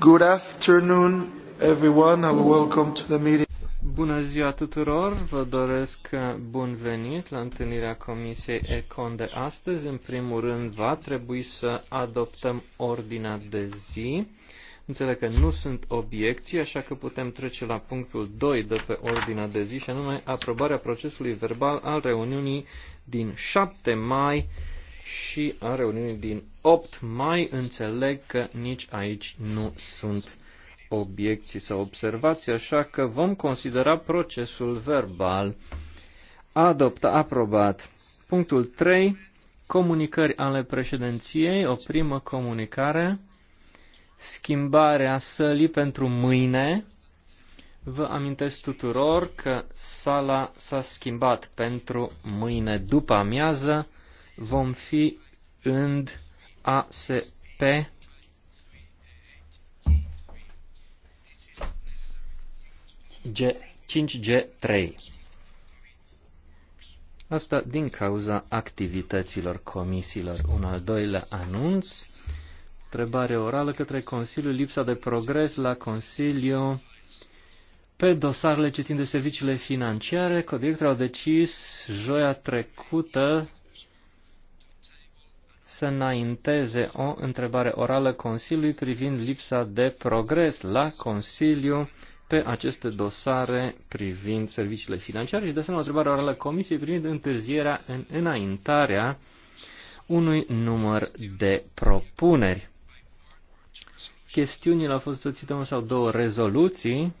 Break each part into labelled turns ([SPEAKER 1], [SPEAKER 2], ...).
[SPEAKER 1] Good afternoon,
[SPEAKER 2] everyone, and welcome to the meeting.
[SPEAKER 3] Bună ziua tuturor, vă doresc uh, bun venit la întâlnirea Comisiei Econ de astăzi. În primul rând, va trebui să adoptăm ordinea de zi. Înțeleg că nu sunt obiecții, așa că putem trece la punctul 2 de pe ordinea de zi, și anume aprobarea procesului verbal al reuniunii din 7 mai și a reuniunii din 8 mai înțeleg că nici aici nu sunt obiecții sau observații, așa că vom considera procesul verbal adoptat, aprobat. Punctul 3. Comunicări ale președinției. O primă comunicare. Schimbarea sălii pentru mâine. Vă amintesc tuturor că sala s-a schimbat pentru mâine după amiază vom fi în ASP G, 5G3. Asta din cauza activităților comisiilor. Un al doilea anunț, întrebare orală către Consiliu, lipsa de progres la Consiliu pe dosarele ce țin de serviciile financiare. Codirectorii au decis joia trecută să înainteze o întrebare orală Consiliului privind lipsa de progres la Consiliu pe aceste dosare privind serviciile financiare și de asemenea o întrebare orală Comisiei privind întârzierea în înaintarea unui număr de propuneri. Chestiunile au fost soțite unul sau două rezoluții,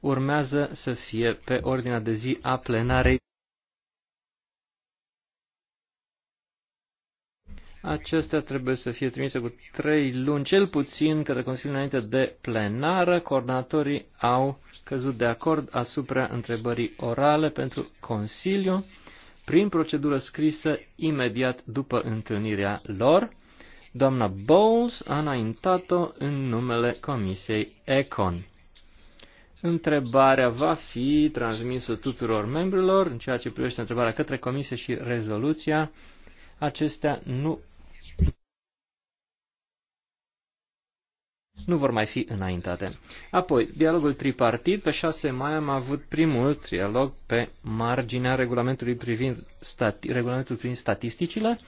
[SPEAKER 3] urmează să fie pe ordinea de zi a plenarei Acestea trebuie să fie trimise cu trei luni, cel puțin către Consiliul înainte de plenară. Coordonatorii au căzut de acord asupra întrebării orale pentru Consiliu prin procedură scrisă imediat după întâlnirea lor. Doamna Bowles a înaintat-o în numele Comisiei Econ. Întrebarea va fi transmisă tuturor membrilor în ceea ce privește întrebarea către comisie și rezoluția. Acestea nu nu vor mai fi înaintate. Apoi, dialogul tripartit, pe 6 mai am avut primul dialog pe marginea regulamentului privind, stati, regulamentul privind statisticile.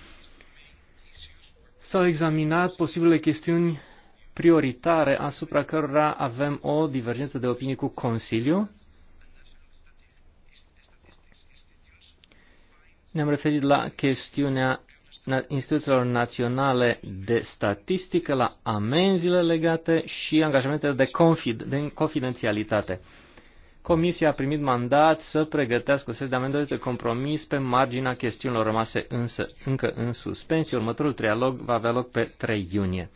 [SPEAKER 3] S-au examinat posibile chestiuni prioritare asupra cărora avem o divergență de opinie cu Consiliu. Ne-am referit la chestiunea instituțiilor naționale de statistică la amenziile legate și angajamentele de, confid, de confidențialitate. Comisia a primit mandat să pregătească o serie de amendări de compromis pe marginea chestiunilor rămase însă încă în suspensie. Următorul trialog va avea loc pe 3 iunie.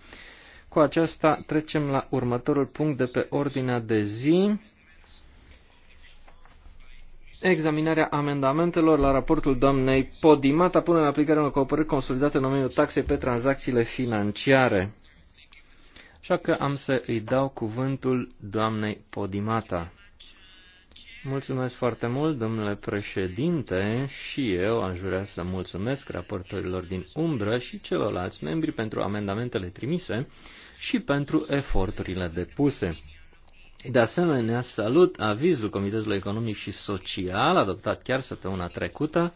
[SPEAKER 3] Cu aceasta trecem la următorul punct de pe ordinea de zi examinarea amendamentelor la raportul doamnei Podimata până în aplicare unor cooperări consolidate în domeniul taxei pe tranzacțiile financiare. Așa că am să îi dau cuvântul doamnei Podimata. Mulțumesc foarte mult, domnule președinte, și eu aș vrea să mulțumesc raportorilor din umbră și celorlalți membri pentru amendamentele trimise și pentru eforturile depuse. De asemenea, salut avizul Comitetului Economic și Social, adoptat chiar săptămâna trecută,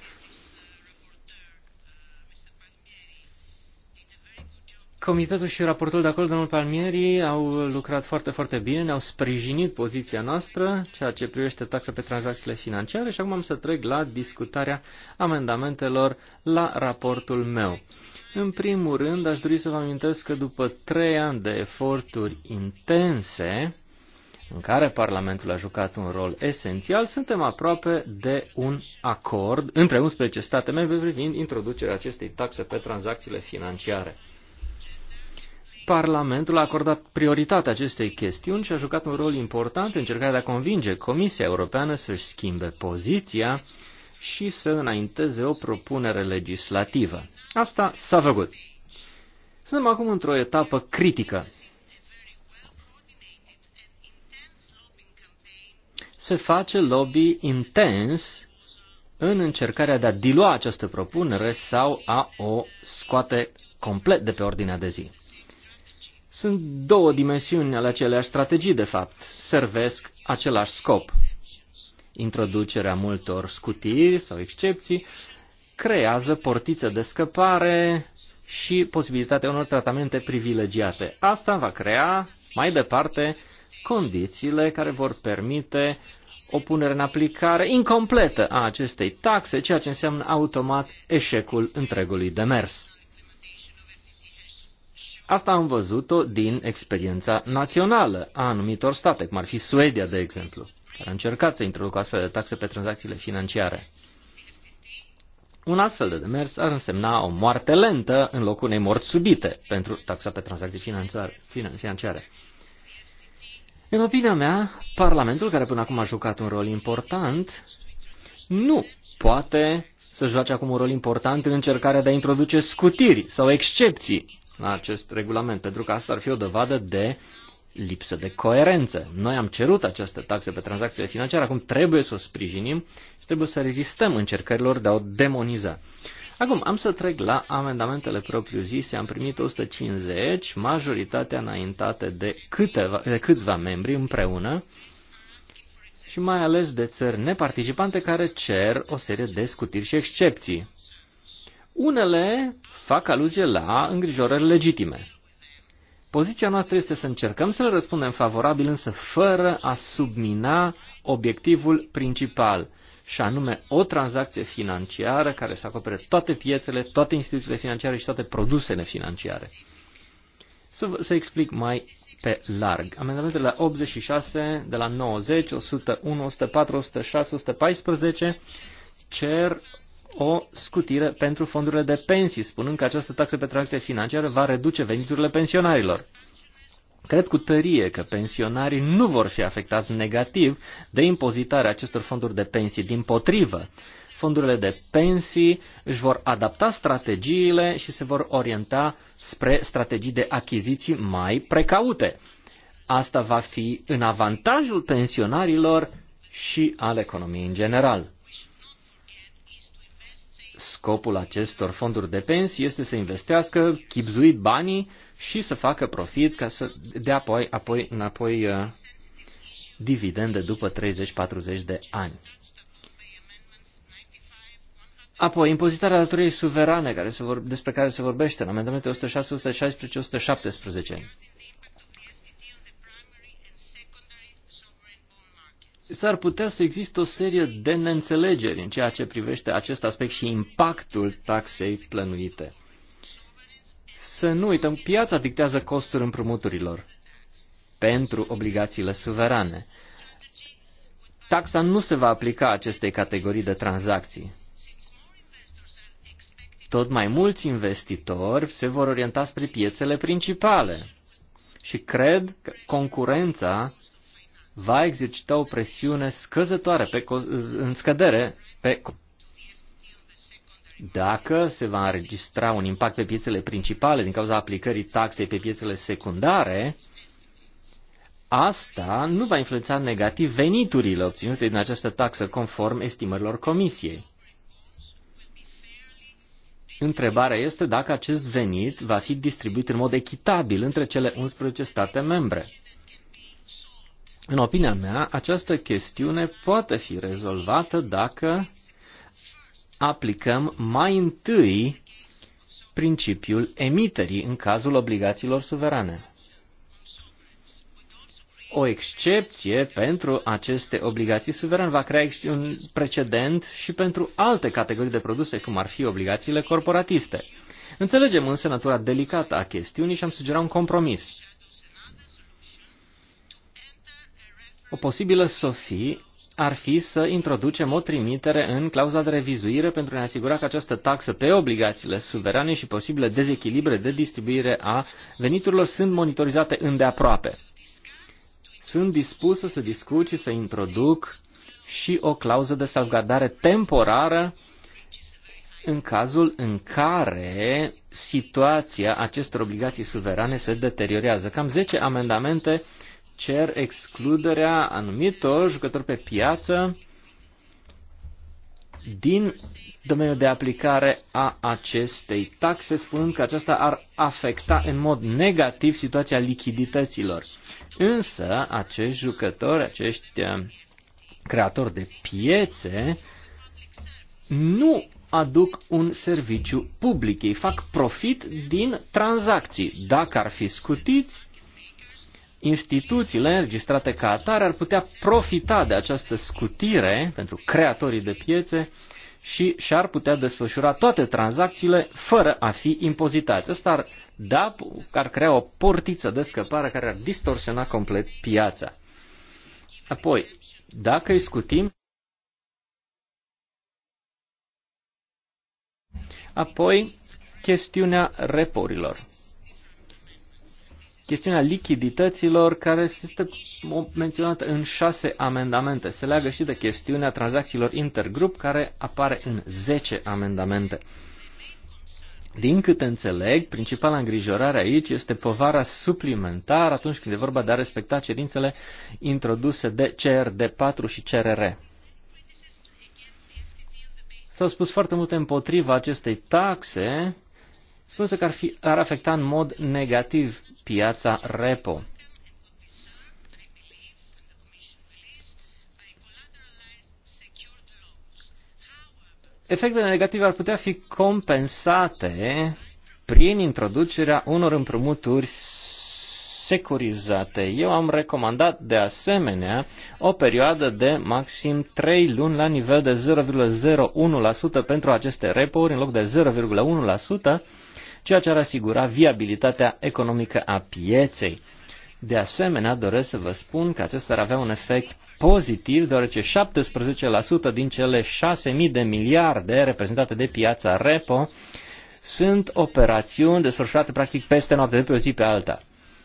[SPEAKER 3] Comitetul și raportul de acolo, domnul Palmieri, au lucrat foarte, foarte bine, au sprijinit poziția noastră, ceea ce privește taxa pe tranzacțiile financiare și acum am să trec la discutarea amendamentelor la raportul meu. În primul rând, aș dori să vă amintesc că după trei ani de eforturi intense, în care Parlamentul a jucat un rol esențial, suntem aproape de un acord între 11 state membre privind introducerea acestei taxe pe tranzacțiile financiare. Parlamentul a acordat prioritate acestei chestiuni și a jucat un rol important în încercarea de a convinge Comisia Europeană să-și schimbe poziția și să înainteze o propunere legislativă. Asta s-a făcut. Suntem acum într-o etapă critică se face lobby intens în încercarea de a dilua această propunere sau a o scoate complet de pe ordinea de zi. Sunt două dimensiuni ale aceleași strategii, de fapt, servesc același scop. Introducerea multor scutiri sau excepții creează portiță de scăpare și posibilitatea unor tratamente privilegiate. Asta va crea, mai departe, condițiile care vor permite o punere în aplicare incompletă a acestei taxe, ceea ce înseamnă automat eșecul întregului demers. Asta am văzut-o din experiența națională a anumitor state, cum ar fi Suedia, de exemplu, care a încercat să introducă astfel de taxe pe tranzacțiile financiare. Un astfel de demers ar însemna o moarte lentă în locul unei morți subite pentru taxa pe tranzacții financiare. În opinia mea, Parlamentul, care până acum a jucat un rol important, nu poate să joace acum un rol important în încercarea de a introduce scutiri sau excepții la acest regulament, pentru că asta ar fi o dovadă de lipsă de coerență. Noi am cerut această taxă pe tranzacțiile financiare, acum trebuie să o sprijinim și trebuie să rezistăm încercărilor de a o demoniza. Acum, am să trec la amendamentele propriu-zise. Am primit 150, majoritatea înaintate de, câteva, de câțiva membri împreună și mai ales de țări neparticipante care cer o serie de scutiri și excepții. Unele fac aluzie la îngrijorări legitime. Poziția noastră este să încercăm să le răspundem favorabil, însă fără a submina obiectivul principal – și anume o tranzacție financiară care să acopere toate piețele, toate instituțiile financiare și toate produsele financiare. Să, să explic mai pe larg. Amendamentele la 86, de la 90, 101, 104, 106, 114 cer o scutire pentru fondurile de pensii, spunând că această taxă pe tranzacție financiară va reduce veniturile pensionarilor. Cred cu tărie că pensionarii nu vor fi afectați negativ de impozitarea acestor fonduri de pensii. Din potrivă, fondurile de pensii își vor adapta strategiile și se vor orienta spre strategii de achiziții mai precaute. Asta va fi în avantajul pensionarilor și al economiei în general. Scopul acestor fonduri de pensii este să investească, chipzuit banii și să facă profit ca să dea apoi, apoi înapoi uh, dividende după 30-40 de ani. Apoi, impozitarea datoriei suverane care se vor, despre care se vorbește în amendamentele 106, 116, 117. s-ar putea să existe o serie de neînțelegeri în ceea ce privește acest aspect și impactul taxei plănuite. Să nu uităm, piața dictează costuri împrumuturilor pentru obligațiile suverane. Taxa nu se va aplica acestei categorii de tranzacții. Tot mai mulți investitori se vor orienta spre piețele principale și cred că concurența va exercita o presiune scăzătoare, pe, în scădere, pe, dacă se va înregistra un impact pe piețele principale din cauza aplicării taxei pe piețele secundare, asta nu va influența negativ veniturile obținute din această taxă conform estimărilor comisiei. Întrebarea este dacă acest venit va fi distribuit în mod echitabil între cele 11 state membre. În opinia mea, această chestiune poate fi rezolvată dacă aplicăm mai întâi principiul emiterii în cazul obligațiilor suverane. O excepție pentru aceste obligații suverane va crea un precedent și pentru alte categorii de produse, cum ar fi obligațiile corporatiste. Înțelegem însă natura delicată a chestiunii și am sugerat un compromis. O posibilă sofie ar fi să introducem o trimitere în clauza de revizuire pentru a ne asigura că această taxă pe obligațiile suverane și posibile dezechilibre de distribuire a veniturilor sunt monitorizate îndeaproape. Sunt dispusă să discut și să introduc și o clauză de salvgardare temporară în cazul în care situația acestor obligații suverane se deteriorează. Cam 10 amendamente uh, cer excluderea anumitor jucători pe piață din domeniul de aplicare a acestei taxe, spunând că aceasta ar afecta în mod negativ situația lichidităților. Însă, acești jucători, acești uh, creatori de piețe, nu aduc un serviciu public. Ei fac profit din tranzacții. Dacă ar fi scutiți, instituțiile înregistrate ca atare ar putea profita de această scutire pentru creatorii de piețe și și-ar putea desfășura toate tranzacțiile fără a fi impozitați. Asta ar, da, ar crea o portiță de scăpare care ar distorsiona complet piața. Apoi, dacă îi scutim, apoi chestiunea reporilor chestiunea lichidităților care este menționată în șase amendamente. Se leagă și de chestiunea tranzacțiilor intergrup care apare în 10 amendamente. Din câte înțeleg, principala îngrijorare aici este povara suplimentară atunci când e vorba de a respecta cerințele introduse de CRD4 și CRR. S-au spus foarte multe împotriva acestei taxe, spunse că ar, fi, ar afecta în mod negativ piața repo. Efectele negative ar putea fi compensate prin introducerea unor împrumuturi securizate. Eu am recomandat de asemenea o perioadă de maxim 3 luni la nivel de 0,01% pentru aceste repo în loc de 0,1% ceea ce ar asigura viabilitatea economică a pieței. De asemenea, doresc să vă spun că acesta ar avea un efect pozitiv, deoarece 17% din cele 6.000 de miliarde reprezentate de piața repo sunt operațiuni desfășurate practic peste noapte, de pe o zi pe alta.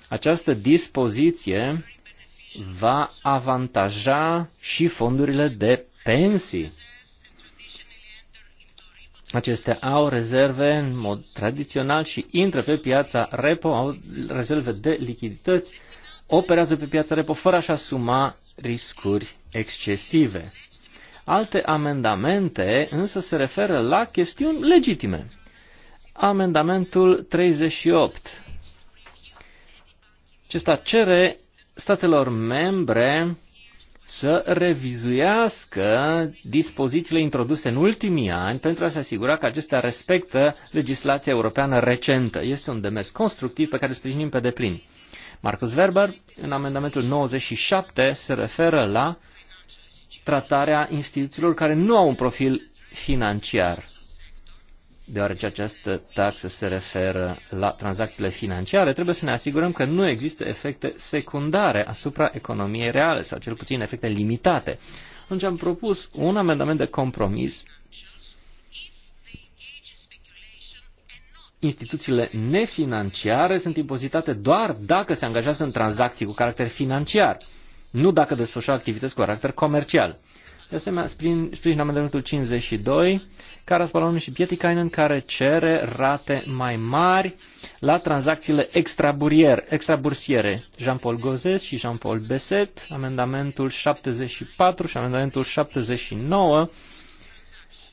[SPEAKER 3] Această dispoziție va avantaja și fondurile de pensii. Acestea au rezerve în mod tradițional și intră pe piața repo, au rezerve de lichidități, operează pe piața repo fără a-și asuma riscuri excesive. Alte amendamente însă se referă la chestiuni legitime. Amendamentul 38. Acesta cere statelor membre să revizuiască dispozițiile introduse în ultimii ani pentru a se asigura că acestea respectă legislația europeană recentă. Este un demers constructiv pe care îl sprijinim pe deplin. Marcus Verber, în amendamentul 97, se referă la tratarea instituțiilor care nu au un profil financiar deoarece această taxă se referă la tranzacțiile financiare, trebuie să ne asigurăm că nu există efecte secundare asupra economiei reale sau cel puțin efecte limitate. Atunci am propus un amendament de compromis. Instituțiile nefinanciare sunt impozitate doar dacă se angajează în tranzacții cu caracter financiar, nu dacă desfășoară activități cu caracter comercial. De asemenea, sprijin amendamentul 52 Caras Balon și Pietikainen, care cere rate mai mari la tranzacțiile extrabursiere. Jean-Paul Gozes și Jean-Paul Beset, amendamentul 74 și amendamentul 79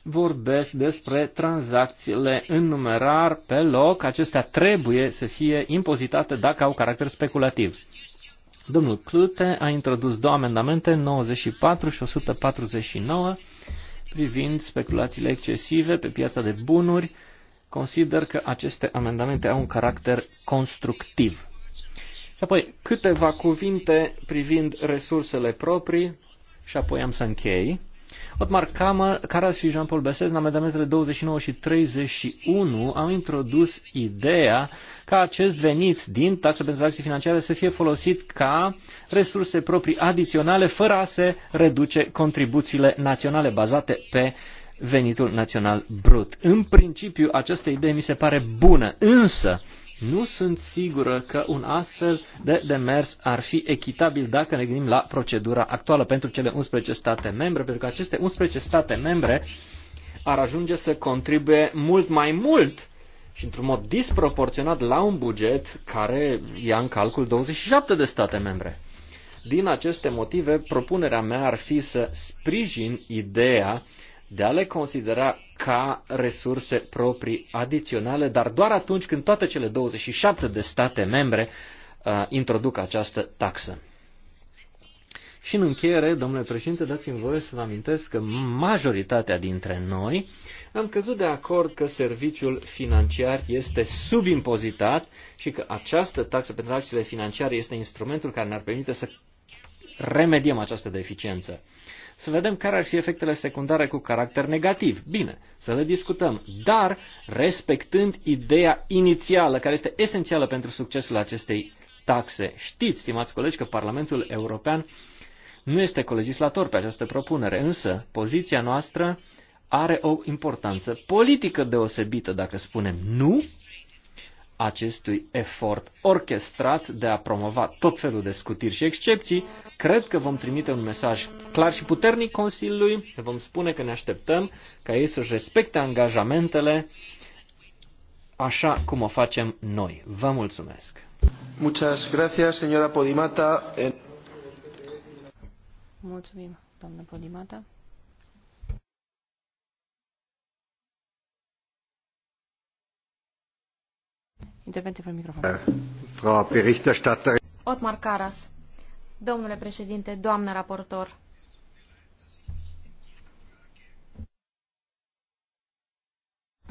[SPEAKER 3] vorbesc despre tranzacțiile în numerar pe loc. Acestea trebuie să fie impozitate dacă au caracter speculativ. Domnul Clute a introdus două amendamente, 94 și 149, privind speculațiile excesive pe piața de bunuri, consider că aceste amendamente au un caracter constructiv. Și apoi câteva cuvinte privind resursele proprii și apoi am să închei. Otmar Caras și Jean-Paul Besset, în amendamentele 29 și 31, au introdus ideea ca acest venit din taxa pentru acții financiare să fie folosit ca resurse proprii adiționale, fără a se reduce contribuțiile naționale bazate pe venitul național brut. În principiu, această idee mi se pare bună, însă nu sunt sigură că un astfel de demers ar fi echitabil dacă ne gândim la procedura actuală pentru cele 11 state membre, pentru că aceste 11 state membre ar ajunge să contribuie mult mai mult și într-un mod disproporționat la un buget care ia în calcul 27 de state membre. Din aceste motive, propunerea mea ar fi să sprijin ideea de a le considera ca resurse proprii adiționale, dar doar atunci când toate cele 27 de state membre uh, introduc această taxă. Și în încheiere, domnule președinte, dați-mi voie să vă amintesc că majoritatea dintre noi am căzut de acord că serviciul financiar este subimpozitat și că această taxă pentru acțiile financiare este instrumentul care ne-ar permite să remediem această deficiență să vedem care ar fi efectele secundare cu caracter negativ. Bine, să le discutăm, dar respectând ideea inițială, care este esențială pentru succesul acestei taxe. Știți, stimați colegi, că Parlamentul European nu este colegislator pe această propunere, însă poziția noastră are o importanță politică deosebită. Dacă spunem nu, acestui efort orchestrat de a promova tot felul de scutiri și excepții, cred că vom trimite un mesaj clar și puternic Consiliului, vom spune că ne așteptăm ca ei să-și respecte angajamentele așa cum o facem noi. Vă mulțumesc!
[SPEAKER 1] Muchas gracias, señora Podimata.
[SPEAKER 4] Mulțumim, doamnă Podimata. Intervenție fără
[SPEAKER 1] microfon. Eh, Frau
[SPEAKER 2] Berichterstatterin.
[SPEAKER 1] Otmar Caras. Domnule președinte, doamnă raportor.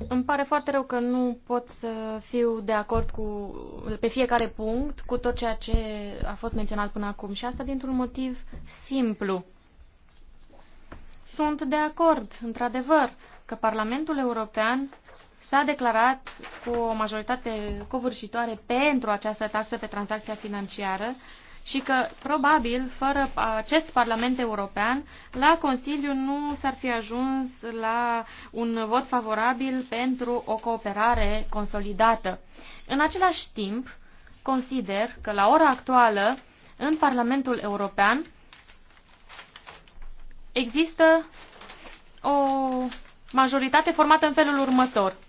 [SPEAKER 1] Îmi pare foarte rău că nu pot să fiu de acord cu, pe fiecare punct cu tot ceea ce a fost menționat până acum și asta dintr-un motiv simplu. Sunt de acord, într-adevăr, că Parlamentul European s-a declarat cu o majoritate covârșitoare pentru această taxă pe tranzacția financiară și că, probabil, fără acest Parlament European, la Consiliu nu s-ar fi ajuns la un vot favorabil pentru o cooperare consolidată. În același timp, consider că, la ora actuală, în Parlamentul European există o majoritate formată în felul următor –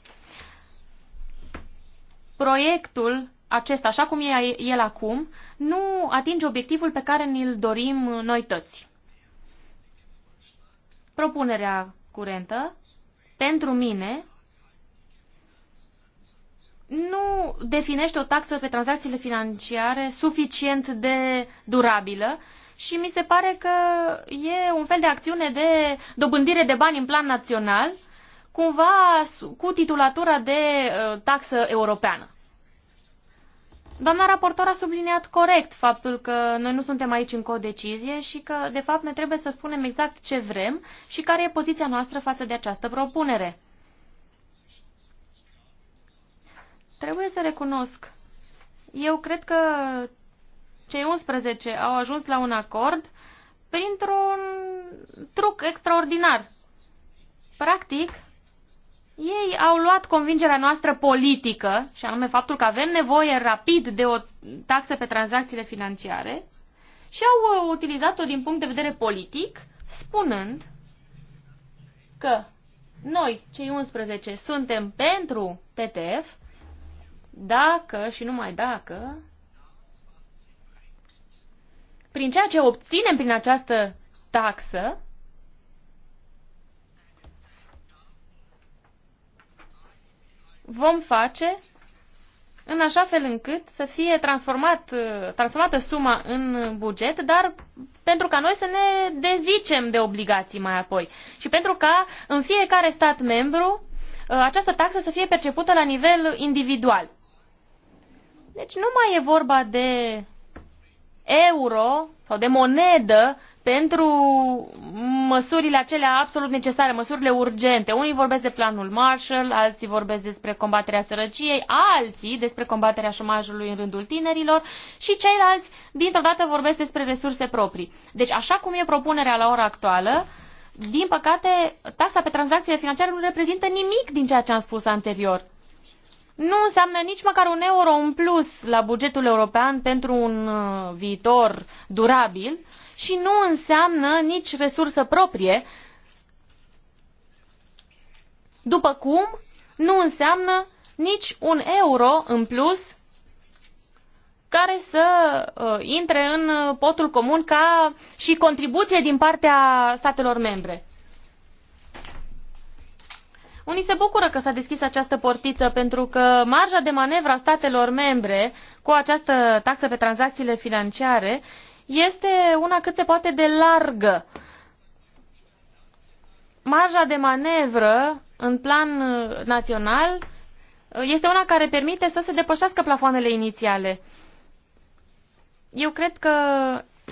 [SPEAKER 1] proiectul acesta, așa cum e el acum, nu atinge obiectivul pe care ni-l dorim noi toți. Propunerea curentă, pentru mine, nu definește o taxă pe tranzacțiile financiare suficient de durabilă și mi se pare că e un fel de acțiune de dobândire de bani în plan național, cumva cu titulatura de uh, taxă europeană. Doamna raportor a subliniat corect faptul că noi nu suntem aici în codecizie și că, de fapt, ne trebuie să spunem exact ce vrem și care e poziția noastră față de această propunere. Trebuie să recunosc. Eu cred că cei 11 au ajuns la un acord printr-un truc extraordinar. Practic, ei au luat convingerea noastră politică, și anume faptul că avem nevoie rapid de o taxă pe tranzacțiile financiare, și au uh, utilizat-o din punct de vedere politic, spunând că noi, cei 11, suntem pentru TTF dacă și numai dacă prin ceea ce obținem prin această taxă, vom face în așa fel încât să fie transformat, transformată suma în buget, dar pentru ca noi să ne dezicem de obligații mai apoi și pentru ca în fiecare stat membru ă, această taxă să fie percepută la nivel individual. Deci nu mai e vorba de euro sau de monedă pentru măsurile acelea absolut necesare, măsurile urgente. Unii vorbesc de planul Marshall, alții vorbesc despre combaterea sărăciei, alții despre combaterea șomajului în rândul tinerilor și ceilalți dintr-o dată vorbesc despre resurse proprii. Deci așa cum e propunerea la ora actuală, din păcate, taxa pe tranzacțiile financiare nu reprezintă nimic din ceea ce am spus anterior. Nu înseamnă nici măcar un euro în plus la bugetul european pentru un uh, viitor durabil, și nu înseamnă nici resursă proprie, după cum nu înseamnă nici un euro în plus care să uh, intre în uh, potul comun ca și contribuție din partea statelor membre. Unii se bucură că s-a deschis această portiță pentru că marja de manevră a statelor membre cu această taxă pe tranzacțiile financiare este una cât se poate de largă. Marja de manevră în plan uh, național uh, este una care permite să se depășească plafoanele inițiale. Eu cred că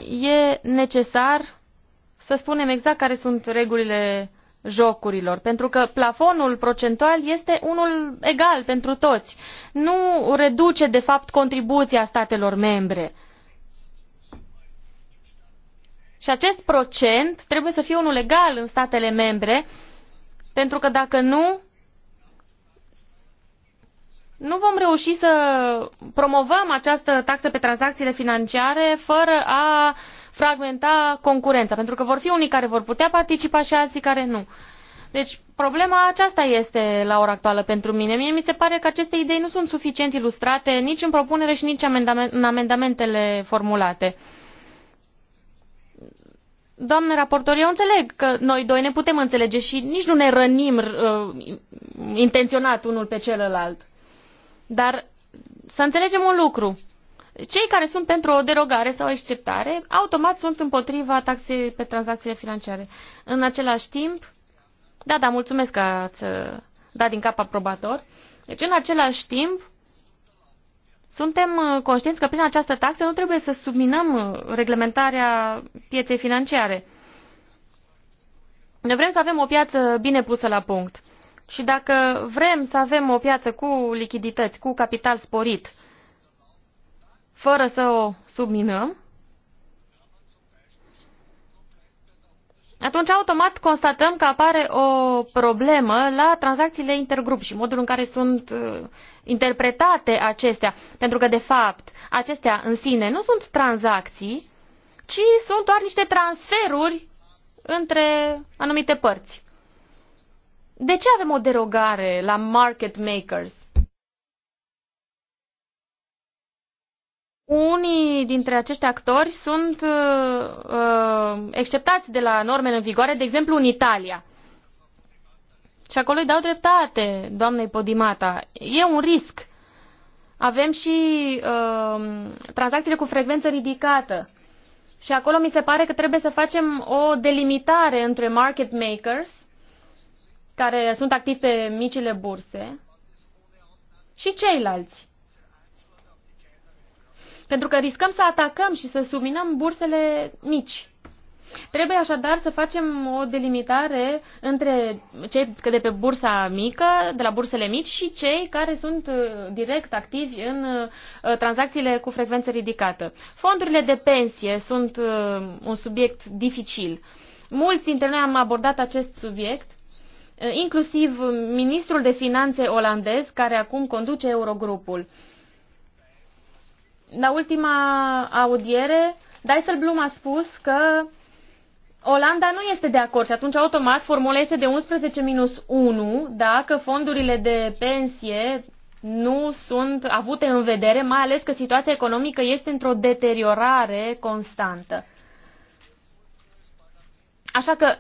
[SPEAKER 1] e necesar să spunem exact care sunt regulile jocurilor, pentru că plafonul procentual este unul egal pentru toți. Nu reduce, de fapt, contribuția statelor membre. Și acest procent trebuie să fie unul legal în statele membre, pentru că dacă nu, nu vom reuși să promovăm această taxă pe tranzacțiile financiare fără a fragmenta concurența, pentru că vor fi unii care vor putea participa și alții care nu. Deci, problema aceasta este la ora actuală pentru mine. Mie mi se pare că aceste idei nu sunt suficient ilustrate nici în propunere și nici în amendamentele formulate. Doamnă raportor, eu înțeleg că noi doi ne putem înțelege și nici nu ne rănim uh, intenționat unul pe celălalt. Dar să înțelegem un lucru. Cei care sunt pentru o derogare sau o exceptare, automat sunt împotriva taxei pe tranzacțiile financiare. În același timp, da, da, mulțumesc că ați uh, dat din cap aprobator. Deci, în același timp, suntem uh, conștienți că prin această taxă nu trebuie să subminăm uh, reglementarea pieței financiare. Ne vrem să avem o piață bine pusă la punct. Și dacă vrem să avem o piață cu lichidități, cu capital sporit, fără să o subminăm, atunci automat constatăm că apare o problemă la tranzacțiile intergrup și modul în care sunt uh, interpretate acestea. Pentru că, de fapt, acestea în sine nu sunt tranzacții, ci sunt doar niște transferuri între anumite părți. De ce avem o derogare la market makers? Unii dintre acești actori sunt uh, uh, exceptați de la normele în vigoare, de exemplu în Italia. Și acolo îi dau dreptate, doamnei Podimata. E un risc. Avem și uh, tranzacțiile cu frecvență ridicată. Și acolo mi se pare că trebuie să facem o delimitare între market makers, care sunt activi pe micile burse, și ceilalți. Pentru că riscăm să atacăm și să subminăm bursele mici. Trebuie așadar să facem o delimitare între cei de pe bursa mică, de la bursele mici, și cei care sunt uh, direct activi în uh, tranzacțiile cu frecvență ridicată. Fondurile de pensie sunt uh, un subiect dificil. Mulți dintre noi am abordat acest subiect, inclusiv ministrul de finanțe olandez, care acum conduce Eurogrupul la ultima audiere, Dijsselbloem a spus că Olanda nu este de acord și atunci automat formula este de 11 minus 1 dacă fondurile de pensie nu sunt avute în vedere, mai ales că situația economică este într-o deteriorare constantă. Așa că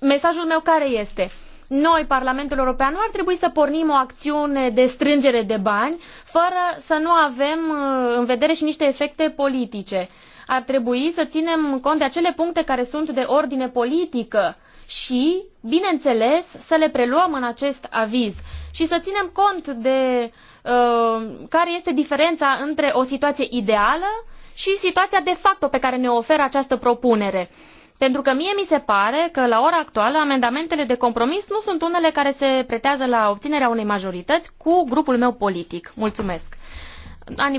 [SPEAKER 1] mesajul meu care este? noi, Parlamentul European, nu ar trebui să pornim o acțiune de strângere de bani fără să nu avem uh, în vedere și niște efecte politice. Ar trebui să ținem cont de acele puncte care sunt de ordine politică și, bineînțeles, să le preluăm în acest aviz și să ținem cont de uh, care este diferența între o situație ideală și situația de facto pe care ne oferă această propunere. Uh, pentru că mie mi se pare că la ora actuală amendamentele de compromis nu sunt unele care se pretează la obținerea unei majorități cu grupul meu politic. Mulțumesc.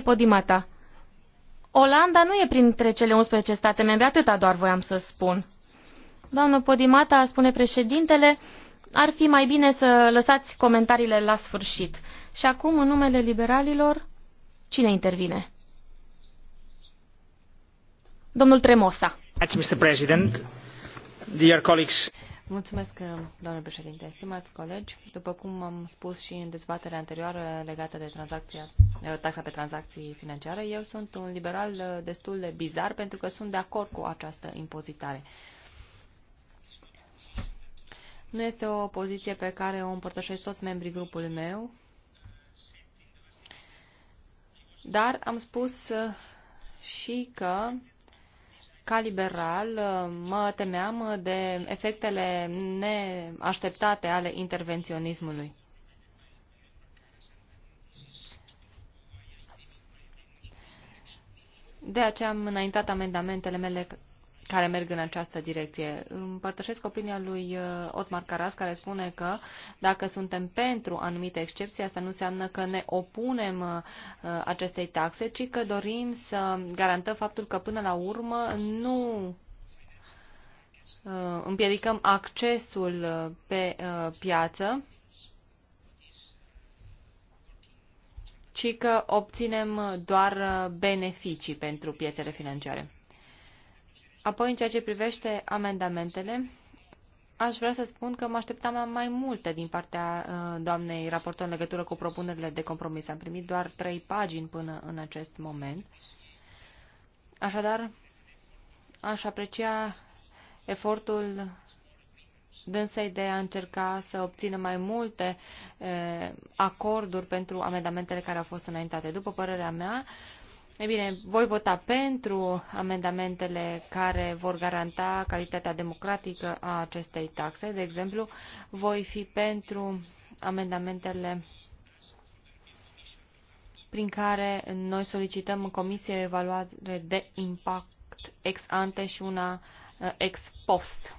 [SPEAKER 1] Podimata. Olanda nu e printre cele 11 state membre, atâta doar voiam să spun. Doamnă Podimata, spune președintele, ar fi mai bine să lăsați comentariile la sfârșit. Și acum, în numele liberalilor, cine intervine? Domnul Tremosa
[SPEAKER 4] doamnă președinte. Stimați colegi, după cum am spus și în dezbaterea anterioară legată de eh, taxa pe tranzacții financiare, eu sunt un liberal eh, destul de bizar pentru că sunt de acord cu această impozitare. Nu este o poziție pe care o împărtășesc toți membrii grupului meu, dar am spus eh, și că ca liberal, uh, mă temeam de efectele neașteptate ale intervenționismului. De aceea am înaintat amendamentele mele care merg în această direcție. Împărtășesc opinia lui uh, Otmar Caras, care spune că dacă suntem pentru anumite excepții, asta nu înseamnă că ne opunem uh, acestei taxe, ci că dorim să garantăm faptul că până la urmă nu uh, împiedicăm accesul pe piață, ci că obținem doar beneficii pentru piețele financiare. Apoi, în ceea ce privește amendamentele, aș vrea să spun că mă așteptam mai multe din partea uh, doamnei raportor în legătură cu propunerile de compromis. Am primit doar trei pagini până în acest moment. Așadar, aș aprecia efortul dânsei de a încerca să obțină mai multe uh, acorduri pentru amendamentele care au fost înaintate. După părerea mea, bine, voi vota pentru amendamentele care vor garanta calitatea democratică a acestei taxe. De exemplu, voi fi pentru amendamentele prin care noi solicităm în comisie evaluare de impact ex ante și una eh, ex post.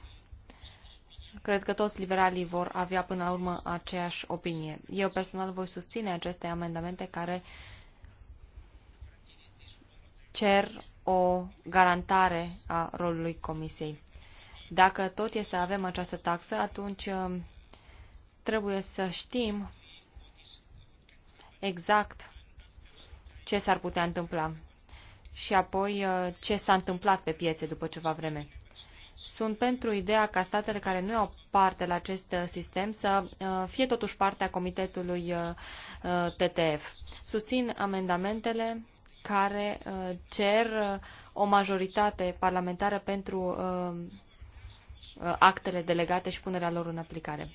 [SPEAKER 4] Cred că toți liberalii vor avea până la urmă aceeași opinie. Eu personal voi susține aceste amendamente care uh, cer o garantare a rolului Comisiei. Dacă tot e să avem această taxă, atunci um, trebuie să știm exact ce s-ar putea întâmpla și apoi uh, ce s-a întâmplat pe piețe după ceva vreme. Sunt pentru ideea ca statele care nu au parte la acest uh, sistem să uh, fie totuși parte a comitetului TTF. Susțin amendamentele care uh, cer uh, o majoritate parlamentară pentru uh, actele delegate și punerea lor în aplicare.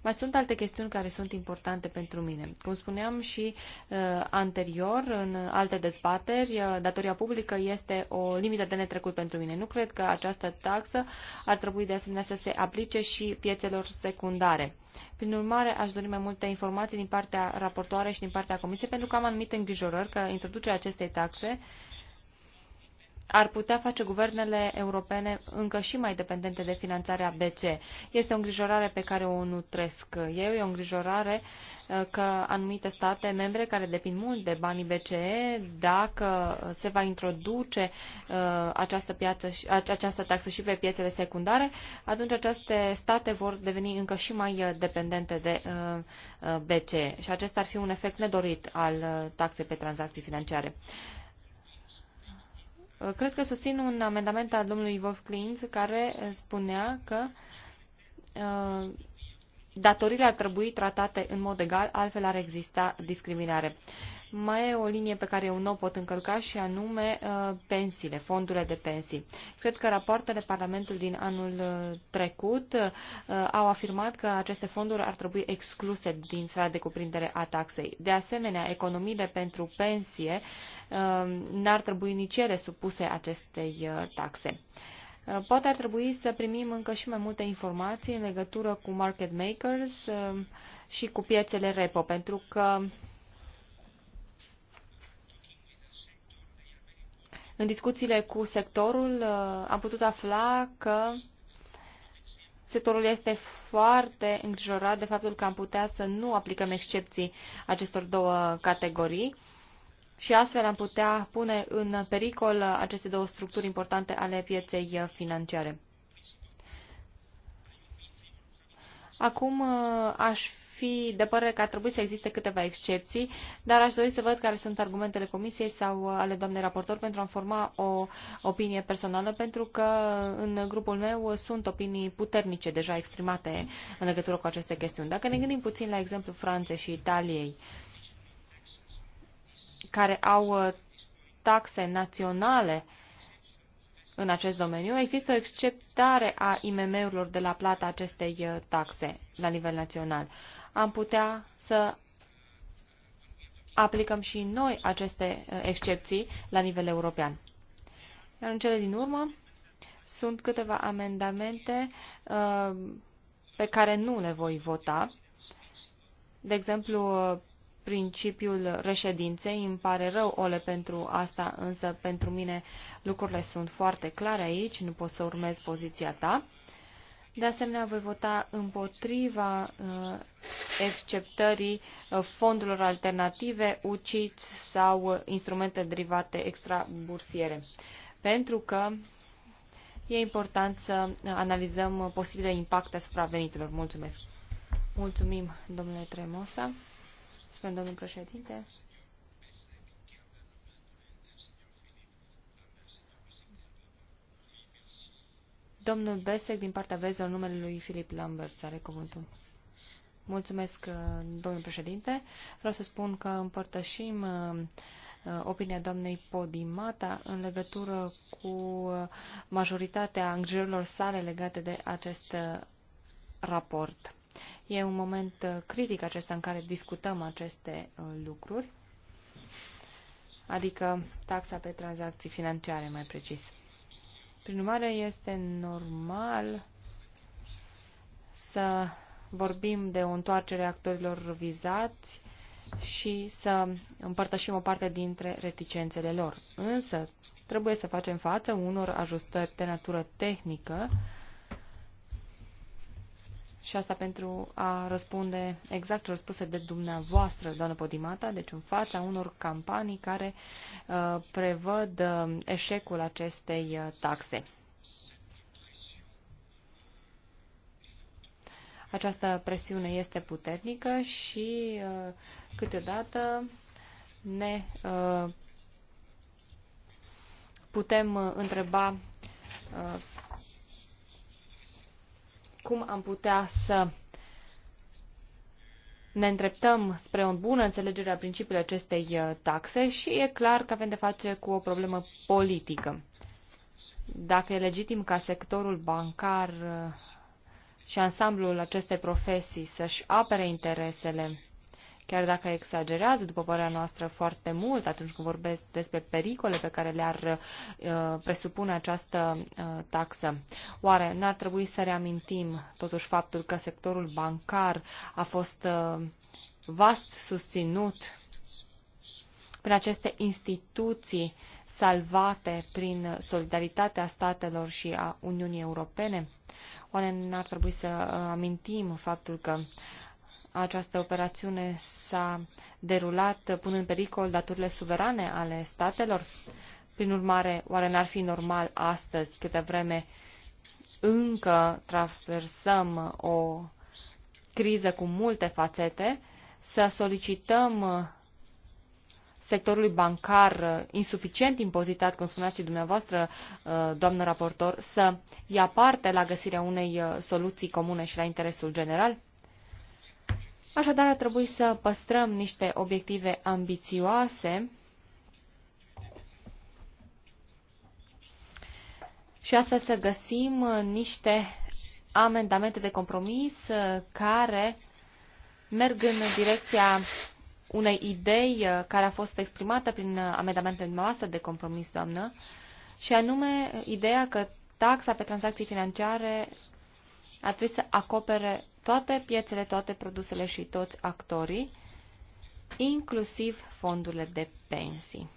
[SPEAKER 4] Mai sunt alte chestiuni care sunt importante pentru mine. Cum spuneam și uh, anterior, în alte dezbateri, uh, datoria publică este o limită de netrecut pentru mine. Nu cred că această taxă ar trebui de asemenea să se aplice și piețelor secundare. Prin urmare, aș dori mai multe informații din partea raportoare și din partea Comisiei, pentru că am anumite îngrijorări că introducerea acestei taxe uh, ar putea face guvernele europene încă și mai dependente de finanțarea BCE. Este o îngrijorare pe care o nutresc eu, e o îngrijorare uh, că anumite state membre care depind mult de banii BCE, dacă se va introduce uh, această, piață, această taxă și pe piețele secundare, atunci aceste state vor deveni încă și mai uh, dependente de BCE și acesta ar fi un efect nedorit al taxei pe tranzacții financiare. Uh, cred că susțin un amendament al domnului Wolf Klintz care uh, spunea că uh, datorile ar trebui tratate în mod egal, altfel ar exista discriminare. Mai e o linie pe care eu nu o pot încălca și anume uh, pensiile, fondurile de pensii. Cred că rapoartele Parlamentului din anul uh, trecut uh, au afirmat că aceste fonduri ar trebui excluse din sfera de cuprindere a taxei. De asemenea, economiile pentru pensie n-ar trebui nici ele supuse acestei taxe. Poate ar trebui să primim încă și mai multe informații în legătură cu market makers și cu piețele repo, pentru că În discuțiile cu sectorul uh, am putut afla că sectorul este foarte îngrijorat de faptul că am putea să nu aplicăm excepții acestor două categorii și astfel am putea pune în pericol aceste două structuri importante ale pieței financiare. Acum uh, aș fi de părere că ar trebui să existe câteva excepții, dar aș dori să văd care sunt argumentele Comisiei sau ale doamnei raportor pentru a forma o opinie personală, pentru că în grupul meu sunt opinii puternice deja exprimate în legătură cu aceste chestiuni. Dacă ne gândim puțin la exemplu Franței și Italiei, care au uh, taxe naționale în acest domeniu, există o exceptare a IMM-urilor de la plata acestei uh, taxe la nivel național am putea să aplicăm și noi aceste uh, excepții la nivel european. Iar în cele din urmă sunt câteva amendamente uh, pe care nu le voi vota. De exemplu, uh, principiul reședinței. Îmi pare rău, Ole, pentru asta, însă pentru mine lucrurile sunt foarte clare aici, nu pot să urmez poziția ta. De asemenea, voi vota împotriva acceptării uh, uh, fondurilor alternative, uciți sau uh, instrumente derivate extrabursiere. Pentru că e important să analizăm posibile impacte asupra venitelor. Mulțumesc! Mulțumim, domnule Tremosa. Spune domnul președinte. Domnul Besec, din partea veză, numele lui Filip Lambert, are cuvântul. Mulțumesc, uh, domnul președinte. Vreau să spun că împărtășim uh, uh, opinia doamnei Podimata în legătură cu majoritatea îngrijorilor sale legate de acest raport. E un moment critic acesta în care discutăm aceste lucruri, adică taxa pe tranzacții financiare, mai precis. Prin urmare, este normal să vorbim de o întoarcere a actorilor vizați și să împărtășim o parte dintre reticențele lor. Însă, trebuie să facem față unor ajustări de natură tehnică și asta pentru a răspunde exact răspuse de dumneavoastră, doamnă Podimata, deci în fața unor campanii care uh, prevăd uh, eșecul acestei uh, taxe. Această presiune este puternică și uh, câteodată ne uh, putem uh, întreba uh, cum am putea să ne îndreptăm spre o bună înțelegere a principiului acestei uh, taxe și e clar că avem de face cu o problemă politică. Dacă e legitim ca sectorul bancar uh, și ansamblul acestei profesii să-și apere interesele chiar dacă exagerează, după părerea noastră, foarte mult atunci când vorbesc despre pericole pe care le-ar uh, presupune această uh, taxă. Oare n-ar trebui să reamintim totuși faptul că sectorul bancar a fost uh, vast susținut prin aceste instituții salvate prin solidaritatea statelor și a Uniunii Europene? Oare n-ar trebui să uh, amintim faptul că această operațiune s-a derulat punând în pericol datorile suverane ale statelor? Prin urmare, oare n-ar fi normal astăzi, câte vreme încă traversăm o criză cu multe fațete, să solicităm sectorului bancar insuficient impozitat, cum spuneați și dumneavoastră, doamnă raportor, să ia parte la găsirea unei soluții comune și la interesul general? Așadar, ar trebui să păstrăm niște obiective ambițioase și astfel să găsim niște amendamente de compromis uh, care merg în direcția unei idei uh, care a fost exprimată prin uh, amendamentele noastre de compromis, doamnă, și anume ideea că taxa pe tranzacții financiare ar trebui să acopere toate piețele, toate produsele și toți actorii, inclusiv fondurile de pensii.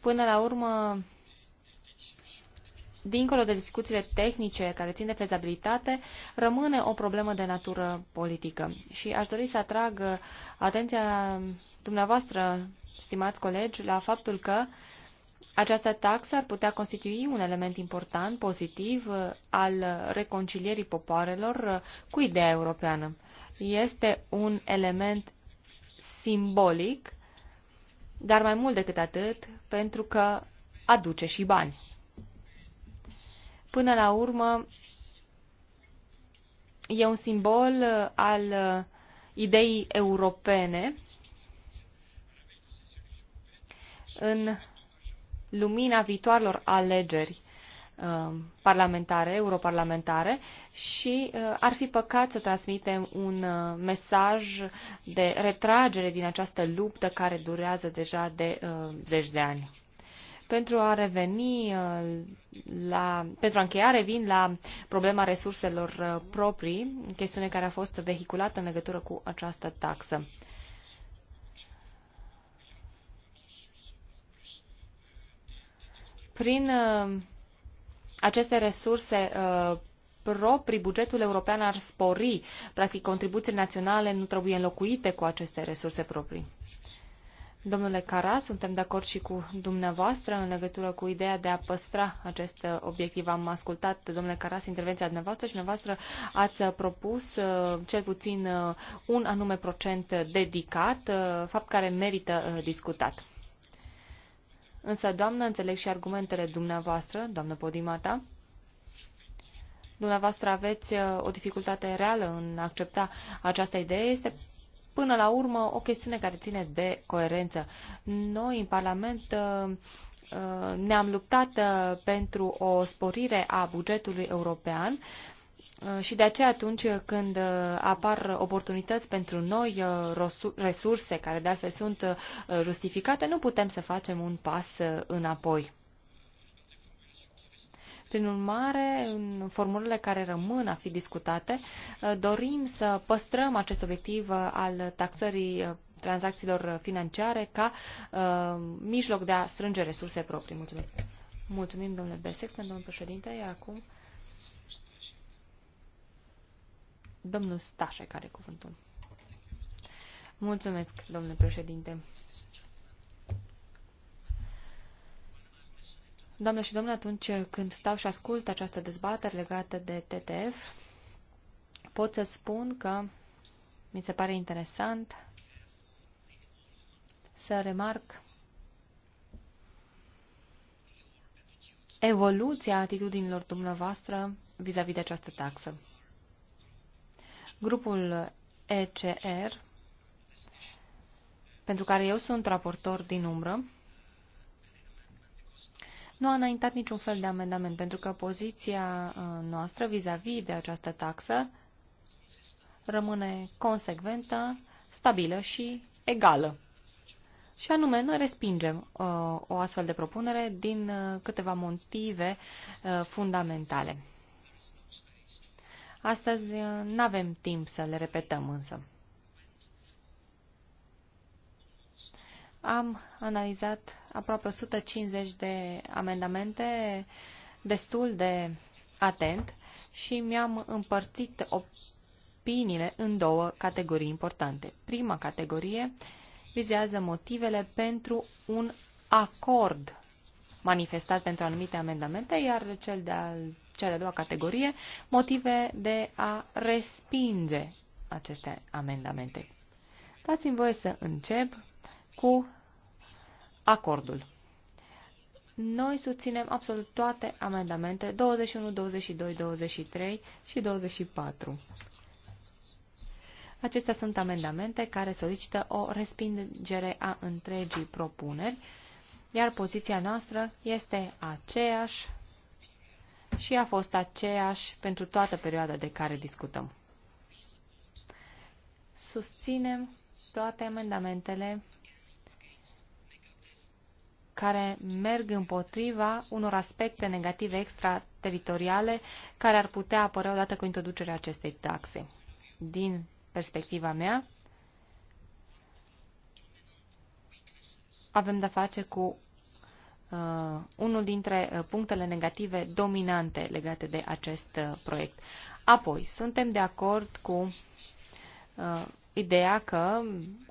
[SPEAKER 4] Până la urmă, dincolo de discuțiile tehnice care țin de fezabilitate, rămâne o problemă de natură politică. Și aș dori să atrag uh, atenția dumneavoastră, stimați colegi, la faptul că uh, această taxă ar putea constitui un element important, pozitiv, uh, al reconcilierii popoarelor uh, cu ideea europeană. Este un element simbolic, dar mai mult decât atât, pentru că aduce și bani. Până la urmă, e un simbol uh, al ideii europene în lumina viitoarelor alegeri uh, parlamentare, europarlamentare și uh, ar fi păcat să transmitem un uh, mesaj de retragere din această luptă care durează deja de zeci de ani. Pentru a reveni la, pentru a încheia, revin la problema resurselor proprii, chestiune care a fost vehiculată în legătură cu această taxă. Prin uh, aceste resurse uh, proprii, bugetul european ar spori. Practic, contribuțiile naționale nu trebuie înlocuite cu aceste resurse proprii. Domnule Cara, suntem de acord și cu dumneavoastră în legătură cu ideea de a păstra acest uh, obiectiv. Am ascultat, domnule Caras, intervenția dumneavoastră și dumneavoastră ați propus cel puțin un anume procent dedicat, fapt care merită discutat. Însă, doamnă, înțeleg și argumentele dumneavoastră, doamnă Podimata. Dumneavoastră aveți uh, o dificultate reală în a accepta această idee. Este până la urmă o chestiune care ține de coerență. Noi în Parlament uh, uh, ne-am luptat pentru o sporire a bugetului european Uh, și de aceea atunci când uh, apar oportunități pentru noi, uh, resurse care de altfel sunt justificate, nu putem să facem un pas înapoi. Prin urmare, în formulele care rămân a fi discutate, dorim să păstrăm acest obiectiv al taxării tranzacțiilor financiare ca mijloc de a strânge resurse proprii. Mulțumesc. Mulțumim, domnule Besex, domnul președinte, iar acum Domnul Stașe care cuvântul. Mulțumesc, domnule președinte. Doamne și domnule, atunci când stau și ascult această dezbatere legată de TTF, pot să spun că mi se pare interesant să remarc evoluția atitudinilor dumneavoastră vis-a-vis -vis de această taxă. Grupul ECR, pentru care eu sunt raportor din umbră, nu a înaintat niciun fel de amendament, pentru că poziția uh, noastră vis-a-vis -vis de această taxă rămâne consecventă, stabilă și egală. Și anume, noi respingem uh, o astfel de propunere din uh, câteva motive uh, fundamentale. Astăzi uh, nu avem timp să le repetăm însă. Am analizat aproape 150 de amendamente destul de atent și mi-am împărțit opiniile în două categorii importante. Prima categorie vizează motivele pentru un acord manifestat pentru anumite amendamente, iar cel de-al cea de-a doua categorie, motive de a respinge aceste amendamente. Dați-mi voie să încep cu acordul. Noi susținem absolut toate amendamente 21, 22, 23 și 24. Acestea sunt amendamente care solicită o respingere a întregii propuneri, iar poziția noastră este aceeași și a fost aceeași pentru toată perioada de care discutăm. Susținem toate amendamentele care merg împotriva unor aspecte negative extrateritoriale care ar putea apărea odată cu introducerea acestei taxe. Din perspectiva mea, avem de-a face cu uh, unul dintre uh, punctele negative dominante legate de acest uh, proiect. Apoi, suntem de acord cu uh, ideea că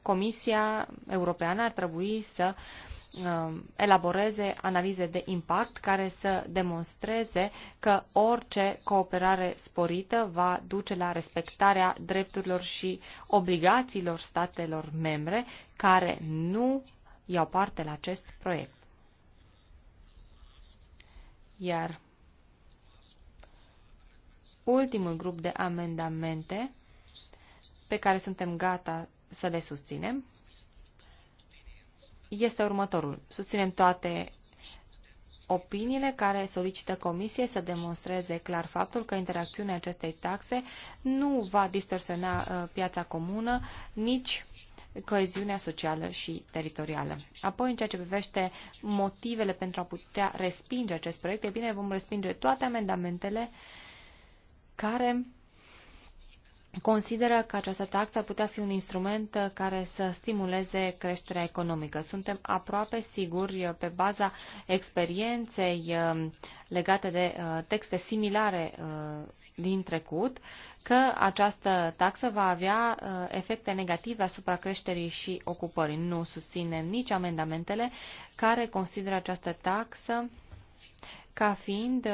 [SPEAKER 4] Comisia Europeană ar trebui să uh, elaboreze analize de impact care să demonstreze că orice cooperare sporită va duce la respectarea drepturilor și obligațiilor statelor membre care nu iau parte la acest proiect. Iar ultimul grup de amendamente pe care suntem gata să le susținem este următorul. Susținem toate opiniile care solicită comisie să demonstreze clar faptul că interacțiunea acestei taxe nu va distorsiona uh, piața comună, nici coeziunea socială și teritorială. Apoi, în ceea ce privește motivele pentru a putea respinge acest proiect, e bine, vom respinge toate amendamentele care consideră că această taxă ar putea fi un instrument uh, care să stimuleze creșterea economică. Suntem aproape siguri, uh, pe baza experienței uh, legate de texte similare din trecut că această taxă va avea uh, efecte negative asupra creșterii și ocupării. Nu susținem nici amendamentele care consideră această taxă ca fiind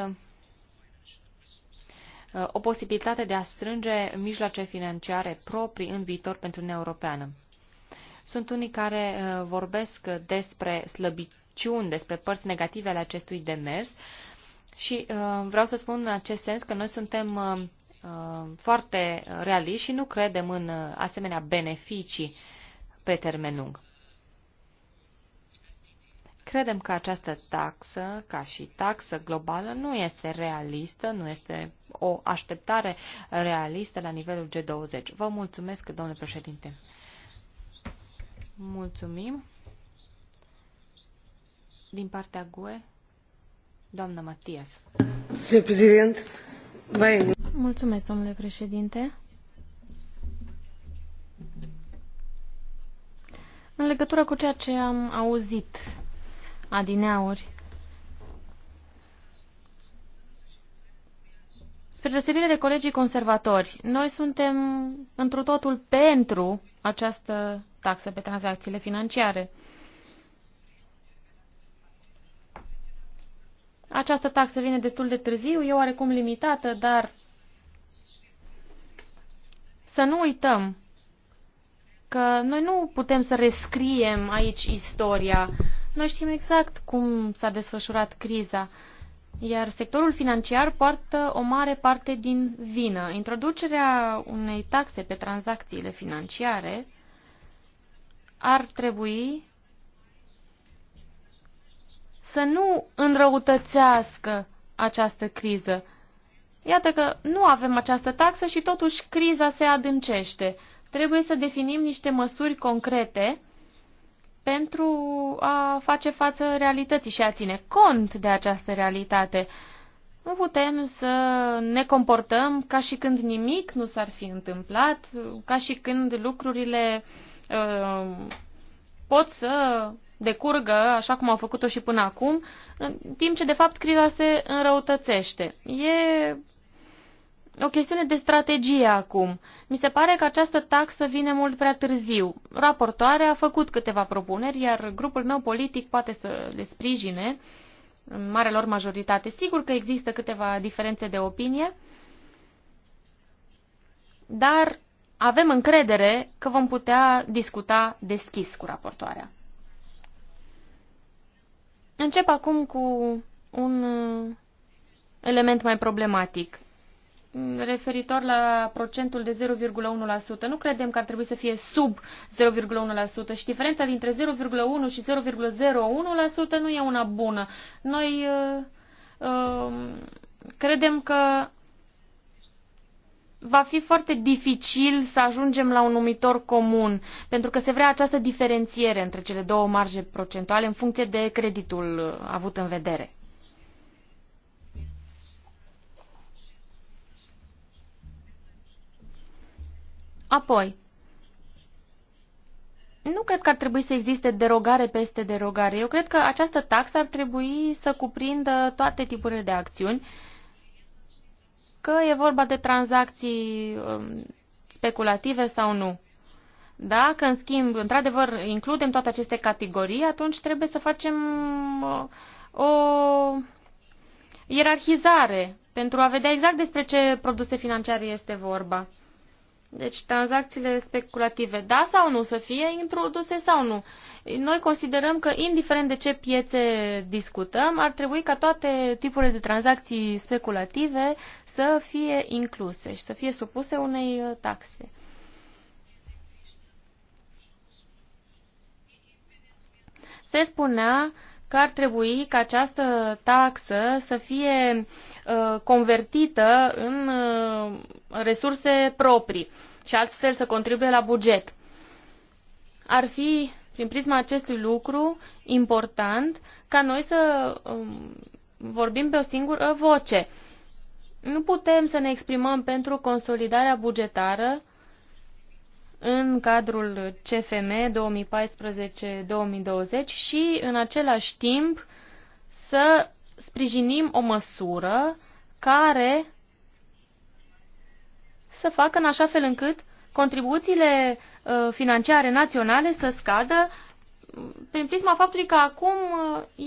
[SPEAKER 4] uh, o posibilitate de a strânge mijloace financiare proprii în viitor pentru Uniunea Europeană. Sunt unii care uh, vorbesc despre slăbiciuni, despre părți negative ale acestui demers, și uh, vreau să spun în acest sens că noi suntem uh, uh, foarte realiști și nu credem în uh, asemenea beneficii pe termen lung. Credem că această taxă, ca și taxă globală, nu este realistă, nu este o așteptare realistă la nivelul G20. Vă mulțumesc, domnule președinte. Mulțumim. Din partea GUE
[SPEAKER 1] domnule președinte. În legătură cu ceea ce am auzit adineauri, spre deosebire de colegii conservatori, noi suntem întru totul pentru această taxă pe tranzacțiile financiare. Această taxă vine destul de târziu, e oarecum limitată, dar să nu uităm că noi nu putem să rescriem aici istoria. Noi știm exact cum s-a desfășurat criza, iar sectorul financiar poartă o mare parte din vină. Introducerea unei taxe pe tranzacțiile financiare ar trebui să nu înrăutățească această criză. Iată că nu avem această taxă și totuși criza se adâncește. Trebuie să definim niște măsuri concrete pentru a face față realității și a ține cont de această realitate. Nu putem să ne comportăm ca și când nimic nu s-ar fi întâmplat, ca și când lucrurile uh, pot să decurgă, așa cum au făcut-o și până acum, în timp ce, de fapt, criza se înrăutățește. E o chestiune de strategie acum. Mi se pare că această taxă vine mult prea târziu. Raportoarea a făcut câteva propuneri, iar grupul meu politic poate să le sprijine în mare lor majoritate. Sigur că există câteva diferențe de opinie, dar avem încredere că vom putea discuta deschis cu raportoarea. Încep acum cu un uh, element mai problematic referitor la procentul de 0,1%. Nu credem că ar trebui să fie sub 0,1% și diferența dintre 0,1 și 0,01% nu e una bună. Noi uh, uh, credem că va fi foarte dificil să ajungem la un numitor comun, pentru că se vrea această diferențiere între cele două marje procentuale în funcție de creditul uh, avut în vedere. Apoi, nu cred că ar trebui să existe derogare peste derogare. Eu cred că această taxă ar trebui să cuprindă toate tipurile de acțiuni, uh, că e vorba de tranzacții um, speculative sau nu. Dacă, în schimb, într-adevăr, includem toate aceste categorii, atunci trebuie să facem uh, o ierarhizare pentru a vedea exact despre ce produse financiare este vorba. Deci tranzacțiile speculative, da sau nu, să fie introduse sau nu. Noi considerăm că, indiferent de ce piețe discutăm, ar trebui ca toate tipurile de tranzacții speculative să fie incluse și să fie supuse unei uh, taxe. Se spunea că ar trebui ca această taxă să fie uh, convertită în uh, resurse proprii și astfel să contribuie la buget. Ar fi, prin prisma acestui lucru, important ca noi să um, vorbim pe o singură voce. Nu putem să ne exprimăm pentru consolidarea bugetară în cadrul CFM 2014-2020 și în același timp să sprijinim o măsură care să facă în așa fel încât contribuțiile uh, financiare naționale să scadă mm, prin prisma faptului că acum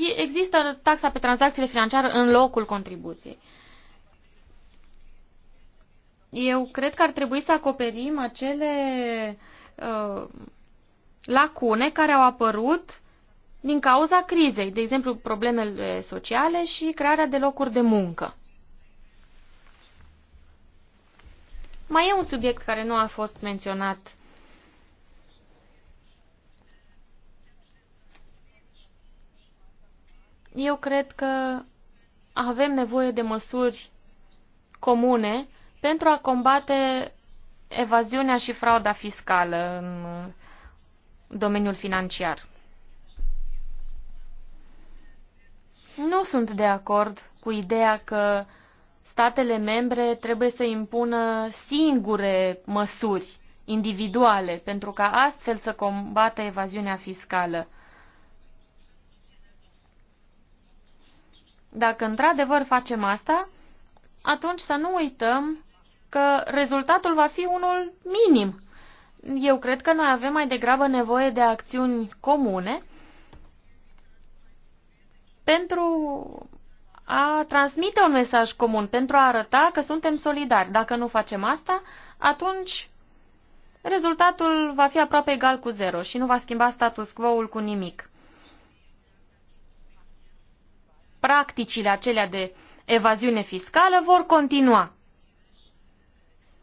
[SPEAKER 1] uh, există taxa pe tranzacțiile financiare în locul contribuției. Eu cred că ar trebui să acoperim acele uh, lacune care au apărut din cauza crizei, de exemplu problemele sociale și crearea de locuri de muncă. Mai e un subiect care nu a fost menționat. Eu cred că avem nevoie de măsuri comune pentru a combate evaziunea și frauda fiscală în domeniul financiar. Nu sunt de acord cu ideea că statele membre trebuie să impună singure măsuri individuale pentru ca astfel să combată evaziunea fiscală. Dacă într-adevăr facem asta, atunci să nu uităm că rezultatul va fi unul minim. Eu cred că noi avem mai degrabă nevoie de acțiuni comune pentru a transmite un mesaj comun, pentru a arăta că suntem solidari. Dacă nu facem asta, atunci rezultatul va fi aproape egal cu zero și nu va schimba status quo-ul cu nimic. Practicile acelea de evaziune fiscală vor continua.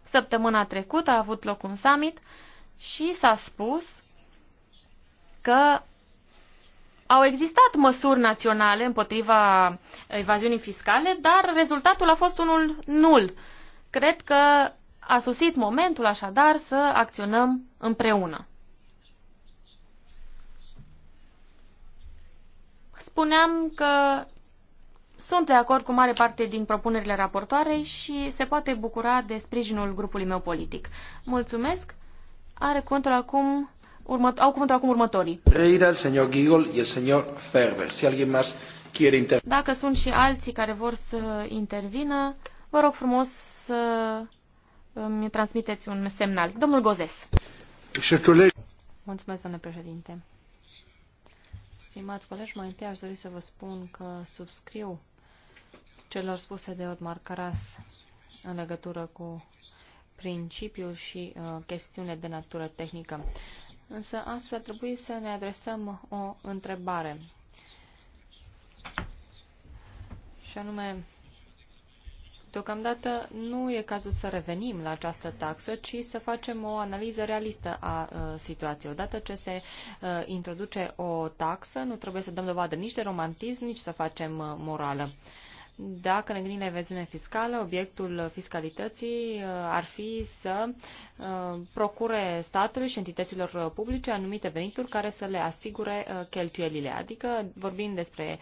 [SPEAKER 1] Săptămâna trecută a avut loc un summit și s-a spus că au existat măsuri naționale împotriva evaziunii fiscale, dar rezultatul a fost unul nul. Cred că a susit momentul așadar să acționăm împreună. Spuneam că sunt de acord cu mare parte din propunerile raportoarei și se poate bucura de sprijinul grupului meu politic. Mulțumesc. Are cuvântul acum Următ au cuvântul acum următorii.
[SPEAKER 2] Reira, el señor Gigol y el señor Ferber. Si alguien más quiere inter...
[SPEAKER 1] Dacă sunt și alții care vor să intervină, vă rog frumos să îmi transmiteți un semnal. Domnul Gozes.
[SPEAKER 4] Mulțumesc, domnule președinte. Stimați colegi, mai întâi aș dori să vă spun că subscriu celor spuse de Otmar Caras în legătură cu principiul și uh, chestiunile de natură tehnică. Însă astfel trebuie să ne adresăm o întrebare. Și anume, deocamdată nu e cazul să revenim la această taxă, ci să facem o analiză realistă a uh, situației. Odată ce se uh, introduce o taxă, nu trebuie să dăm dovadă nici de romantism, nici să facem uh, morală. Uh, dacă ne gândim la evaziune fiscală, obiectul fiscalității uh, ar fi să uh, procure statului și entităților publice anumite venituri care să le asigure uh, cheltuielile, adică vorbim despre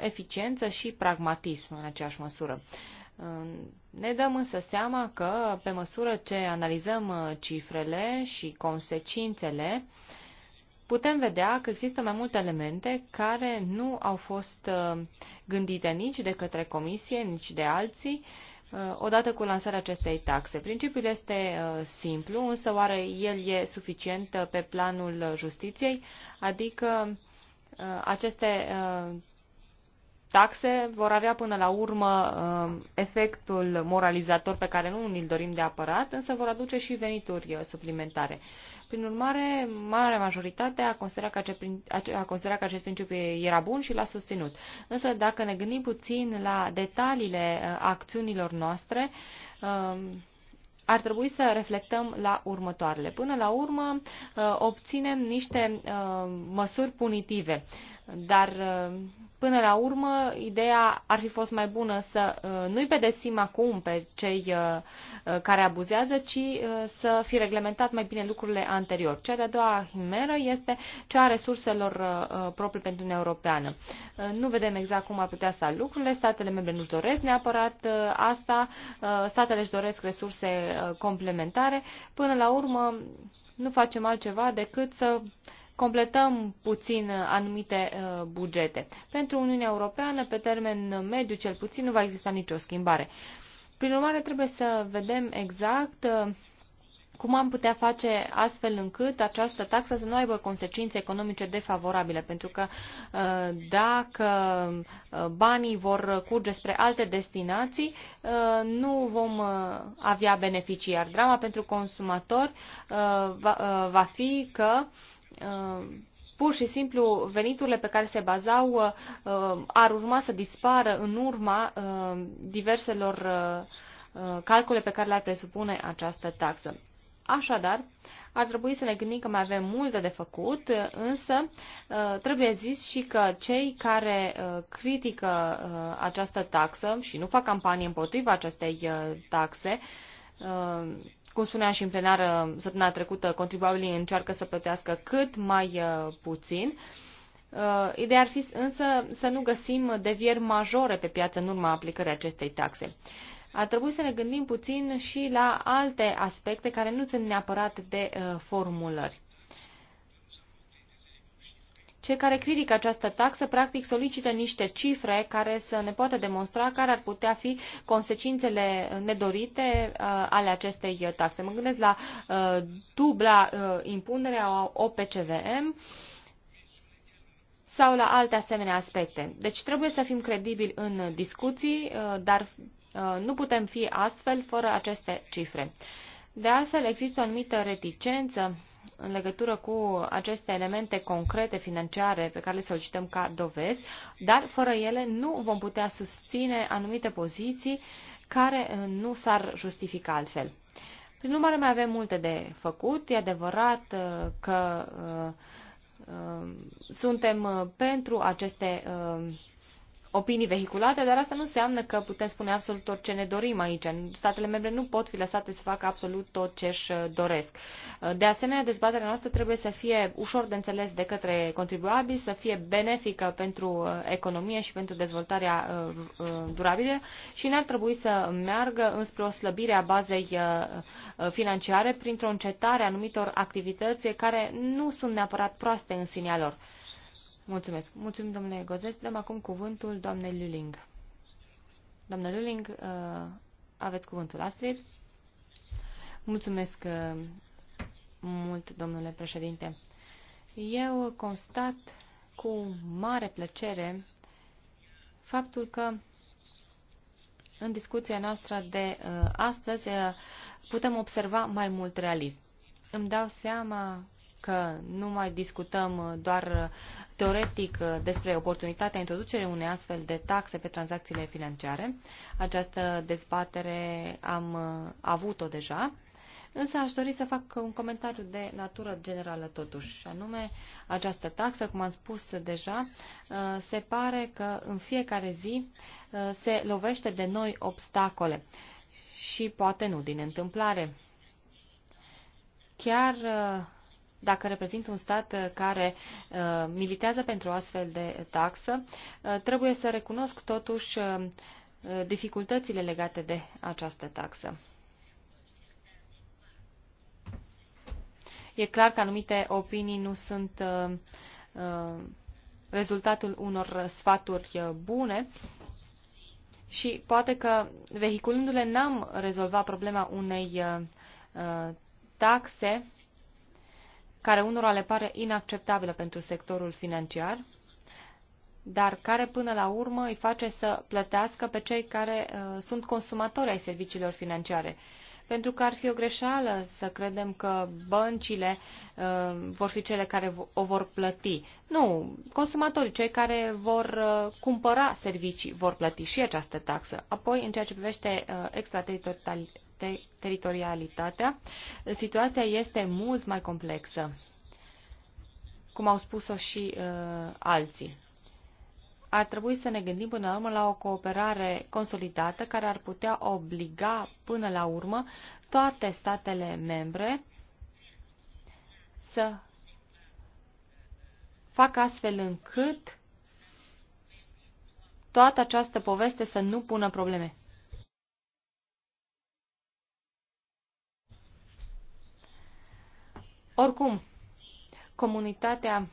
[SPEAKER 4] eficiență și pragmatism în aceeași măsură. Ne dăm însă seama că, pe măsură ce analizăm cifrele și consecințele, uh, putem vedea că există mai multe elemente care nu au fost uh, gândite nici de către comisie, nici de alții, uh, odată cu lansarea acestei taxe. Principiul este uh, simplu, însă oare el e suficient pe planul justiției? Adică aceste taxe vor avea până la urmă um, efectul moralizator pe care nu îl dorim de apărat, însă vor aduce și venituri uh, suplimentare. Prin urmare, marea majoritate a considerat, că acest, a considerat că acest principiu era bun și l-a susținut. Însă, dacă ne gândim puțin la detaliile uh, acțiunilor noastre, um, ar trebui să reflectăm la următoarele. Până la urmă, uh, obținem niște măsuri punitive. Dar uh, până la urmă, ideea ar fi fost mai bună să uh, nu-i pedepsim acum pe cei uh, care abuzează, ci să fi reglementat mai bine lucrurile anterior. Cea de-a doua himeră este cea a resurselor proprii pentru Uniunea Europeană. Nu vedem exact cum ar putea sta lucrurile, statele membre nu-și doresc neapărat asta, statele își doresc resurse complementare. Până la urmă, nu facem altceva decât să completăm puțin uh, anumite uh, bugete. Pentru Uniunea Europeană, pe termen mediu cel puțin, nu va exista nicio schimbare. Prin urmare, trebuie să vedem exact uh, cum am putea face astfel încât această taxă să nu aibă consecințe economice defavorabile, pentru că dacă banii vor curge spre alte destinații, nu vom avea beneficii, iar drama pentru consumator va fi că Uh, pur și simplu veniturile pe care se bazau uh, uh, ar urma să dispară în urma diverselor calcule pe care le-ar presupune această taxă. Așadar, ar trebui să ne gândim că mai avem multe de făcut, însă trebuie zis și că cei care critică această taxă și nu fac campanie împotriva acestei taxe, cum spuneam și în plenară săptămâna trecută, contribuabilii încearcă să plătească cât mai uh, puțin. Uh, ideea ar fi însă să nu găsim devieri majore pe piață în urma aplicării acestei taxe. Ar trebui să ne gândim puțin și la alte aspecte care nu sunt neapărat de uh, formulări. Cei care critică această taxă practic solicită niște cifre care să ne poată demonstra care ar putea fi consecințele nedorite uh, ale acestei taxe. Mă gândesc la uh, dubla uh, impunere a OPCVM sau la alte asemenea aspecte. Deci trebuie să fim credibili în discuții, dar nu putem fi astfel fără aceste cifre. De altfel, există o anumită reticență în legătură cu aceste elemente concrete financiare pe care le solicităm ca dovezi, dar fără ele nu vom putea susține anumite poziții care uh, nu s-ar justifica altfel. Prin urmare, mai avem multe de făcut. E adevărat uh, că uh, suntem pentru aceste opinii vehiculate, dar asta nu înseamnă că putem spune absolut tot ce ne dorim aici. Statele membre nu pot fi lăsate să facă absolut tot ce își uh, doresc. Uh, de asemenea, dezbaterea noastră trebuie să fie ușor de înțeles de către contribuabili, să fie benefică pentru uh, economie și pentru dezvoltarea durabilă și n-ar trebui să meargă înspre o slăbire a bazei financiare printr-o încetare a anumitor activități care nu sunt neapărat proaste în sinea lor. Mulțumesc. Mulțumim, domnule Gozes. Dăm acum cuvântul doamnei Luling. Doamna Luling, uh, aveți cuvântul Astrid. Mulțumesc uh, mult, domnule președinte. Eu constat cu mare plăcere faptul că în discuția noastră de uh, astăzi putem observa mai mult realism. Îmi dau seama că nu mai discutăm uh, doar uh, teoretic uh, despre oportunitatea introducerii unei astfel de taxe pe tranzacțiile financiare. Această dezbatere am avut-o deja. Însă aș dori să fac un comentariu de natură generală totuși, și anume această taxă, cum am spus deja, se pare că în fiecare zi se lovește de noi obstacole și poate nu din întâmplare. Chiar dacă reprezint un stat uh, care uh, militează pentru o astfel de taxă, uh, trebuie să recunosc totuși dificultățile legate de această taxă. E clar că anumite opinii nu sunt rezultatul unor sfaturi bune și poate că vehiculându-le n-am rezolvat problema unei uh, taxe care unora le pare inacceptabilă pentru sectorul financiar, dar care până la urmă îi face să plătească pe cei care uh, sunt consumatori ai serviciilor financiare. Pentru că ar fi o greșeală să credem că băncile uh, vor fi cele care o vor plăti. Nu, consumatorii, cei care vor uh, cumpăra servicii, vor plăti și această taxă. Apoi, în ceea ce privește uh, extrateritorialitatea, te- teritorialitatea, situația este mult mai complexă, cum au spus-o și uh, alții. Ar trebui să ne gândim până la urmă la o cooperare consolidată care ar putea obliga până la urmă toate statele membre să facă astfel încât toată această poveste să nu pună probleme. Oricum, comunitatea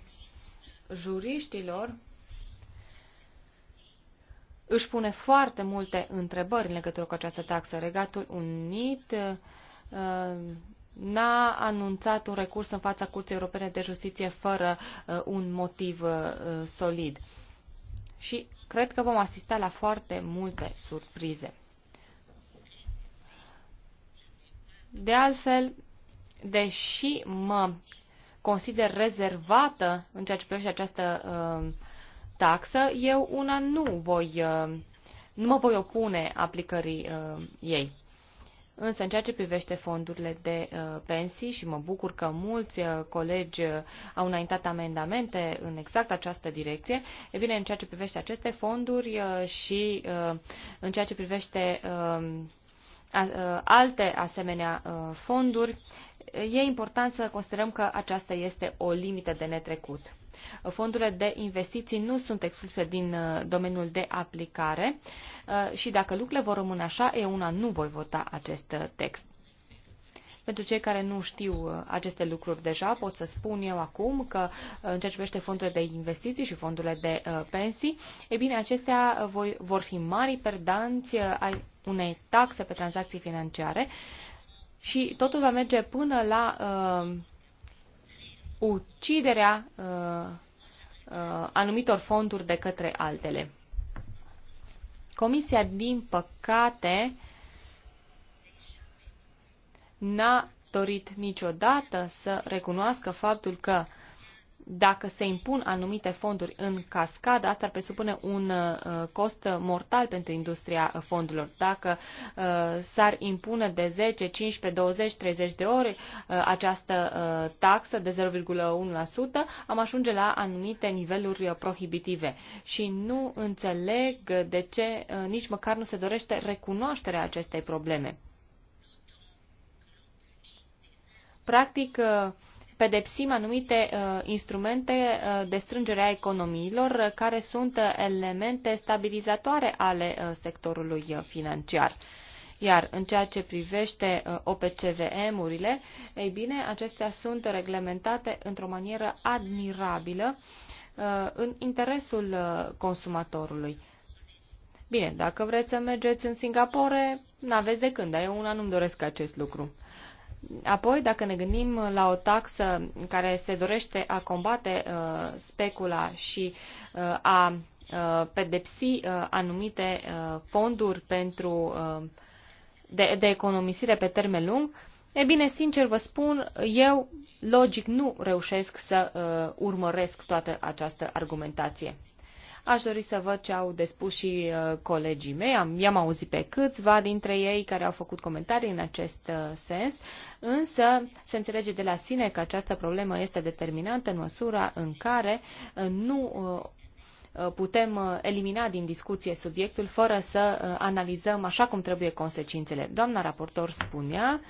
[SPEAKER 4] juriștilor își pune foarte multe întrebări în legătură cu această taxă. Regatul Unit uh, n-a anunțat un recurs în fața Curții Europene de Justiție fără uh, un motiv uh, solid. Și cred că vom asista la foarte multe surprize. De altfel, deși mă consider rezervată în ceea ce privește această uh, taxă, eu una nu voi, uh, nu mă voi opune aplicării uh, ei. Însă, în ceea ce privește fondurile de uh, pensii, și mă bucur că mulți uh, colegi uh, au înaintat amendamente în exact această direcție, e bine, în ceea ce privește aceste fonduri uh, și uh, în ceea ce privește uh, alte asemenea fonduri, e important să considerăm că aceasta este o limită de netrecut. Fondurile de investiții nu sunt excluse din domeniul de aplicare și dacă lucrurile vor rămâne așa, e una nu voi vota acest text. Pentru cei care nu știu aceste lucruri deja, pot să spun eu acum că în ceea ce privește fondurile de investiții și fondurile de pensii, e bine, acestea vor fi mari perdanți ai unei taxe pe tranzacții financiare și totul va merge până la uh, uciderea uh, uh, anumitor fonduri de către altele. Comisia, din păcate, n-a dorit niciodată să recunoască faptul că uh, dacă se impun anumite fonduri în cascadă, asta ar presupune un uh, cost mortal pentru industria uh, fondurilor. Dacă uh, s-ar impune de 10, 15, 20, 30 de ori această taxă de 0,1%, am ajunge la anumite niveluri prohibitive. Și nu înțeleg de ce nici măcar nu se dorește recunoașterea acestei probleme. Practic, pedepsim anumite uh, instrumente uh, de strângere a economiilor, uh, care sunt uh, elemente stabilizatoare ale uh, sectorului uh, financiar. Iar în ceea ce privește uh, OPCVM-urile, ei bine, acestea sunt reglementate într-o manieră admirabilă uh, în interesul uh, consumatorului. Bine, dacă vreți să mergeți în Singapore, n-aveți de când, dar eu una nu-mi doresc acest lucru. Apoi, dacă ne gândim la o taxă care se dorește a combate uh, specula și uh, a uh, pedepsi uh, anumite uh, fonduri pentru, uh, de, de economisire pe termen lung, e bine, sincer vă spun, eu logic nu reușesc să uh, urmăresc toată această argumentație. Aș dori să văd ce au de spus și uh, colegii mei. Am, i-am auzit pe câțiva dintre ei care au făcut comentarii în acest uh, sens, însă se înțelege de la sine că această problemă este determinantă în măsura în care uh, nu putem elimina din discuție subiectul fără să analizăm așa cum trebuie consecințele. Doamna raportor spunea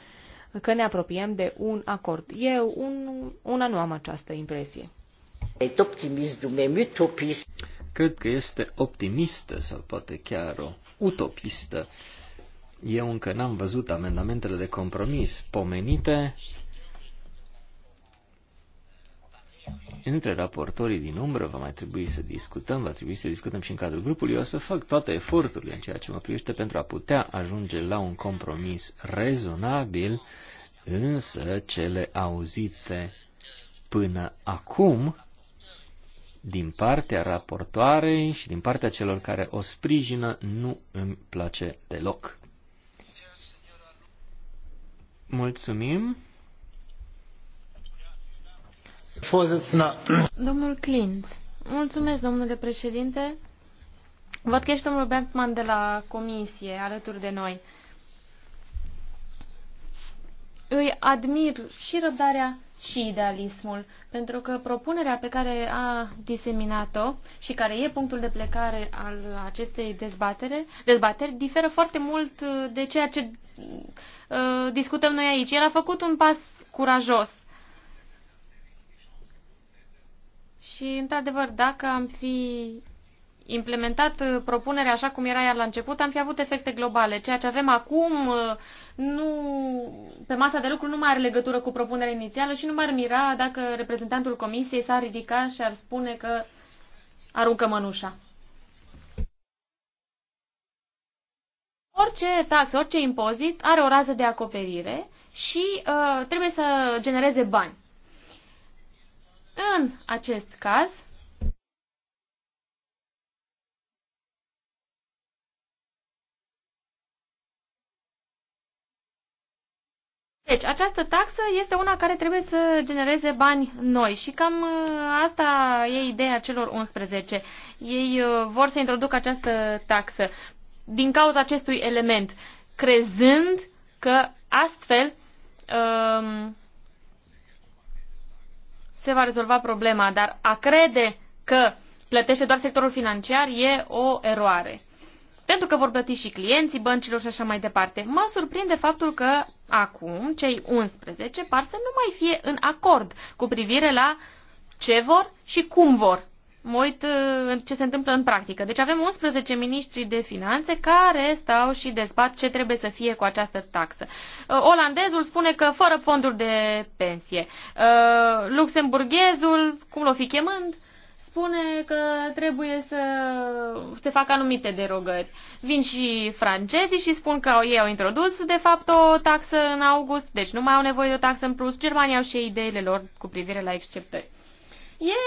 [SPEAKER 4] că ne apropiem de un acord. Eu un, una nu am această impresie.
[SPEAKER 3] Optimist, dumem utopist cred că este optimistă sau poate chiar o utopistă. Eu încă n-am văzut amendamentele de compromis pomenite între raportorii din umbră va mai trebui să discutăm, va trebui să discutăm și în cadrul grupului. Eu o să fac toate eforturile în ceea ce mă privește pentru a putea ajunge la un compromis rezonabil, însă cele auzite până acum din partea raportoarei și din partea celor care o sprijină nu îmi place deloc. Mulțumim.
[SPEAKER 1] Domnul Clint, mulțumesc, domnule președinte. Văd că ești domnul Bentman de la comisie alături de noi. Îi admir și răbdarea și idealismul, pentru că propunerea pe care a diseminat-o și care e punctul de plecare al acestei dezbatere, dezbateri diferă foarte mult uh, de ceea ce uh, discutăm noi aici. El a făcut un pas curajos. Și, într-adevăr, dacă am fi implementat uh, propunerea așa cum era iar la început, am fi avut efecte globale. Ceea ce avem acum uh, nu, pe masa de lucru nu mai are legătură cu propunerea inițială și nu m-ar mira dacă reprezentantul comisiei s-ar ridica și ar spune că aruncă mănușa. Orice taxă, orice impozit are o rază de acoperire și uh, trebuie să genereze bani. În acest caz, Deci, această taxă este una care trebuie să genereze bani noi și cam uh, asta e ideea celor 11. Ei uh, vor să introducă această taxă din cauza acestui element, crezând că astfel um, se va rezolva problema, dar a crede că plătește doar sectorul financiar e o eroare pentru că vor plăti și clienții băncilor și așa mai departe. Mă surprinde faptul că acum cei 11 par să nu mai fie în acord cu privire la ce vor și cum vor. Mă uit uh, ce se întâmplă în practică. Deci avem 11 miniștri de finanțe care stau și dezbat ce trebuie să fie cu această taxă. Uh, olandezul spune că fără fonduri de pensie. Uh, luxemburghezul, cum l-o fi chemând, spune că trebuie să se facă anumite derogări. Vin și francezii și spun că ei au introdus, de fapt, o taxă în august, deci nu mai au nevoie de o taxă în plus. Germania au și ideile lor cu privire la exceptări. E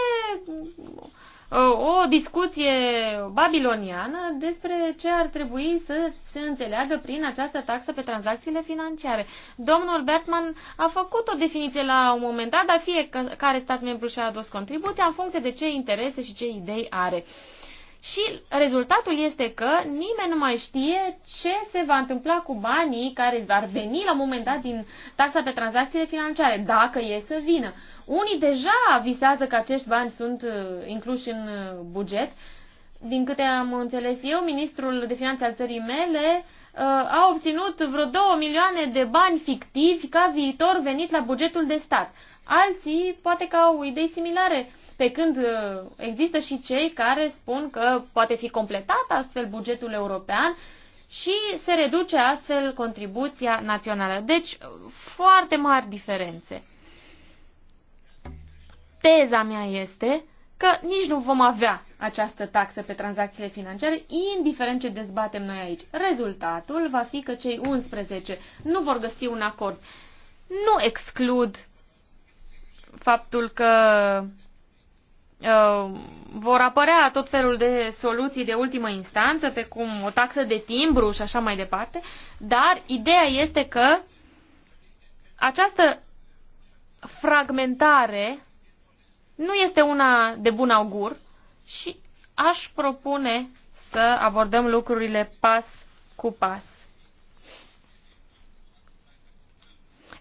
[SPEAKER 1] o discuție babiloniană despre ce ar trebui să se înțeleagă prin această taxă pe tranzacțiile financiare. Domnul Bertman a făcut o definiție la un moment dat, dar fiecare stat membru și-a adus contribuția în funcție de ce interese și ce idei are. Uh, și rezultatul este că nimeni nu mai știe ce se va întâmpla cu banii care ar veni la un moment dat din taxa pe tranzacțiile financiare, dacă e să vină. Unii deja visează că acești bani sunt uh, incluși în uh, buget. Din câte am înțeles eu, ministrul de finanțe al țării mele uh, a obținut vreo 2 milioane de bani fictivi ca viitor venit la bugetul de stat. Alții poate că au idei similare pe când uh, există și cei care spun că poate fi completat astfel bugetul european și se reduce astfel contribuția națională. Deci, foarte mari diferențe. Teza mea este că nici nu vom avea această taxă pe tranzacțiile financiare, indiferent ce dezbatem noi aici. Rezultatul va fi că cei 11 nu vor găsi un acord. Nu exclud faptul că Uh, vor apărea tot felul de soluții de ultimă instanță, pe cum o taxă de timbru și așa mai departe, dar ideea este că această fragmentare nu este una de bun augur și aș propune să abordăm lucrurile pas cu pas,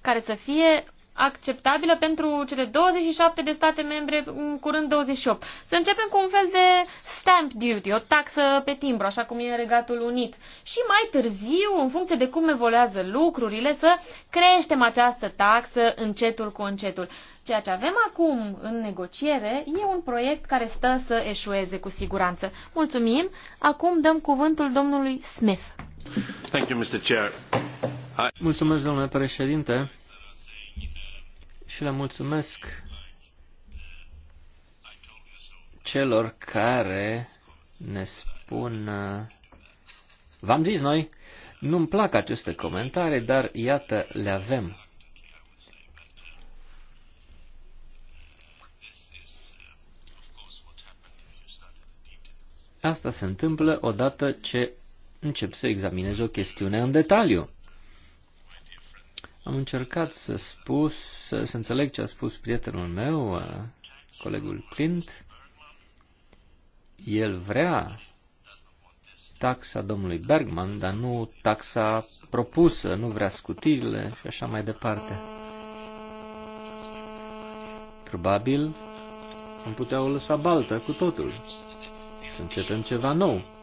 [SPEAKER 1] care să fie acceptabilă pentru cele 27 de state membre, în curând 28. Să începem cu un fel de stamp duty, o taxă pe timbru, așa cum e în Regatul Unit. Și mai târziu, în funcție de cum evoluează lucrurile, să creștem această taxă încetul cu încetul. Ceea ce avem acum în negociere e un proiect care stă să eșueze cu siguranță. Mulțumim. Acum dăm cuvântul domnului Smith.
[SPEAKER 2] Thank you, Mr. Chair. I... Mulțumesc,
[SPEAKER 3] domnule președinte și le mulțumesc celor care ne spun, v-am zis noi, nu-mi plac aceste comentarii, dar iată, le avem. Asta se întâmplă odată ce încep să examinez o chestiune în detaliu. Am încercat să spus, să, să înțeleg ce a spus prietenul meu, uh, colegul Clint. El vrea taxa domnului Bergman, dar nu taxa propusă, nu vrea scutirile și așa mai departe. Probabil am putea o lăsa baltă cu totul. Să începem ceva nou.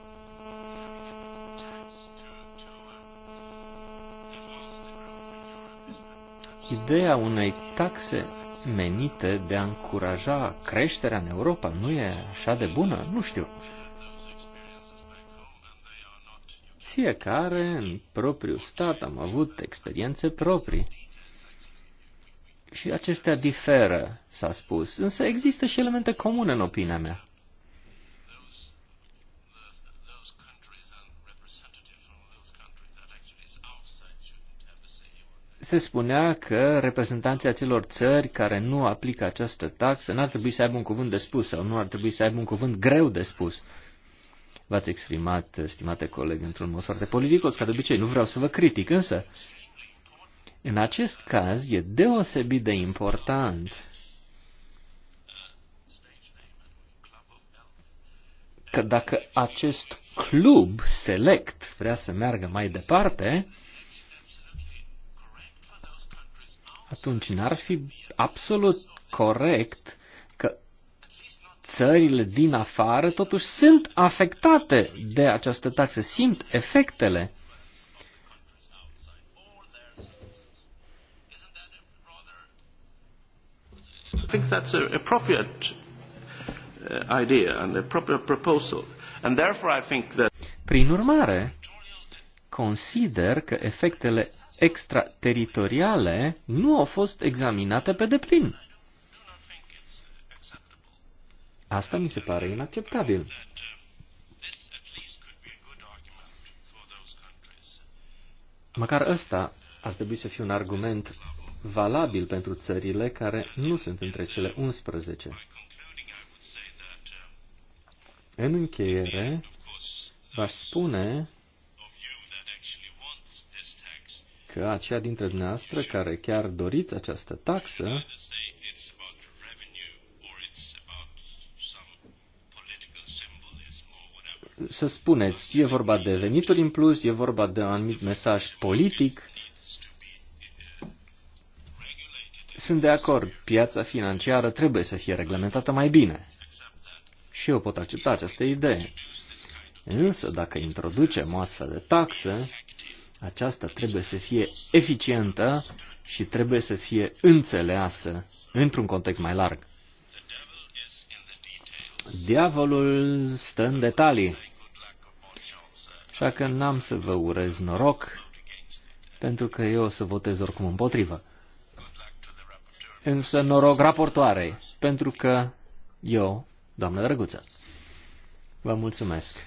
[SPEAKER 3] ideea unei taxe menite de a încuraja creșterea în Europa nu e așa de bună? Nu știu. Fiecare în propriul stat am avut experiențe proprii. Și acestea diferă, s-a spus, însă există și elemente comune în opinia mea. se spunea că reprezentanții acelor țări care nu aplică această taxă n-ar trebui să aibă un cuvânt de spus sau nu ar trebui să aibă un cuvânt greu de spus. V-ați exprimat, stimate coleg, într-un mod foarte politicos, ca de obicei, nu vreau să vă critic, însă, în acest caz, e deosebit de important că dacă acest club select vrea să meargă mai departe, atunci n-ar fi absolut corect că țările din afară totuși sunt afectate de această taxă, simt efectele.
[SPEAKER 2] I think that's appropriate uh, idea and proposal. And therefore I think
[SPEAKER 3] that Prin urmare, consider că efectele extrateritoriale nu au fost examinate pe deplin. Asta mi se pare inacceptabil. Măcar ăsta ar trebui să fie un argument valabil pentru țările care nu sunt între cele 11. În încheiere, v-aș spune că aceia dintre dumneavoastră care chiar doriți această taxă să spuneți, e vorba de venituri în plus, e vorba de un anumit mesaj politic. Sunt de acord, piața financiară trebuie să fie reglementată mai bine. Și eu pot accepta această idee. Însă, dacă introducem o astfel de taxe, aceasta trebuie să fie eficientă și trebuie să fie înțeleasă într-un context mai larg. Diavolul stă în detalii, așa că n-am să vă urez noroc, pentru că eu o să votez oricum împotrivă. Însă noroc raportoarei, pentru că eu, doamnă drăguță, vă mulțumesc.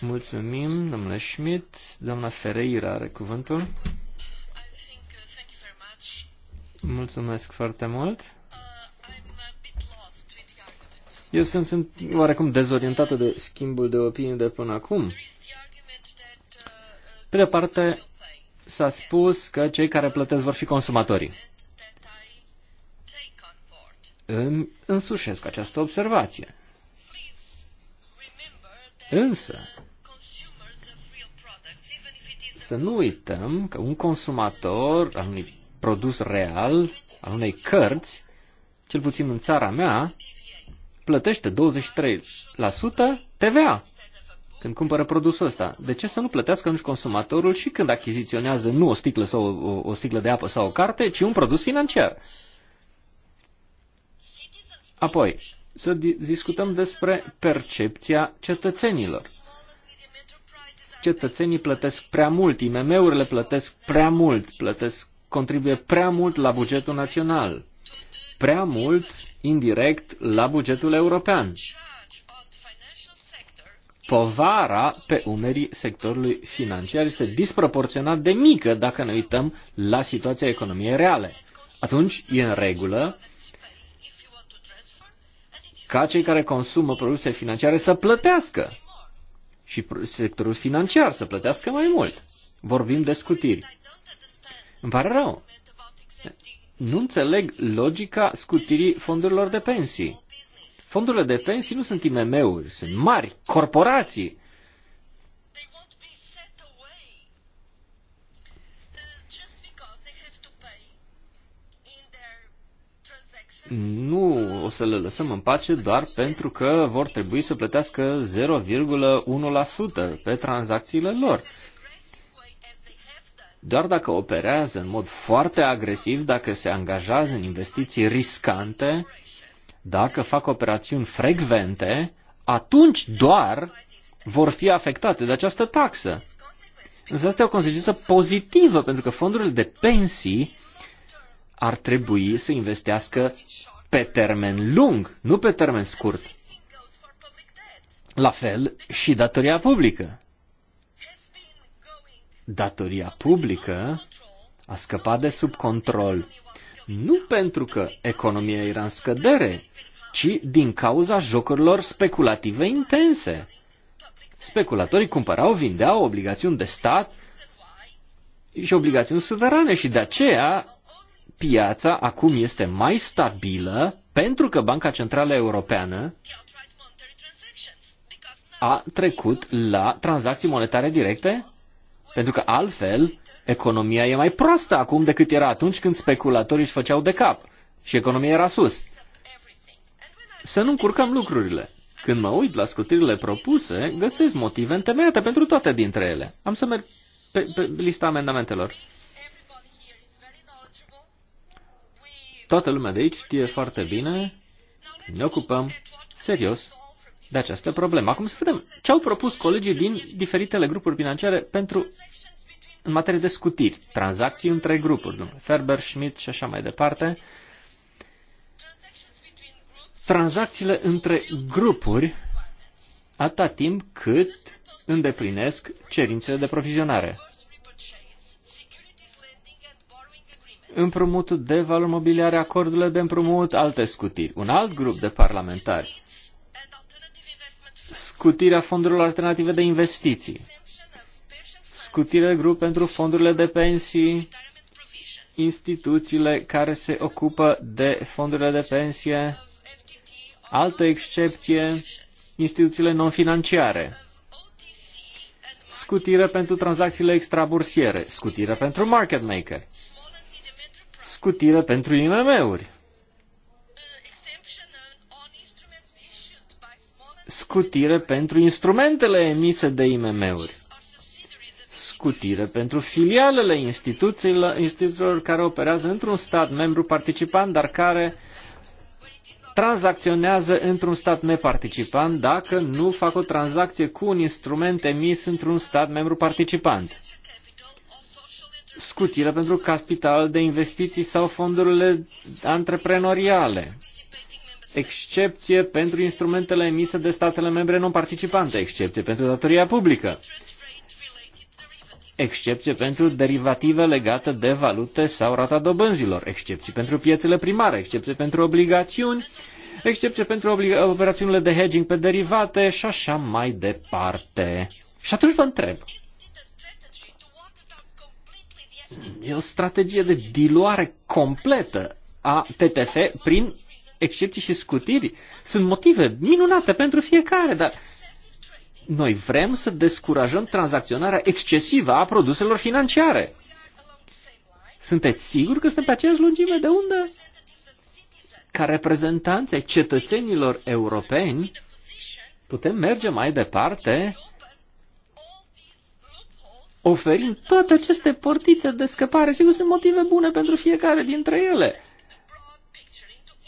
[SPEAKER 3] Mulțumim, domnule Schmidt. Doamna Ferreira are cuvântul. Mulțumesc foarte mult. Eu sunt, sunt oarecum dezorientată de schimbul de opinie de până acum. Pe de parte, s-a spus că cei care plătesc vor fi consumatorii. Îmi însușesc această observație. Însă, să nu uităm că un consumator al unui produs real, al unei cărți, cel puțin în țara mea, plătește 23% TVA când cumpără produsul ăsta. De ce să nu plătească nici consumatorul și când achiziționează nu o sticlă sau o, o sticlă de apă sau o carte, ci un produs financiar? Apoi, să discutăm despre percepția cetățenilor. Cetățenii plătesc prea mult, IMM-urile plătesc prea mult, plătesc, contribuie prea mult la bugetul național, prea mult, indirect, la bugetul european. Povara pe umerii sectorului financiar este disproporționat de mică dacă ne uităm la situația economiei reale. Atunci e în regulă ca cei care consumă produse financiare să plătească și sectorul financiar să plătească mai mult. Vorbim de scutiri. Îmi pare rău. Nu înțeleg logica scutirii fondurilor de pensii. Fondurile de pensii nu sunt IMM-uri, sunt mari corporații nu o să le lăsăm în pace doar pentru că vor trebui să plătească 0,1% pe tranzacțiile lor. Doar dacă operează în mod foarte agresiv, dacă se angajează în investiții riscante, dacă fac operațiuni frecvente, atunci doar vor fi afectate de această taxă. Însă asta e o consecință pozitivă, pentru că fondurile de pensii ar trebui să investească pe termen lung, nu pe termen scurt. La fel și datoria publică. Datoria publică a scăpat de sub control nu pentru că economia era în scădere, ci din cauza jocurilor speculative intense. Speculatorii cumpărau, vindeau obligațiuni de stat și obligațiuni suverane și de aceea piața acum este mai stabilă pentru că Banca Centrală Europeană a trecut la tranzacții monetare directe? Pentru că altfel, economia e mai proastă acum decât era atunci când speculatorii își făceau de cap și economia era sus. Să nu încurcăm lucrurile. Când mă uit la scutirile propuse, găsesc motive întemeiate pentru toate dintre ele. Am să merg pe, pe lista amendamentelor. Toată lumea de aici știe foarte bine, ne ocupăm serios de această problemă. Acum să vedem ce au propus colegii din diferitele grupuri financiare pentru în materie de scutiri, tranzacții între grupuri, Ferber, Schmidt și așa mai departe. Tranzacțiile între grupuri atâta timp cât îndeplinesc cerințele de provizionare. împrumutul de valori mobiliare, acordurile de împrumut, alte scutiri. Un alt grup de parlamentari, scutirea fondurilor alternative de investiții, scutirea grup pentru fondurile de pensii, instituțiile care se ocupă de fondurile de pensie, altă excepție, instituțiile non-financiare, scutire pentru tranzacțiile extrabursiere, scutire pentru market maker, scutire pentru IMM-uri. Scutire pentru instrumentele emise de IMM-uri. Scutire pentru filialele instituțiilor, instituțiilor care operează într-un stat membru participant, dar care tranzacționează într-un stat neparticipant dacă nu fac o tranzacție cu un instrument emis într-un stat membru participant scutire pentru capital de investiții sau fondurile antreprenoriale. Excepție pentru instrumentele emise de statele membre non-participante, excepție pentru datoria publică, excepție pentru derivative legate de valute sau rata dobânzilor, Excepție pentru piețele primare, excepție pentru obligațiuni, excepție pentru obliga operațiunile de hedging pe derivate și așa mai departe. Și atunci vă întreb, E o strategie de diluare completă a TTF prin excepții și scutiri. Sunt motive minunate pentru fiecare, dar noi vrem să descurajăm tranzacționarea excesivă a produselor financiare. Sunteți siguri că suntem pe aceeași lungime de undă? Ca reprezentanți ai cetățenilor europeni, putem merge mai departe oferim toate aceste portițe de scăpare. Sigur, sunt motive bune pentru fiecare dintre ele.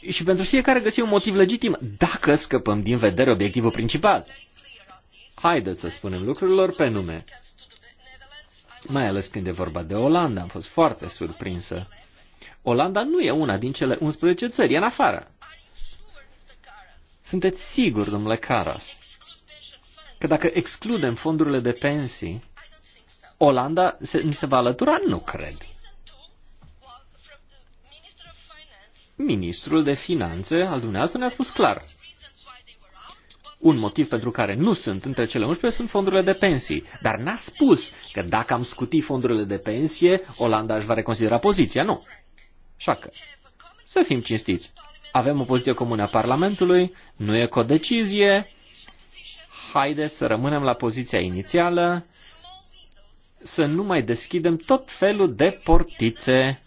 [SPEAKER 3] Și pentru fiecare găsim un motiv legitim, dacă scăpăm din vedere obiectivul principal. Haideți să spunem lucrurilor pe nume. Mai ales când e vorba de Olanda, am fost foarte surprinsă. Olanda nu e una din cele 11 țări, e în afară. Sunteți sigur, domnule Caras, că dacă excludem fondurile de pensii, Olanda se, mi se va alătura? Nu cred. Ministrul de Finanțe al dumneavoastră ne-a spus clar. Un motiv pentru care nu sunt între cele 11 sunt fondurile de pensii. Dar n-a spus că dacă am scuti fondurile de pensie, Olanda își va reconsidera poziția. Nu. Așa că, să fim cinstiți. Avem o poziție comună a Parlamentului, nu e codecizie. Haideți să rămânem la poziția inițială să nu mai deschidem tot felul de portițe,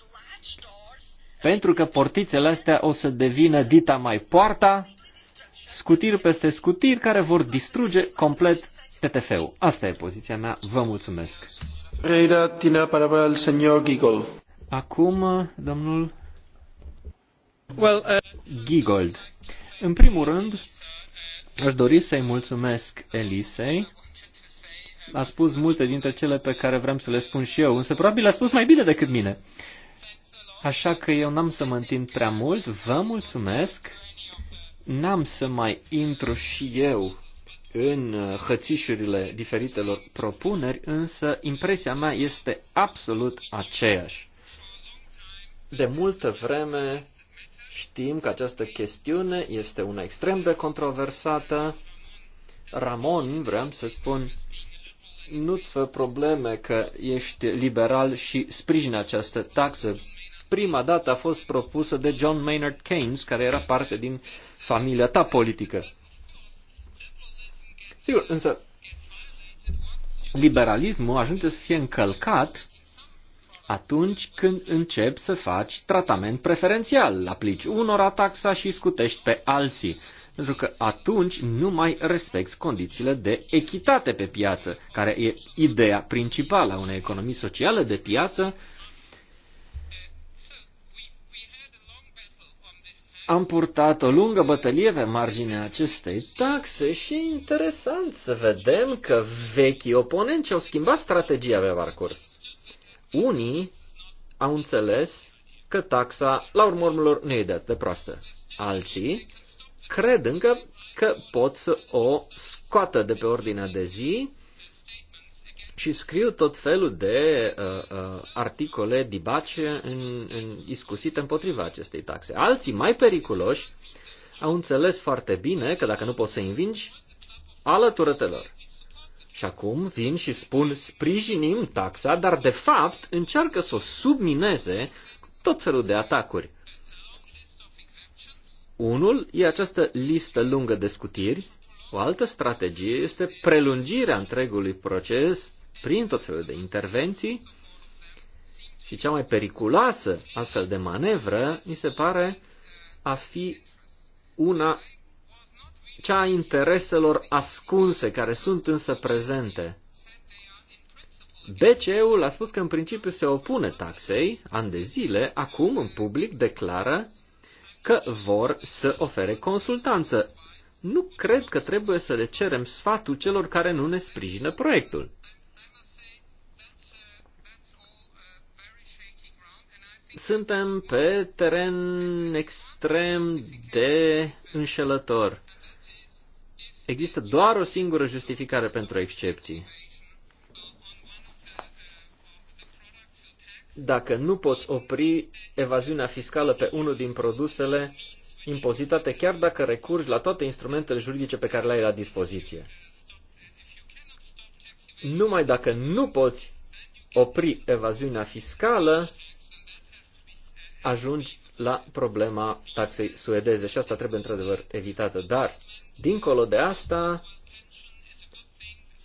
[SPEAKER 3] pentru că portițele astea o să devină dita mai poarta, scutiri peste scutiri care vor distruge complet PTF-ul. Asta e poziția mea. Vă mulțumesc.
[SPEAKER 2] Reira, tine la palabra al señor Gigol.
[SPEAKER 3] Acum, domnul well, uh... Gigold. În primul rând, aș dori să-i mulțumesc Elisei a spus multe dintre cele pe care vreau să le spun și eu, însă probabil a spus mai bine decât mine. Așa că eu n-am să mă întind prea mult, vă mulțumesc, n-am să mai intru și eu în hățișurile diferitelor propuneri, însă impresia mea este absolut aceeași. De multă vreme știm că această chestiune este una extrem de controversată. Ramon, vreau să spun, nu-ți fă probleme că ești liberal și sprijini această taxă. Prima dată a fost propusă de John Maynard Keynes, care era parte din familia ta politică. Sigur, însă liberalismul ajunge să fie încălcat atunci când începi să faci tratament preferențial. Aplici unora taxa și scutești pe alții pentru că atunci nu mai respecti condițiile de echitate pe piață, care e ideea principală a unei economii sociale de piață. Am purtat o lungă bătălie pe marginea acestei taxe și e interesant să vedem că vechii oponenți au schimbat strategia pe parcurs. Unii au înțeles că taxa, la urmă urmelor, nu e de atât de proastă. Alții cred încă că pot să o scoată de pe ordinea de zi și scriu tot felul de uh, uh, articole dibace în, în discusite împotriva acestei taxe. Alții mai periculoși au înțeles foarte bine că dacă nu poți să învingi, alătură lor. Și acum vin și spun sprijinim taxa, dar de fapt încearcă să o submineze tot felul de atacuri. Unul e această listă lungă de scutiri, o altă strategie este prelungirea întregului proces prin tot felul de intervenții și cea mai periculoasă astfel de manevră mi se pare a fi una cea a intereselor ascunse, care sunt însă prezente. BCE-ul a spus că în principiu se opune taxei, ani de zile, acum în public declară că vor să ofere consultanță. Nu cred că trebuie să le cerem sfatul celor care nu ne sprijină proiectul. Suntem pe teren extrem de înșelător. Există doar o singură justificare pentru excepții. dacă nu poți opri evaziunea fiscală pe unul din produsele impozitate, chiar dacă recurgi la toate instrumentele juridice pe care le ai la dispoziție. Numai dacă nu poți opri evaziunea fiscală, ajungi la problema taxei suedeze și asta trebuie într-adevăr evitată. Dar, dincolo de asta,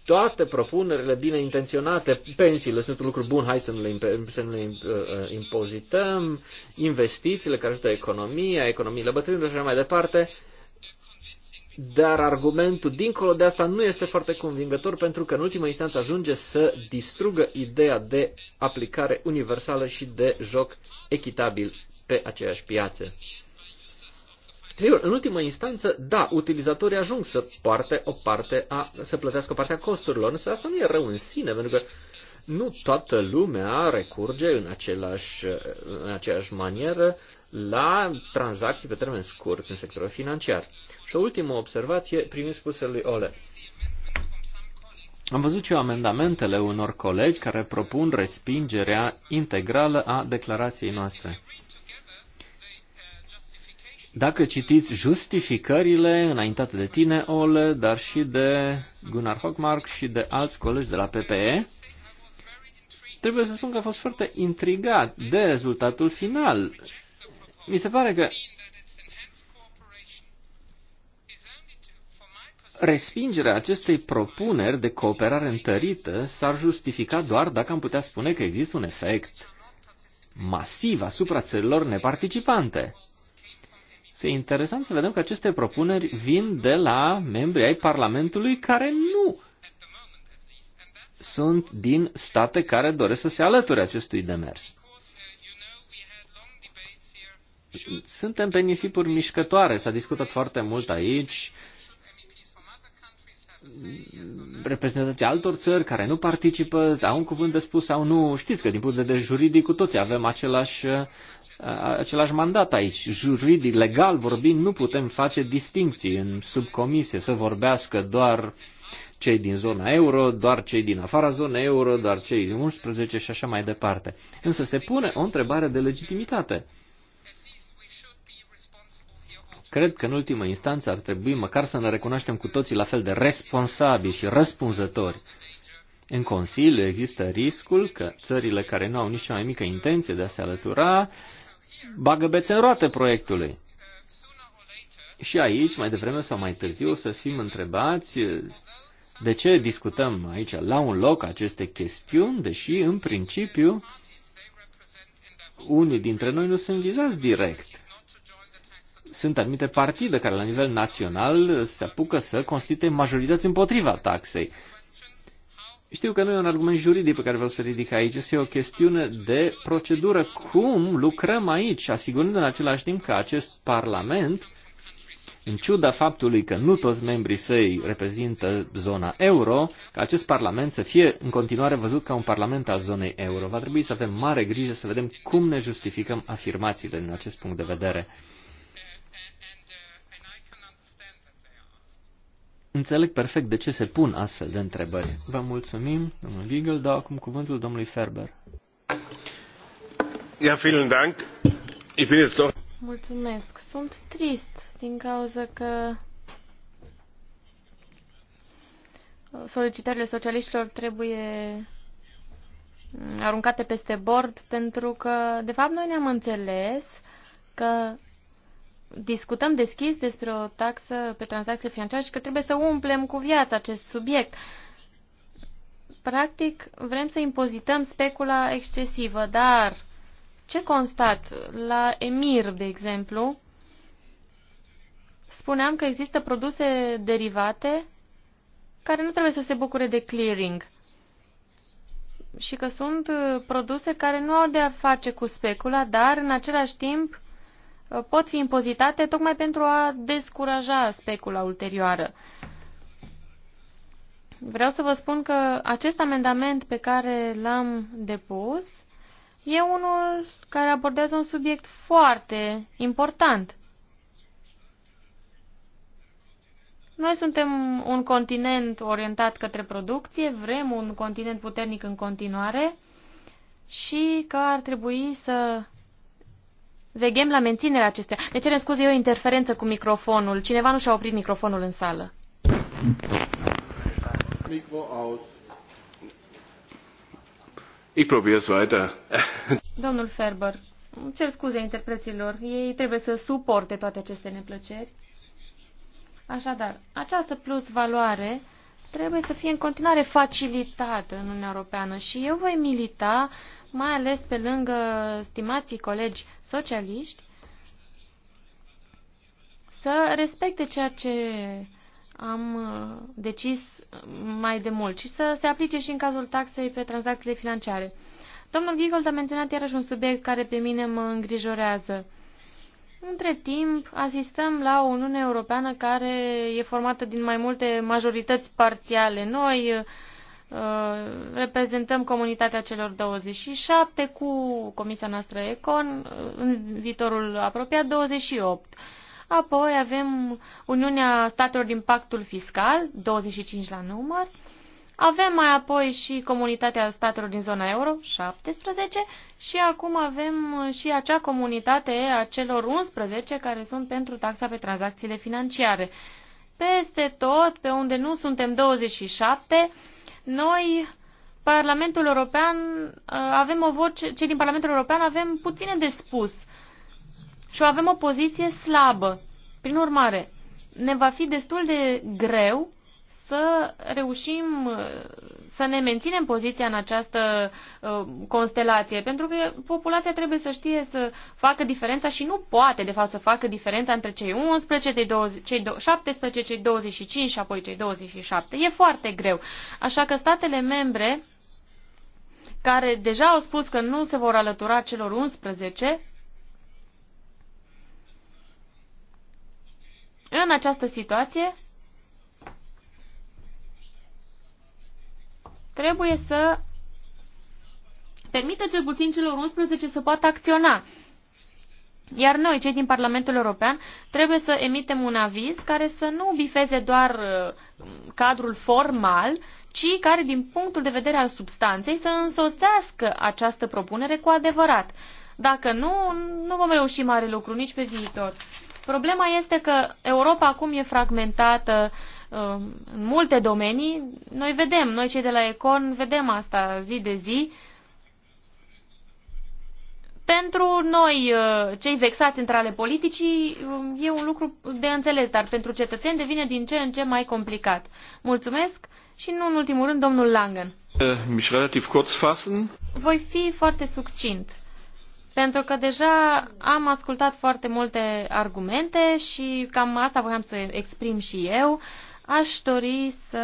[SPEAKER 3] toate propunerile bine intenționate, pensiile sunt un lucru bun, hai să nu le, să nu le uh, uh, impozităm, investițiile care ajută economia, economiile bătrânilor și așa mai departe, dar argumentul dincolo de asta nu este foarte convingător pentru că în ultima instanță ajunge să distrugă ideea de aplicare universală și de joc echitabil pe aceeași piață. Sigur, în ultimă instanță, da, utilizatorii ajung să, parte o parte a, să plătească o parte a costurilor, însă asta nu e rău în sine, pentru că nu toată lumea recurge în, același, în aceeași manieră la tranzacții pe termen scurt în sectorul financiar. Și o ultimă observație privind spusele lui Ole. Am văzut și eu amendamentele unor colegi care propun respingerea integrală a declarației noastre. Dacă citiți justificările înaintate de tine, Ole, dar și de Gunnar Hockmark și de alți colegi de la PPE, trebuie să spun că a fost foarte intrigat de rezultatul final. Mi se pare că respingerea acestei propuneri de cooperare întărită s-ar justifica doar dacă am putea spune că există un efect masiv asupra țărilor neparticipante. E interesant să vedem că aceste propuneri vin de la membrii ai Parlamentului care nu sunt din state care doresc să se alăture acestui demers. Suntem pe nisipuri mișcătoare, s-a discutat foarte mult aici reprezentanții altor țări care nu participă au un cuvânt de spus sau nu. Știți că din punct de vedere juridic cu toții avem același, uh, același mandat aici. Juridic, legal vorbind, nu putem face distinții în subcomisie, să vorbească doar cei din zona euro, doar cei din afara zonei euro, doar cei din 11 și așa mai departe. Însă se pune o întrebare de legitimitate. Cred că în ultimă instanță ar trebui măcar să ne recunoaștem cu toții la fel de responsabili și răspunzători. În Consiliu există riscul că țările care nu au nici mai mică intenție de a se alătura bagă bețe în roate proiectului. Și aici, mai devreme sau mai târziu, o să fim întrebați de ce discutăm aici la un loc aceste chestiuni, deși, în principiu, unii dintre noi nu sunt vizați direct sunt anumite partide care la nivel național se apucă să constituie majorități împotriva taxei. Știu că nu e un argument juridic pe care vreau să ridic aici, este o chestiune de procedură. Cum lucrăm aici, asigurând în același timp că acest Parlament, în ciuda faptului că nu toți membrii săi reprezintă zona euro, că acest Parlament să fie în continuare văzut ca un Parlament al zonei euro. Va trebui să avem mare grijă să vedem cum ne justificăm afirmațiile din acest punct de vedere. Înțeleg perfect de ce se pun astfel de întrebări. Vă mulțumim, domnul Giegel, dau acum cuvântul domnului Ferber.
[SPEAKER 2] Ja, vielen Dank. Ich bin jetzt doch...
[SPEAKER 1] Mulțumesc. Sunt trist din cauza că solicitările socialiștilor trebuie aruncate peste bord pentru că, de fapt, noi ne-am înțeles că discutăm deschis despre o taxă pe tranzacție financiară și că trebuie să umplem cu viață acest subiect. Practic, vrem să impozităm specula excesivă, dar ce constat la Emir, de exemplu, spuneam că există produse derivate care nu trebuie să se bucure de clearing și că sunt produse care nu au de a face cu specula, dar în același timp Uh, pot fi impozitate tocmai pentru a descuraja specula ulterioară. Vreau să vă spun că acest amendament pe care l-am depus e unul care abordează un subiect foarte important. Noi suntem un continent orientat către producție, vrem un continent puternic în continuare și că ar trebui să Veghem la menținerea acestea. Ne cerem scuze, eu o interferență cu microfonul. Cineva nu și-a oprit microfonul în sală.
[SPEAKER 4] Micro out. Ich probier's weiter.
[SPEAKER 1] Domnul Ferber, cer scuze interpreților. Ei trebuie să suporte toate aceste neplăceri. Așadar, această plus valoare trebuie să fie în continuare facilitată în Uniunea Europeană și eu voi milita uh, mai ales pe lângă stimații colegi socialiști, să respecte ceea ce am uh, decis mai de mult și să se aplice și în cazul taxei pe tranzacțiile financiare. Domnul Giggold a menționat iarăși un subiect care pe mine mă îngrijorează. Între timp, asistăm la o Uniune Europeană care e formată din mai multe majorități parțiale. Noi, Uh, reprezentăm comunitatea celor 27 cu comisia noastră Econ uh, în viitorul apropiat 28. Apoi avem Uniunea Statelor din Pactul Fiscal, 25 la număr. Avem mai apoi și Comunitatea Statelor din zona euro, 17, și acum avem și acea comunitate a celor 11 care sunt pentru taxa pe tranzacțiile financiare. Peste tot, pe unde nu suntem 27, noi, Parlamentul European, uh, avem o voce, cei din Parlamentul European avem puține de spus și avem o poziție slabă. Prin urmare, ne va fi destul de greu să reușim uh, să ne menținem poziția în această uh, constelație, pentru că populația trebuie să știe să facă diferența și nu poate, de fapt, să facă diferența între cei 11, cei, 20, cei 17, cei 25 și apoi cei 27. E foarte greu. Așa că statele membre care deja au spus că nu se vor alătura celor 11, în această situație trebuie să permită cel puțin celor 11 să poată acționa. Iar noi, cei din Parlamentul European, trebuie să emitem un aviz care să nu bifeze doar uh, cadrul formal, ci care, din punctul de vedere al substanței, să însoțească această propunere cu adevărat. Dacă nu, nu vom reuși mare lucru nici pe viitor. Problema este că Europa acum e fragmentată, uh, Uh, în multe domenii. Noi vedem, noi cei de la Econ vedem asta zi de zi. Pentru noi, uh, cei vexați între ale politicii, uh, e un lucru de înțeles, dar pentru cetățeni devine din ce în ce mai complicat. Mulțumesc și nu în ultimul rând domnul Langen.
[SPEAKER 3] Äh, relativ kurz
[SPEAKER 1] Voi fi foarte succint, pentru că deja am ascultat foarte multe argumente și cam asta voiam să exprim și eu aș dori să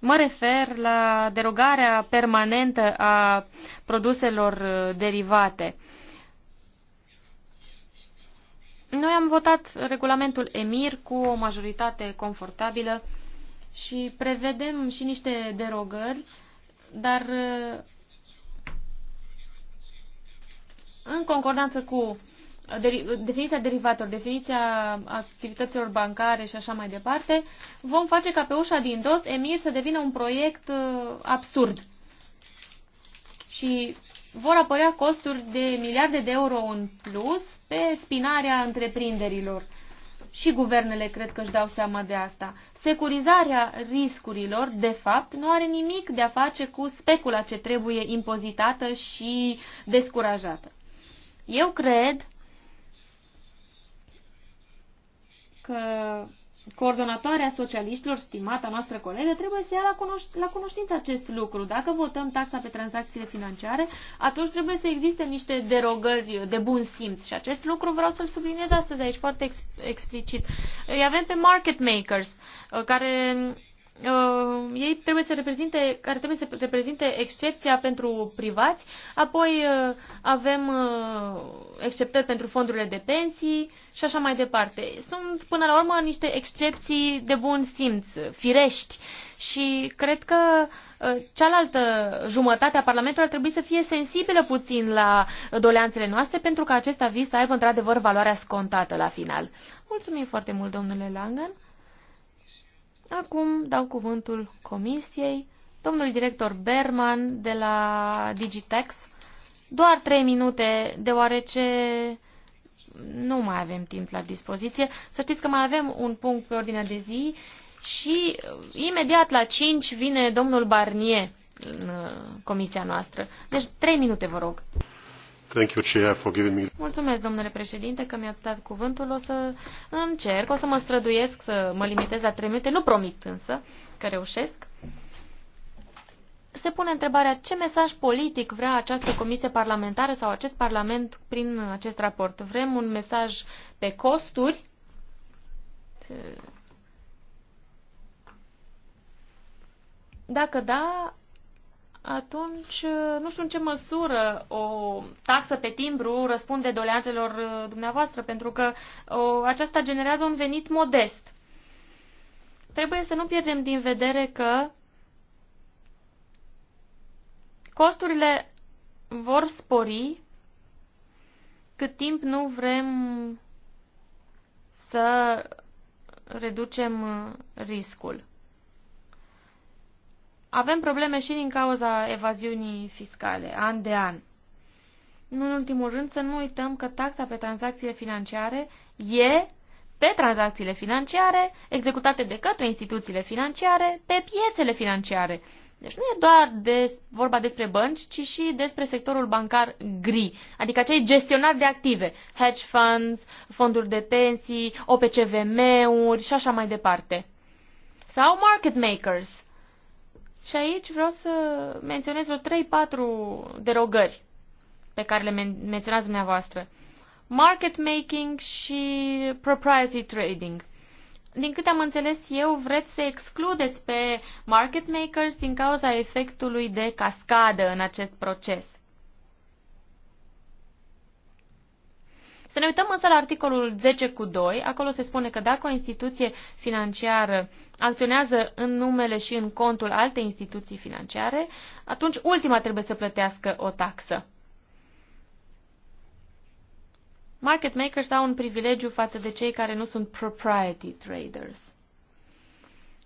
[SPEAKER 1] mă refer la derogarea permanentă a produselor derivate. Noi am votat regulamentul EMIR cu o majoritate confortabilă și prevedem și niște derogări, dar în concordanță cu definiția derivatelor, definiția activităților bancare și așa mai departe, vom face ca pe ușa din dos EMIR să devină un proiect uh, absurd. Și vor apărea costuri de miliarde de euro în plus pe spinarea întreprinderilor. Și guvernele cred că își dau seama de asta. Securizarea riscurilor, de fapt, nu are nimic de a face cu specula ce trebuie impozitată și descurajată. Eu cred că coordonatoarea socialiștilor, stimata noastră colegă, trebuie să ia la, cunoș- la cunoștință acest lucru. Dacă votăm taxa pe tranzacțiile financiare, atunci trebuie să existe niște derogări de bun simț și acest lucru vreau să-l subliniez astăzi aici foarte ex- explicit. Îi avem pe market makers, uh, care uh, ei trebuie să reprezinte, care trebuie să reprezinte excepția pentru privați, apoi uh, avem uh, exceptări pentru fondurile de pensii și așa mai departe. Sunt până la urmă niște excepții de bun simț, firești și cred că uh, cealaltă jumătate a Parlamentului ar trebui să fie sensibilă puțin la doleanțele noastre pentru că acest aviz să aibă într-adevăr valoarea scontată la final. Mulțumim foarte mult, domnule Langan. Acum dau cuvântul comisiei, domnului director Berman de la Digitex. Doar trei minute, deoarece nu mai avem timp la dispoziție. Să știți că mai avem un punct pe ordinea de zi și uh, imediat la 5 vine domnul Barnier în uh, comisia noastră. Deci trei minute, vă rog. Mulțumesc, domnule președinte, că mi-ați dat cuvântul. O să încerc, o să mă străduiesc să mă limitez la 3 minute, nu promit însă că reușesc. Se pune întrebarea ce mesaj politic vrea această comisie parlamentară sau acest parlament prin acest raport. Vrem un mesaj pe costuri? Dacă da, atunci uh, nu știu în ce măsură o taxă pe timbru răspunde doleanțelor uh, dumneavoastră, pentru că o, aceasta generează un venit modest. Trebuie să nu pierdem din vedere că costurile vor spori cât timp nu vrem să reducem uh, riscul. Avem probleme și din cauza evaziunii fiscale, an de an. Nu în ultimul rând, să nu uităm că taxa pe tranzacțiile financiare e pe tranzacțiile financiare executate de către instituțiile financiare pe piețele financiare. Deci nu e doar de, vorba despre bănci, ci și despre sectorul bancar gri, adică acei gestionari de active, hedge funds, fonduri de pensii, OPCVM-uri și așa mai departe. Sau market makers, și aici vreau să menționez vreo 3-4 derogări pe care le men- menționați dumneavoastră. Market making și propriety trading. Din câte am înțeles eu, vreți să excludeți pe market makers din cauza efectului de cascadă în acest proces. Să ne uităm însă la articolul 10 cu 2, acolo se spune că dacă o instituție financiară acționează în numele și în contul altei instituții financiare, atunci ultima trebuie să plătească o taxă. Market makers au un privilegiu față de cei care nu sunt propriety traders.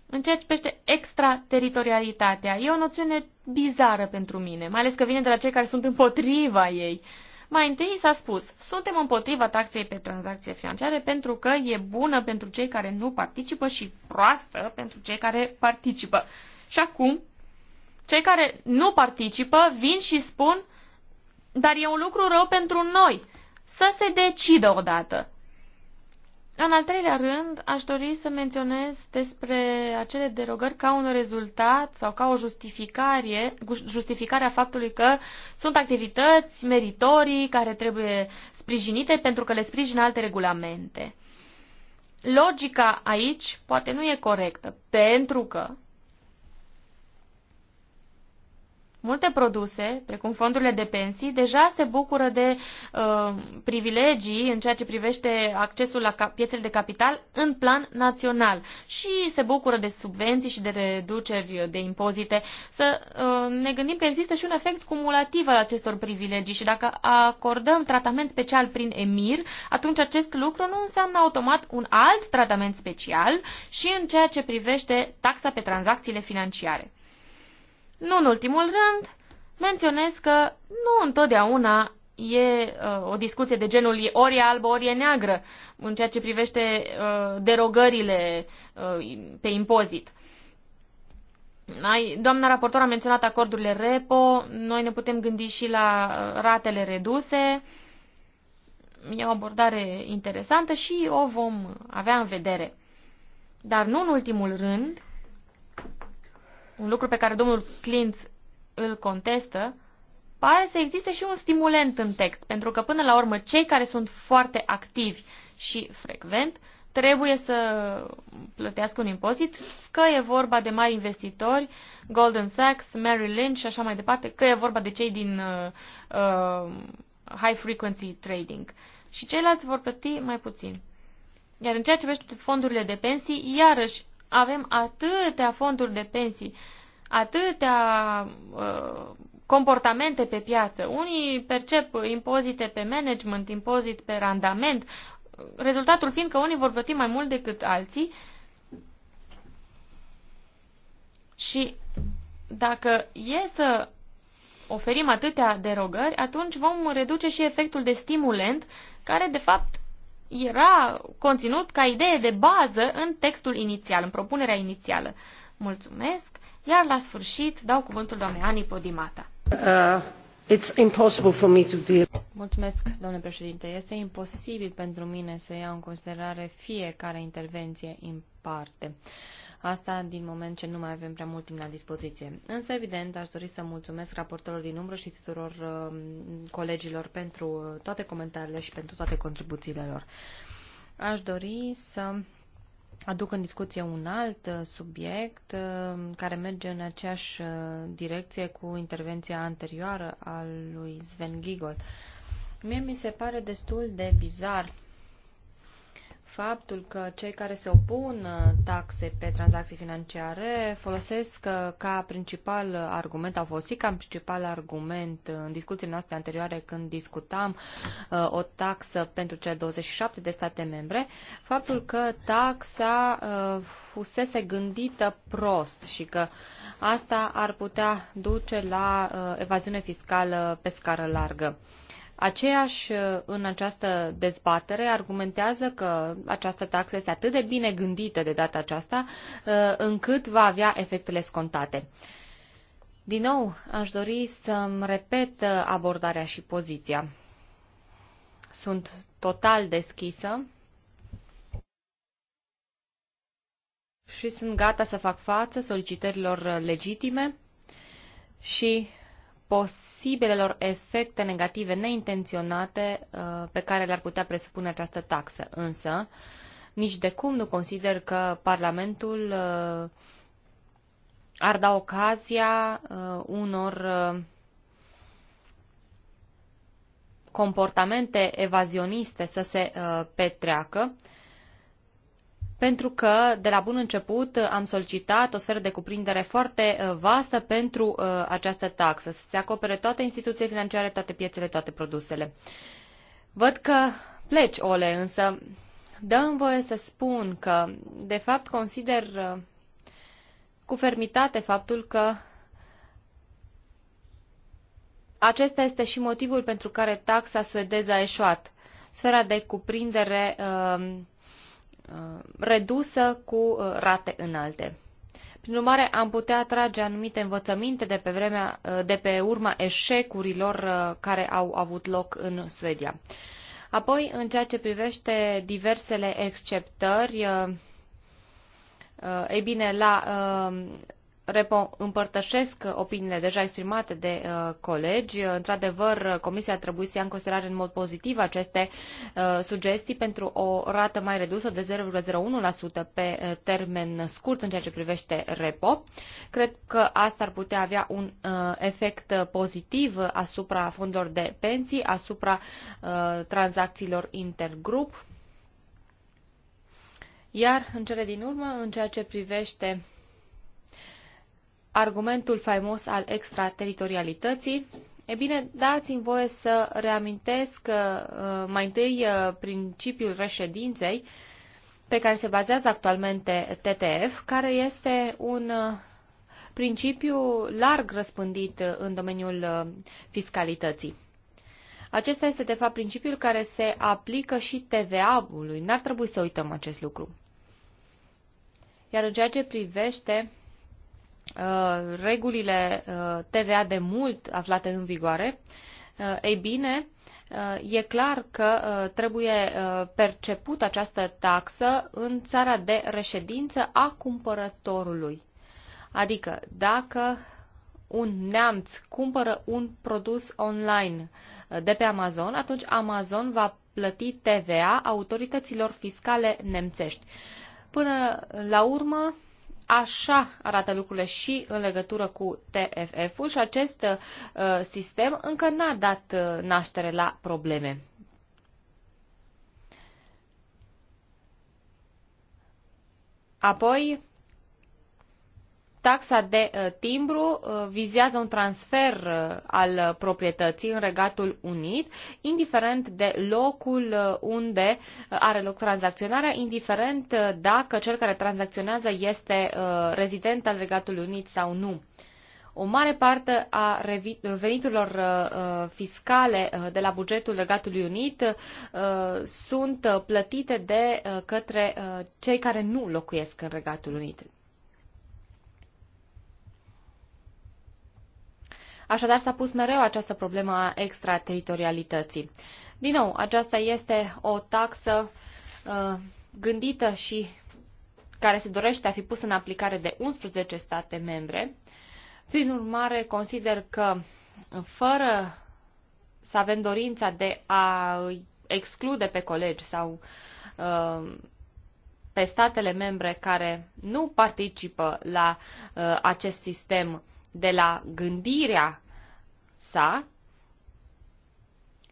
[SPEAKER 1] În ceea ce pește extrateritorialitatea, e o noțiune bizară pentru mine, mai ales că vine de la cei care sunt împotriva ei. Uh, mai întâi s-a spus, suntem împotriva taxei pe tranzacție financiare pentru că e bună pentru cei care nu participă și proastă pentru cei care participă. Și acum, cei care nu participă vin și spun, dar e un lucru rău pentru noi. Să se decidă odată. În al treilea rând, aș dori să menționez despre acele derogări ca un rezultat sau ca o justificare, justificarea faptului că sunt activități meritorii care trebuie sprijinite pentru că le sprijină alte regulamente. Logica aici poate nu e corectă, pentru că Multe produse, precum fondurile de pensii, deja se bucură de uh, privilegii în ceea ce privește accesul la piețele de capital în plan național și se bucură de subvenții și de reduceri de impozite. Să uh, ne gândim că există și un efect cumulativ al acestor privilegii și dacă acordăm tratament special prin EMIR, atunci acest lucru nu înseamnă automat un alt tratament special și în ceea ce privește taxa pe tranzacțiile financiare. Nu în ultimul rând, menționez că nu întotdeauna e uh, o discuție de genul ori e albă, ori e neagră în ceea ce privește uh, derogările uh, pe impozit. Ai, doamna raportor a menționat acordurile repo, noi ne putem gândi și la uh, ratele reduse. E o abordare interesantă și o vom avea în vedere. Dar nu în ultimul rând, un lucru pe care domnul Clint îl contestă, pare să existe și un stimulent în text, pentru că până la urmă cei care sunt foarte activi și frecvent trebuie să plătească un impozit, că e vorba de mari investitori, Golden Sachs, Merrill Lynch și așa mai departe, că e vorba de cei din uh, uh, high frequency trading. Și ceilalți vor plăti mai puțin. Iar în ceea ce privește fondurile de pensii, iarăși avem atâtea fonduri de pensii, atâtea uh, comportamente pe piață. Unii percep impozite pe management, impozit pe randament, rezultatul fiind că unii vor plăti mai mult decât alții. Și dacă e să oferim atâtea derogări, atunci vom reduce și efectul de stimulent, care de fapt era conținut ca idee de bază în textul inițial, în propunerea inițială. Mulțumesc, iar la sfârșit
[SPEAKER 4] dau cuvântul doamnei Ani Podimata.
[SPEAKER 2] Uh, it's impossible for me to deal.
[SPEAKER 4] Mulțumesc, domnule președinte. Este imposibil pentru mine să iau în considerare fiecare intervenție în parte. Uh, Asta din moment ce nu mai avem prea mult timp la dispoziție. Însă, evident, aș dori să mulțumesc raportorilor din umbră și tuturor um, colegilor pentru uh, toate comentariile și pentru toate contribuțiile lor. Aș dori să aduc în discuție un alt uh, subiect uh, care merge în aceeași direcție cu intervenția anterioară a lui Sven Giegold. Mie mi se pare destul de bizar faptul că cei care se opun uh, taxe pe tranzacții financiare folosesc uh, ca principal argument, au folosit ca principal argument uh, în discuțiile noastre anterioare când discutam o taxă pentru cele 27 de state membre, faptul că taxa fusese gândită prost și că asta ar putea duce la evaziune fiscală pe scară largă. Aceeași uh, în această dezbatere argumentează că această taxă este atât de bine gândită de data aceasta uh, încât va avea efectele scontate. Din nou, aș dori să-mi repet uh, abordarea și poziția. Sunt total deschisă și sunt gata să fac față solicitărilor legitime și posibilelor efecte negative neintenționate uh, pe care le-ar putea presupune această taxă. Însă, nici de cum nu consider că Parlamentul uh, ar da ocazia uh, unor comportamente evazioniste să se petreacă, pentru că de la bun început am solicitat o sferă de cuprindere foarte uh, vastă pentru uh, această taxă, să se acopere toate instituțiile financiare, toate piețele, toate produsele. Văd că pleci, Ole, însă -mi voie să spun că, de fapt, consider uh, cu fermitate faptul că acesta este și motivul pentru care taxa suedeză a eșuat. Sfera de cuprindere uh, Uh, redusă cu uh, rate înalte. Prin urmare, am putea trage anumite învățăminte de pe, vremea, uh, de pe urma eșecurilor care au avut loc în Suedia. Apoi, în ceea ce privește diversele exceptări, ei bine, la împărtășesc opiniile deja exprimate de uh, colegi. Într-adevăr, Comisia trebuie să ia în considerare în mod pozitiv aceste uh, sugestii pentru o rată mai redusă de 0,01% pe uh, termen scurt în ceea ce privește repo. Cred că asta ar putea avea un uh, efect pozitiv asupra fondurilor de pensii, asupra uh, tranzacțiilor intergrup. Iar în cele din urmă, în ceea ce privește argumentul faimos al extraterritorialității. E bine, dați-mi voie să reamintesc uh, mai întâi uh, principiul reședinței pe care se bazează actualmente TTF, care este un uh, principiu larg răspândit în domeniul fiscalității. Acesta este, de fapt, principiul care se aplică și TVA-ului. N-ar trebui să uităm acest lucru. Iar în ceea ce privește Uh, regulile uh, TVA de mult aflate în vigoare, uh, ei bine, e clar că trebuie perceput această taxă în țara de reședință a cumpărătorului. Adică, dacă un neamț cumpără un produs online de pe Amazon, atunci Amazon va plăti TVA autorităților fiscale nemțești. Până la urmă, Așa arată lucrurile și în legătură cu TFF-ul și acest uh, sistem încă n-a dat uh, naștere la probleme. Apoi, Taxa de uh, timbru uh, vizează un transfer uh, al proprietății în Regatul Unit, indiferent de locul unde are loc tranzacționarea, indiferent dacă cel care tranzacționează este rezident al Regatului Unit sau nu. O mare parte a veniturilor fiscale de la bugetul Regatului Unit sunt plătite de către cei care nu locuiesc în Regatul Unit. Așadar s-a pus mereu această problemă a extrateritorialității. Din nou, aceasta este o taxă uh, gândită și care se dorește a fi pusă în aplicare de 11 state membre. Prin urmare, consider că fără să avem dorința de a exclude pe colegi sau uh, pe statele membre care nu participă la uh, acest sistem de la gândirea sa,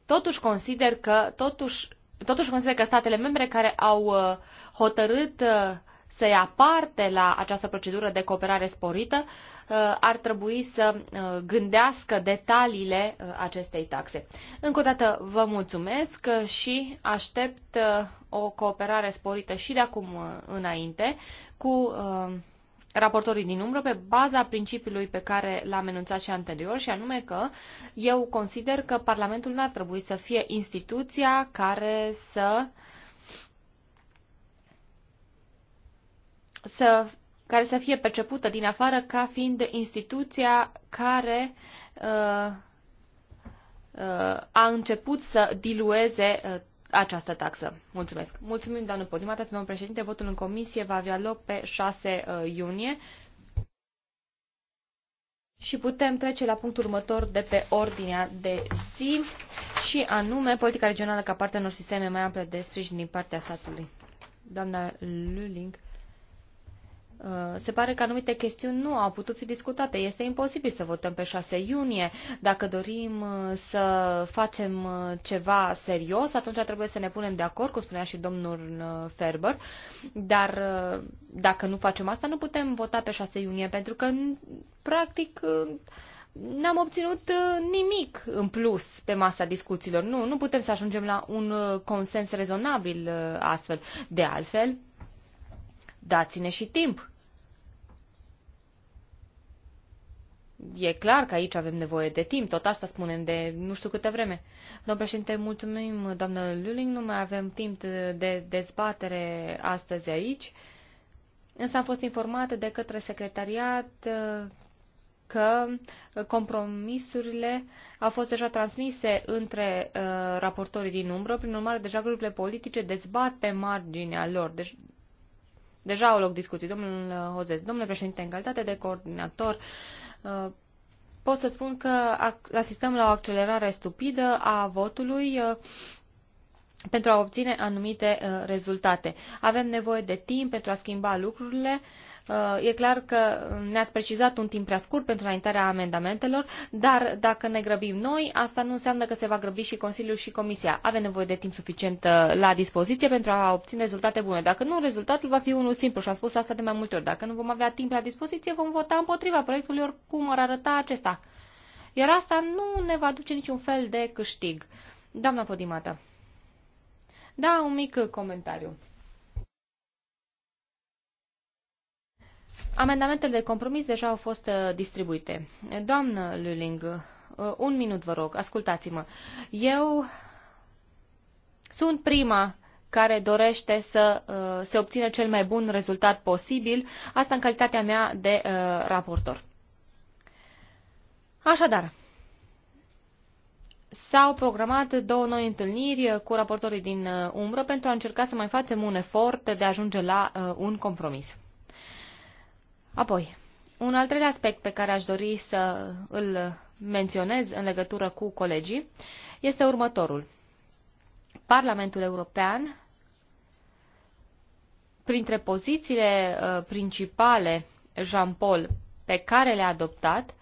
[SPEAKER 4] totuși consider că, totuși, totuși consider că statele membre care au uh, hotărât uh, să ia parte la această procedură de cooperare sporită uh, ar trebui să gândească detaliile acestei taxe. Încă o dată vă mulțumesc și aștept o cooperare sporită și de acum înainte cu raportorii din umbră pe baza principiului pe care l-am enunțat și anterior, și anume că eu consider că Parlamentul nu ar trebui să fie instituția care să să care să fie percepută din afară ca fiind instituția care uh, uh, a început să dilueze uh, această taxă. Mulțumesc. Mulțumim, doamnă Podimata, domnul președinte. Votul în comisie va avea loc pe 6 uh, iunie. Și putem trece la punctul următor de pe ordinea de zi, și anume politica regională ca parte a unor sisteme mai ample de sprijin din partea statului. Doamna Luling. Uh, se pare că anumite chestiuni nu au putut fi discutate. Este imposibil să votăm pe 6 iunie. Dacă dorim uh, să facem uh, ceva serios, atunci trebuie să ne punem de acord, cum spunea și domnul Ferber. Dar dacă nu facem asta, nu putem vota pe 6 iunie, pentru că, practic, n-am obținut nimic în plus pe masa discuțiilor. Nu, nu putem să ajungem la un consens rezonabil astfel. De altfel, dați-ne și timp. e clar că aici avem nevoie de timp, tot asta spunem de nu știu câte vreme. Domnul președinte, mulțumim, doamnă Luling, nu mai avem timp de dezbatere astăzi aici, însă am fost informată de către secretariat uh, că compromisurile au fost deja transmise între uh, raportorii din umbră, prin urmare deja grupurile politice dezbat pe marginea lor. Deci, deja au loc discuții. Domnul uh, Hozes, domnule președinte, în calitate de coordinator, uh, pot să spun că asistăm la o accelerare stupidă a votului uh, pentru a obține anumite uh, rezultate. Avem nevoie de timp pentru a schimba lucrurile Uh, e clar că ne-ați precizat un timp prea scurt pentru înaintarea amendamentelor, dar dacă ne grăbim noi, asta nu înseamnă că se va grăbi și Consiliul și Comisia. Avem nevoie de timp suficient uh, la dispoziție pentru a obține rezultate bune. Dacă nu, rezultatul va fi unul simplu și am spus asta de mai multe ori. Dacă nu vom avea timp la dispoziție, vom vota împotriva proiectului oricum ar arăta acesta. Iar asta nu ne va duce niciun fel de câștig. Doamna Podimata. Da, un mic comentariu. Amendamentele de compromis deja au fost uh, distribuite. Doamnă Luling, uh, un minut vă rog, ascultați-mă. Eu sunt prima care dorește să uh, se obțină cel mai bun rezultat posibil, asta în calitatea mea de raportor. Așadar, s-au programat două noi întâlniri cu raportorii din umbră pentru a încerca să mai facem un efort de a ajunge la un compromis. Apoi, un al treilea aspect pe care aș dori să îl menționez în legătură cu colegii este următorul. Parlamentul European, printre pozițiile uh, principale, Jean-Paul, pe care le-a adoptat,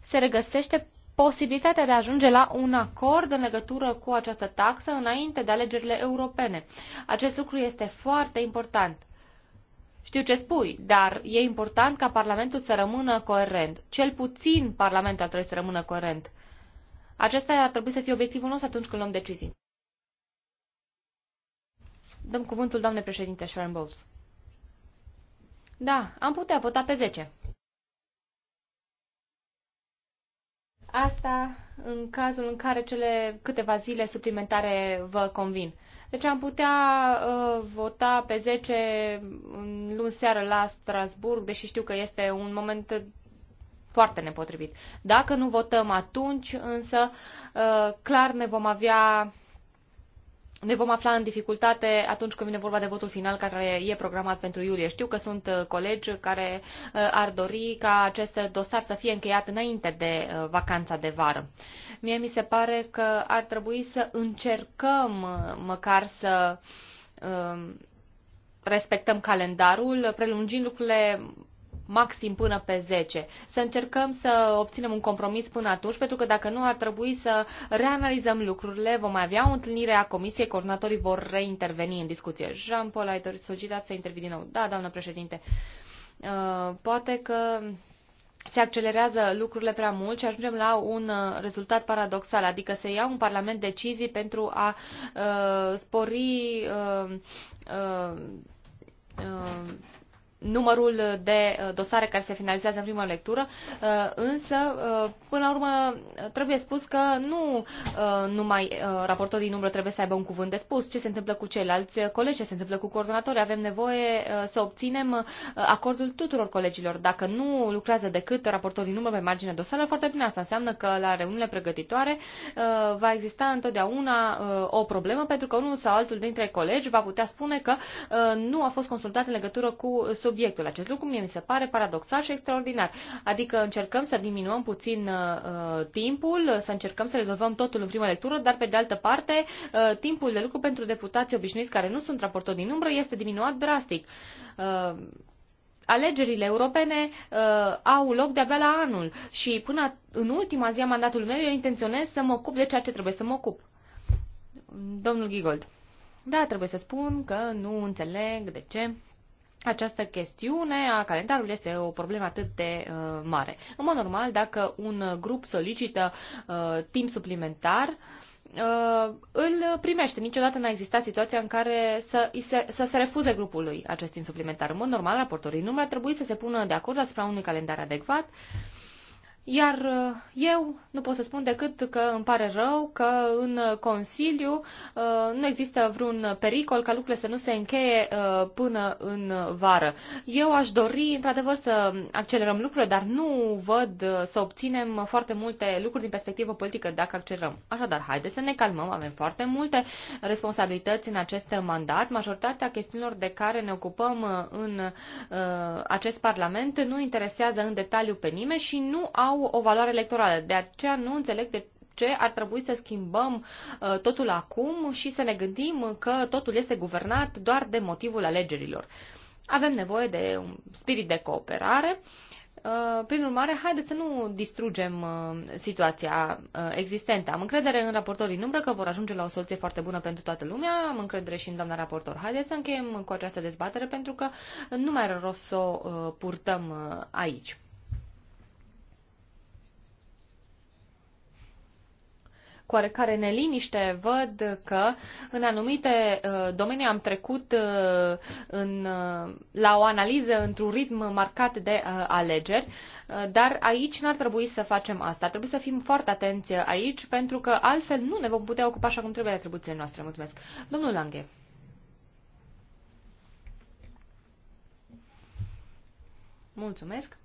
[SPEAKER 4] se regăsește posibilitatea de a ajunge la un acord în legătură cu această taxă înainte de alegerile europene. Acest lucru este foarte important. Știu ce spui, dar e important ca Parlamentul să rămână coerent. Cel puțin Parlamentul ar trebui să rămână coerent. Acesta ar trebui să fie obiectivul nostru atunci când luăm decizii. Dăm cuvântul, doamne președinte Sharon Bowles. Da, am putea vota pe 10. Asta în cazul în care cele câteva zile suplimentare vă convin. Deci am putea uh, vota pe 10 luni seară la Strasburg, deși știu că este un moment foarte nepotrivit. Dacă nu votăm atunci, însă, uh, clar ne vom avea ne vom afla în dificultate atunci când vine vorba de votul final care e programat pentru iulie. Știu că sunt uh, colegi care uh, ar dori ca acest dosar să fie încheiat înainte de uh, vacanța de vară. Mie mi se pare că ar trebui să încercăm măcar să respectăm calendarul, prelungind lucrurile maxim până pe 10. Să încercăm să obținem un compromis până atunci, pentru că dacă nu ar trebui să reanalizăm lucrurile, vom mai avea o întâlnire a comisiei, coordonatorii vor reinterveni în discuție. Jean-Paul, ai dorit solicitat să intervii din nou. Da, doamnă președinte. Uh, poate că se accelerează lucrurile prea mult și ajungem la un uh, rezultat paradoxal, adică se iau în Parlament decizii pentru a uh, spori uh, uh, uh, numărul de uh, dosare care se finalizează în primă lectură, uh, însă, uh, până la urmă, trebuie spus că nu numai raportorii din umbră trebuie să aibă un cuvânt de spus, ce se întâmplă cu ceilalți colegi, ce se întâmplă cu coordonatorii. Avem nevoie să obținem acordul tuturor colegilor. Dacă nu lucrează decât raportorii din umbră pe marginea dosară, foarte bine asta înseamnă că la reuniunile pregătitoare va exista întotdeauna o problemă, pentru că unul sau altul dintre colegi va putea spune că nu a fost consultat în legătură cu subiectul. Acest lucru mie mi se pare paradoxal și extraordinar. Adică încercăm să diminuăm puțin uh, uh timpul, să încercăm să rezolvăm totul în prima lectură, dar pe de altă parte uh, timpul de lucru pentru deputații obișnuiți care nu sunt raportori din umbră este diminuat drastic. Uh, alegerile europene uh, au loc de-abia la anul și până în ultima zi a mandatului meu eu intenționez să mă ocup de ceea ce trebuie să mă ocup. Domnul Gigold. Da, trebuie să spun că nu înțeleg de ce această chestiune a calendarului este o problemă atât de uh, mare. În mod normal, dacă un grup solicită uh, timp suplimentar, uh, îl primește. Niciodată n-a existat situația în care să, se, să se refuze grupului acest timp suplimentar. În mod normal, raportorii nu ar trebui să se pună de acord asupra unui calendar adecvat uh, iar uh, eu nu pot să spun decât că îmi pare rău că în Consiliu uh, nu există vreun pericol ca lucrurile să nu se încheie uh, până în vară. Eu aș dori, într-adevăr, să accelerăm lucrurile, dar nu văd să obținem foarte multe lucruri din perspectivă politică dacă accelerăm. Așadar, haideți să ne calmăm, avem foarte multe responsabilități în acest mandat. Majoritatea chestiunilor de care ne ocupăm în acest Parlament nu interesează în detaliu pe nimeni și nu au au o valoare electorală. De aceea nu înțeleg de ce ar trebui să schimbăm uh, totul acum și să ne gândim că totul este guvernat doar de motivul alegerilor. Avem nevoie de un spirit de cooperare. Uh, prin urmare, haideți să nu distrugem uh, situația existentă. Am încredere în raportorii numără că vor ajunge la o soluție foarte bună pentru toată lumea. Am încredere și în doamna raportor. Haideți să încheiem cu această dezbatere pentru că nu mai are rost să o purtăm aici. cu oarecare neliniște văd că în anumite uh, domenii am trecut uh, în, uh, la o analiză într-un ritm marcat de alegeri, dar aici n-ar trebui să facem asta. Trebuie să fim foarte atenți aici pentru că altfel nu ne vom putea ocupa așa cum trebuie de atribuțiile noastre. Mulțumesc. Domnul Lange. Mulțumesc.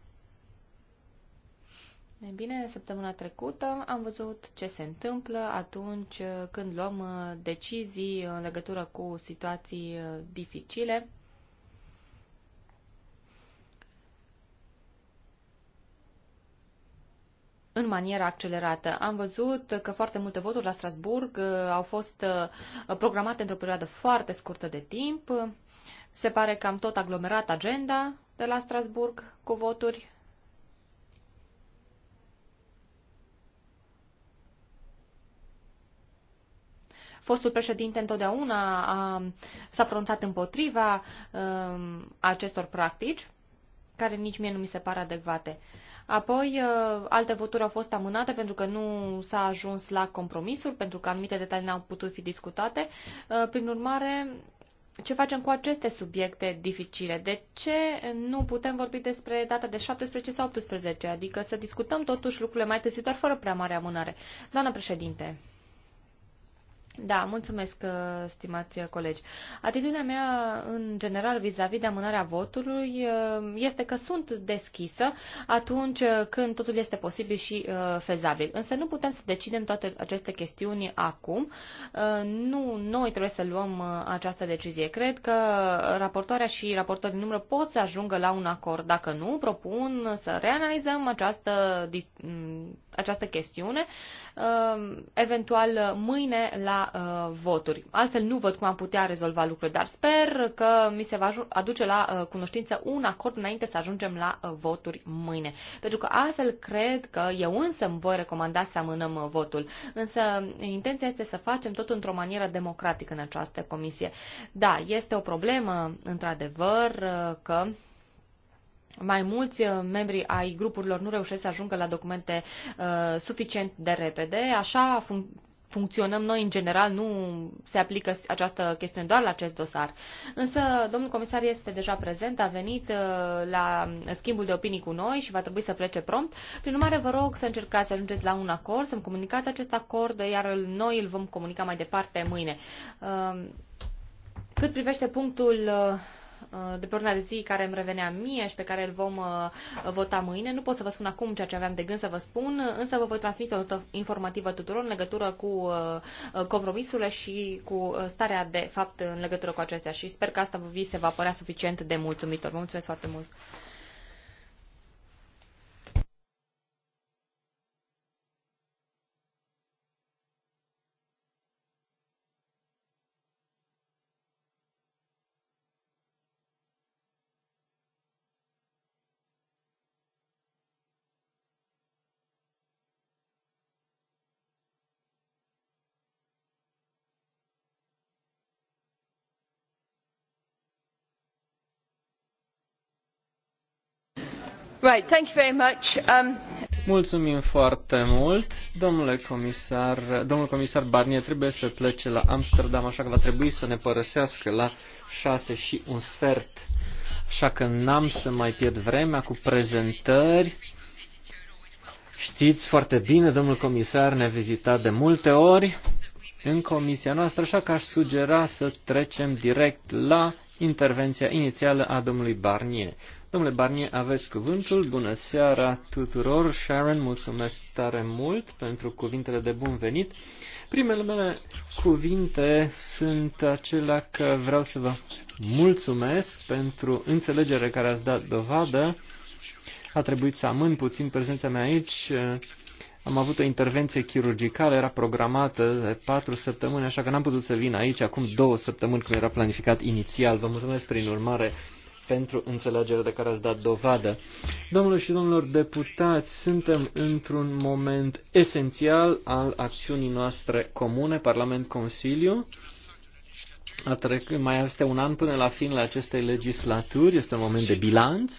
[SPEAKER 4] E bine, săptămâna trecută am văzut ce se întâmplă atunci când luăm uh, decizii în legătură cu situații uh, dificile. în manieră accelerată. Am văzut că foarte multe voturi la Strasburg uh, au fost programate într-o perioadă foarte scurtă de timp. Se pare că am tot aglomerat agenda de la Strasburg cu voturi Fostul președinte întotdeauna a, s-a pronunțat împotriva um, acestor practici, care nici mie nu mi se par adecvate. Apoi, uh, alte voturi au fost amânate pentru că nu s-a ajuns la compromisuri, pentru că anumite detalii n-au putut fi discutate. Uh, prin urmare, ce facem cu aceste subiecte dificile? De ce nu putem vorbi despre data de 17 sau 18? Adică să discutăm totuși lucrurile mai târziu, dar fără prea mare amânare. Doamna președinte, da, mulțumesc, uh, stimați colegi. Atitudinea mea, în general, vis-a-vis -vis de amânarea votului uh, este că sunt deschisă atunci când totul este posibil și uh, fezabil. Însă nu putem să decidem toate aceste chestiuni acum. Nu noi trebuie să luăm această decizie. Cred că raportoarea și raportorii numără pot să ajungă la un acord. Dacă nu, propun să reanalizăm această, această chestiune Um, eventual mâine la uh, voturi. Altfel nu văd cum am putea rezolva lucrurile, dar sper că mi se va aduce la uh, cunoștință un acord înainte să ajungem la uh, voturi mâine. Pentru că altfel cred că eu însă îmi voi recomanda să amânăm votul. Însă intenția este să facem tot într-o manieră democratică în această comisie. Da, este o problemă, într-adevăr, că mai mulți uh, membri ai grupurilor nu reușesc să ajungă la documente uh, suficient de repede. Așa fun- funcționăm noi în general, nu se aplică această chestiune doar la acest dosar. Însă domnul comisar este deja prezent, a venit uh, la schimbul de opinii cu noi și va trebui să plece prompt. Prin urmare, vă rog să încercați să ajungeți la un acord, să-mi comunicați acest acord, iar noi îl vom comunica mai departe mâine. Uh, cât privește punctul Uh, de pe ordinea de zi care îmi revenea mie și pe care îl vom uh, vota mâine. Nu pot să vă spun acum ceea ce aveam de gând să vă spun, însă vă voi transmite o notă informativă tuturor în legătură cu uh, compromisurile și cu starea de fapt în legătură cu acestea și sper că asta vi se va părea suficient de mulțumitor. Vă mulțumesc foarte mult! Right, thank you very much. Um...
[SPEAKER 3] Mulțumim foarte mult, domnule comisar. Domnul comisar Barnier trebuie să plece la Amsterdam, așa că va trebui să ne părăsească la 6 și un sfert. Așa că n-am să mai pierd vremea cu prezentări. Știți foarte bine, domnul comisar ne-a vizitat de multe ori în comisia noastră, așa că aș sugera să trecem direct la intervenția inițială a domnului Barnier. Domnule Barnier, aveți cuvântul. Bună seara tuturor. Sharon, mulțumesc tare mult pentru cuvintele de bun venit. Primele mele cuvinte sunt acelea că vreau să vă mulțumesc pentru înțelegere care ați dat dovadă. A trebuit să amân puțin prezența mea aici. Am avut o intervenție chirurgicală, era programată de patru săptămâni, așa că n-am putut să vin aici acum două săptămâni, cum era planificat inițial. Vă mulțumesc prin urmare pentru înțelegerea de care ați dat dovadă. Domnilor și domnilor deputați, suntem într-un moment esențial al acțiunii noastre comune, Parlament-Consiliu. A trec, mai este un an până la finele acestei legislaturi, este un moment de bilanț.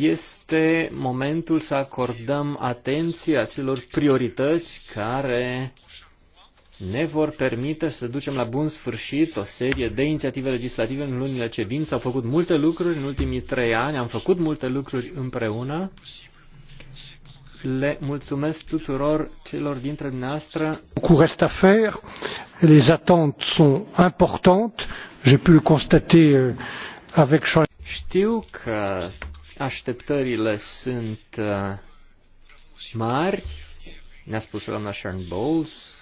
[SPEAKER 3] Este momentul să acordăm atenție acelor priorități care ne vor permite să ducem la bun sfârșit o serie de inițiative legislative în lunile ce vin. S-au făcut multe lucruri în ultimii trei ani, am făcut multe lucruri împreună. Le mulțumesc tuturor celor dintre dumneavoastră.
[SPEAKER 2] Cu reste à faire. Les attentes sunt importante. J'ai pu le constater euh, avec Știu
[SPEAKER 3] că așteptările sunt uh, mari. Ne-a spus doamna Sharon Bowles,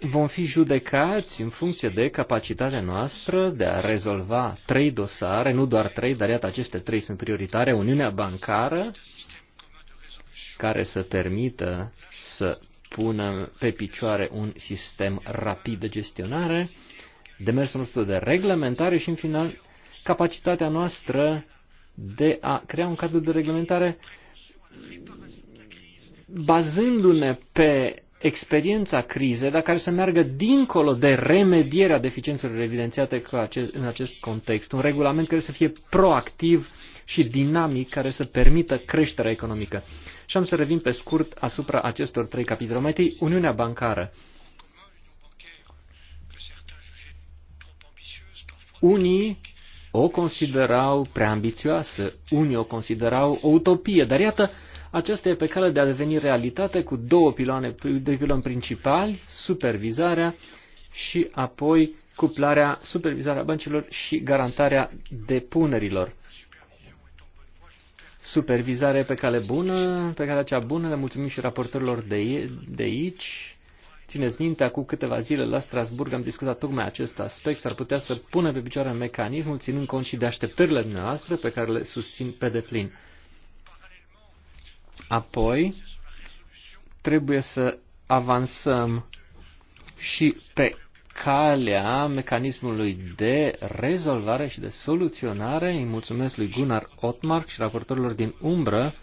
[SPEAKER 3] vom fi judecați în funcție de capacitatea noastră de a rezolva trei dosare, nu doar trei, dar iată aceste trei sunt prioritare, Uniunea Bancară, care să permită să pună pe picioare un sistem rapid de gestionare, demersul nostru de reglementare și, în final, capacitatea noastră de a crea un cadru de reglementare bazându-ne pe experiența crizei, dar care să meargă dincolo de remedierea deficiențelor evidențiate acest, în acest context. Un regulament care să fie proactiv și dinamic, care să permită creșterea economică. Și am să revin pe scurt asupra acestor trei capitole. Mai întâi, Uniunea Bancară. Unii o considerau prea ambițioasă, unii o considerau o utopie, dar iată, aceasta e pe cale de a deveni realitate cu două piloane, doi piloni principali, supervizarea și apoi cuplarea, supervizarea băncilor și garantarea depunerilor. Supervizare pe cale bună, pe calea cea bună, le mulțumim și raportorilor de, de aici. Țineți minte, acum câteva zile la Strasburg am discutat tocmai acest aspect. S-ar putea să punem pe picioare mecanismul, ținând cont și de așteptările noastre pe care le susțin pe deplin. Apoi, trebuie să avansăm și pe calea mecanismului de rezolvare și de soluționare. Îi mulțumesc lui Gunnar Otmark și raportorilor din umbră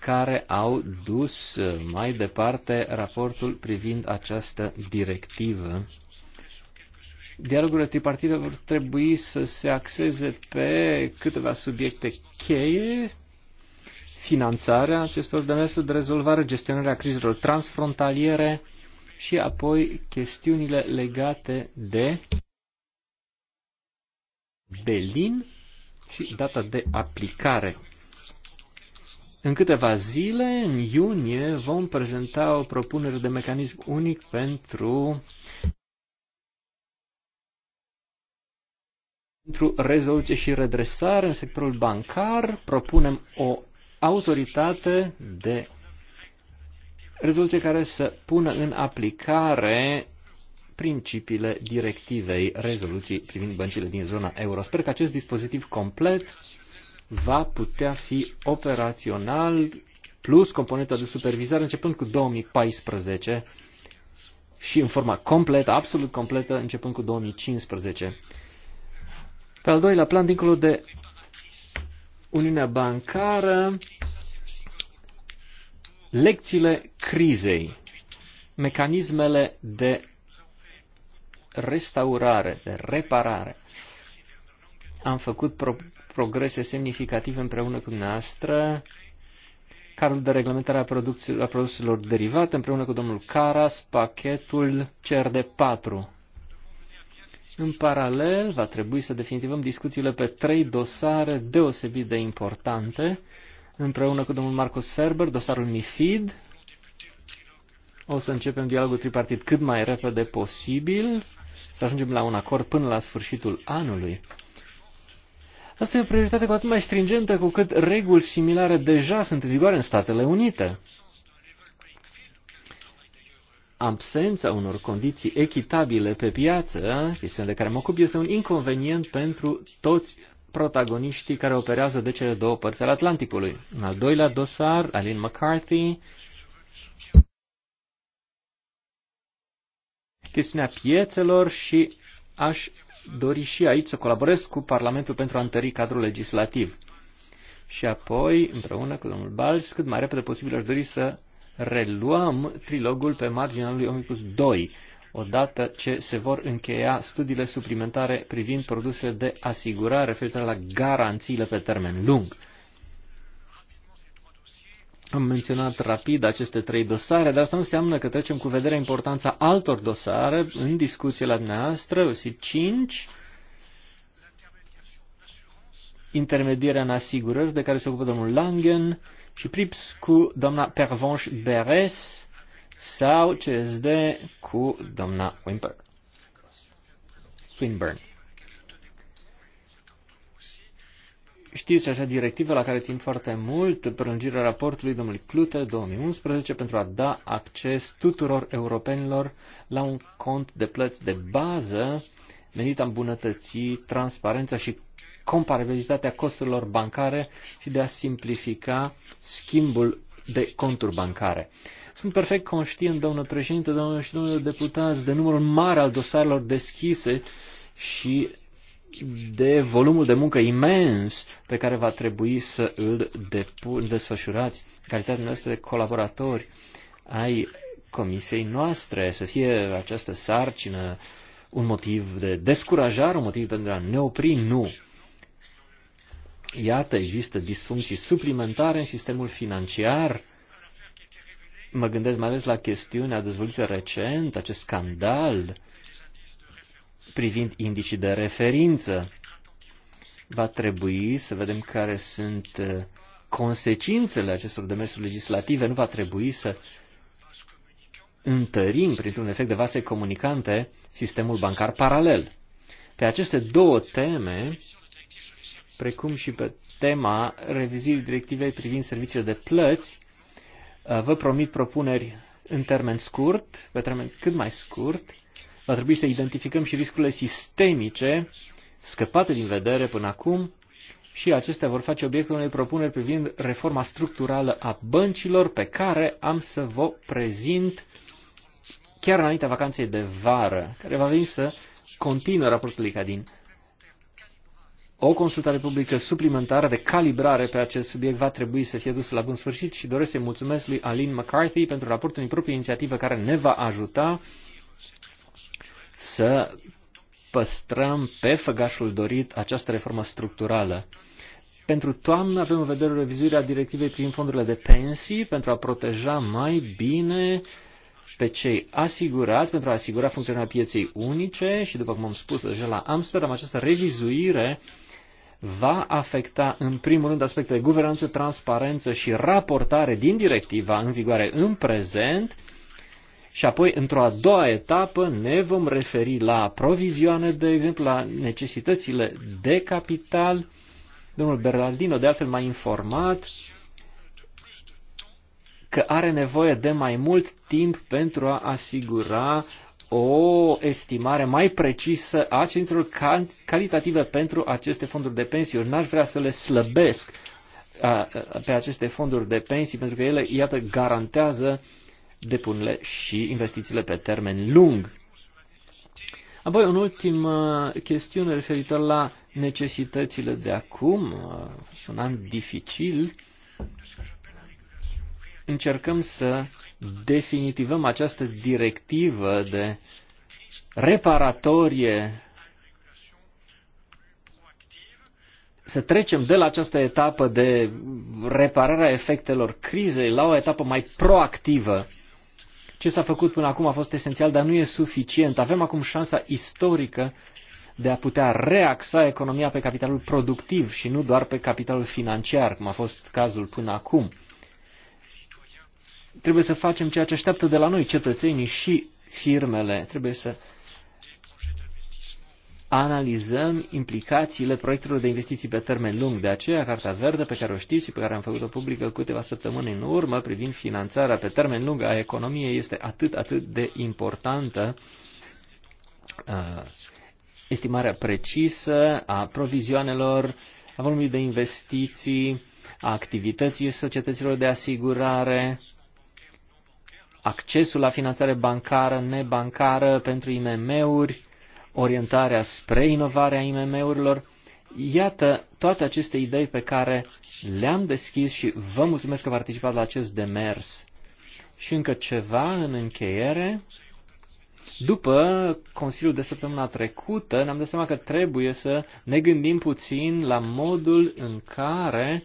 [SPEAKER 3] care au dus mai departe raportul privind această directivă. Dialogurile tripartite vor trebui să se axeze pe câteva subiecte cheie finanțarea acestor demersuri de rezolvare, gestionarea crizelor transfrontaliere și apoi chestiunile legate de Berlin și data de aplicare. În câteva zile, în iunie, vom prezenta o propunere de mecanism unic pentru pentru rezoluție și redresare în sectorul bancar. Propunem o autoritate de rezoluție care să pună în aplicare principiile directivei rezoluții privind băncile din zona euro. Sper că acest dispozitiv complet va putea fi operațional plus componenta de supervizare începând cu 2014 și în forma completă, absolut completă, începând cu 2015. Pe al doilea plan, dincolo de Uniunea bancară, lecțiile crizei, mecanismele de restaurare, de reparare. Am făcut pro- progrese semnificative împreună cu dumneavoastră. Cadrul de reglementare a, produselor derivate împreună cu domnul Caras, pachetul CRD 4. În paralel, va trebui să definitivăm discuțiile pe trei dosare deosebit de importante, împreună cu domnul Marcos Ferber, dosarul MIFID. O să începem dialogul tripartit cât mai repede posibil, să ajungem la un acord până la sfârșitul anului. Asta e o prioritate cu atât mai stringentă cu cât reguli similare deja sunt în vigoare în Statele Unite absența unor condiții echitabile pe piață, chestiunea de care mă ocup, este un inconvenient pentru toți protagoniștii care operează de cele două părți ale Atlanticului. În al doilea dosar, Aline McCarthy, chestiunea piețelor și aș dori și aici să colaborez cu Parlamentul pentru a întări cadrul legislativ. Și apoi, împreună cu domnul Balz, cât mai repede posibil aș dori să reluăm trilogul pe marginea lui Omicus 2, odată ce se vor încheia studiile suplimentare privind produsele de asigurare referitoare la garanțiile pe termen lung. Am menționat rapid aceste trei dosare, dar asta nu înseamnă că trecem cu vedere importanța altor dosare în discuție la dumneavoastră, USIP 5, intermedierea în asigurări, de care se ocupă domnul Langen, și PRIPS cu doamna Pervenș Beres sau CSD cu doamna Wimper. Swinburne. Știți acea directivă la care țin foarte mult, prelungirea raportului domnului Clute 2011 pentru a da acces tuturor europenilor la un cont de plăți de bază menit a îmbunătăți transparența și comparabilitatea costurilor bancare și de a simplifica schimbul de conturi bancare. Sunt perfect conștient, domnul președinte, domnule și domnule deputați, de numărul mare al dosarelor deschise și de volumul de muncă imens pe care va trebui să îl desfășurați, calitatea noastră de colaboratori ai comisiei noastre, să fie această sarcină un motiv de descurajare, un motiv pentru a ne opri, nu. Iată, există disfuncții suplimentare în sistemul financiar. Mă gândesc mai ales la chestiunea dezvoltată recent, acest scandal privind indicii de referință. Va trebui să vedem care sunt uh, consecințele acestor demersuri legislative. Nu va trebui să întărim, printr-un efect de vase comunicante, sistemul bancar paralel. Pe aceste două teme precum și pe tema revizuirii directivei privind serviciile de plăți. Uh, vă promit propuneri în termen scurt, pe termen cât mai scurt. Va trebui să identificăm și riscurile sistemice scăpate din vedere până acum și acestea vor face obiectul unei propuneri privind reforma structurală a băncilor pe care am să vă prezint chiar înaintea vacanței de vară, care va veni să continuă raportul ICA din o consultare publică suplimentară de calibrare pe acest subiect va trebui să fie dusă la bun sfârșit și doresc să-i mulțumesc lui Alin McCarthy pentru raportul din proprie inițiativă care ne va ajuta să păstrăm pe făgașul dorit această reformă structurală. Pentru toamnă avem în vedere revizuirea directivei prin fondurile de pensii pentru a proteja mai bine pe cei asigurați pentru a asigura funcționarea pieței unice și, după cum am spus deja la Amsterdam, această revizuire va afecta în primul rând aspectele guvernanță, transparență și raportare din directiva în vigoare în prezent și apoi, într-o a doua etapă, ne vom referi la provizioane, de exemplu, la necesitățile de capital. Domnul Berlardino, de altfel, m-a informat că are nevoie de mai mult timp pentru a asigura o estimare mai precisă a cerințelor calitative pentru aceste fonduri de pensii. n-aș vrea să le slăbesc pe aceste fonduri de pensii, pentru că ele, iată, garantează depunerile și investițiile pe termen lung. Apoi, o ultimă chestiune referitor la necesitățile de acum, și un an dificil, încercăm să definitivăm această directivă de reparatorie, să trecem de la această etapă de repararea efectelor crizei la o etapă mai proactivă. Ce s-a făcut până acum a fost esențial, dar nu e suficient. Avem acum șansa istorică de a putea reaxa economia pe capitalul productiv și nu doar pe capitalul financiar, cum a fost cazul până acum trebuie să facem ceea ce așteaptă de la noi cetățenii și firmele. Trebuie să analizăm implicațiile proiectelor de investiții pe termen lung. De aceea, Carta Verde, pe care o știți și pe care am făcut-o publică câteva săptămâni în urmă, privind finanțarea pe termen lung a economiei, este atât, atât de importantă. Uh, estimarea precisă a provizioanelor, a volumului de investiții, a activității societăților de asigurare, accesul la finanțare bancară, nebancară pentru IMM-uri, orientarea spre inovarea IMM-urilor. Iată toate aceste idei pe care le-am deschis și vă mulțumesc că participați la acest demers. Și încă ceva în încheiere. După Consiliul de săptămâna trecută, ne-am dat seama că trebuie să ne gândim puțin la modul în care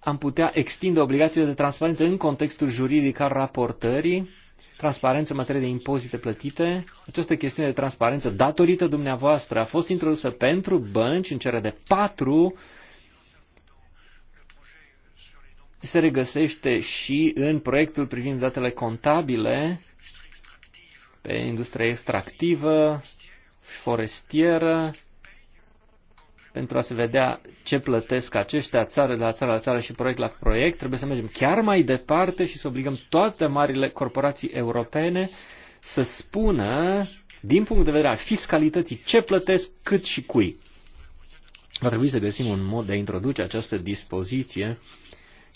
[SPEAKER 3] am putea extinde obligațiile de transparență în contextul juridic al raportării, transparență în materie de impozite plătite. Această chestiune de transparență, datorită dumneavoastră, a fost introdusă pentru bănci în cele de patru se regăsește și în proiectul privind datele contabile pe industria extractivă, forestieră, pentru a se vedea ce plătesc aceștia țară la țară la țară și proiect la proiect. Trebuie să mergem chiar mai departe și să obligăm toate marile corporații europene să spună, din punct de vedere al fiscalității, ce plătesc, cât și cui. Va trebui să găsim un mod de a introduce această dispoziție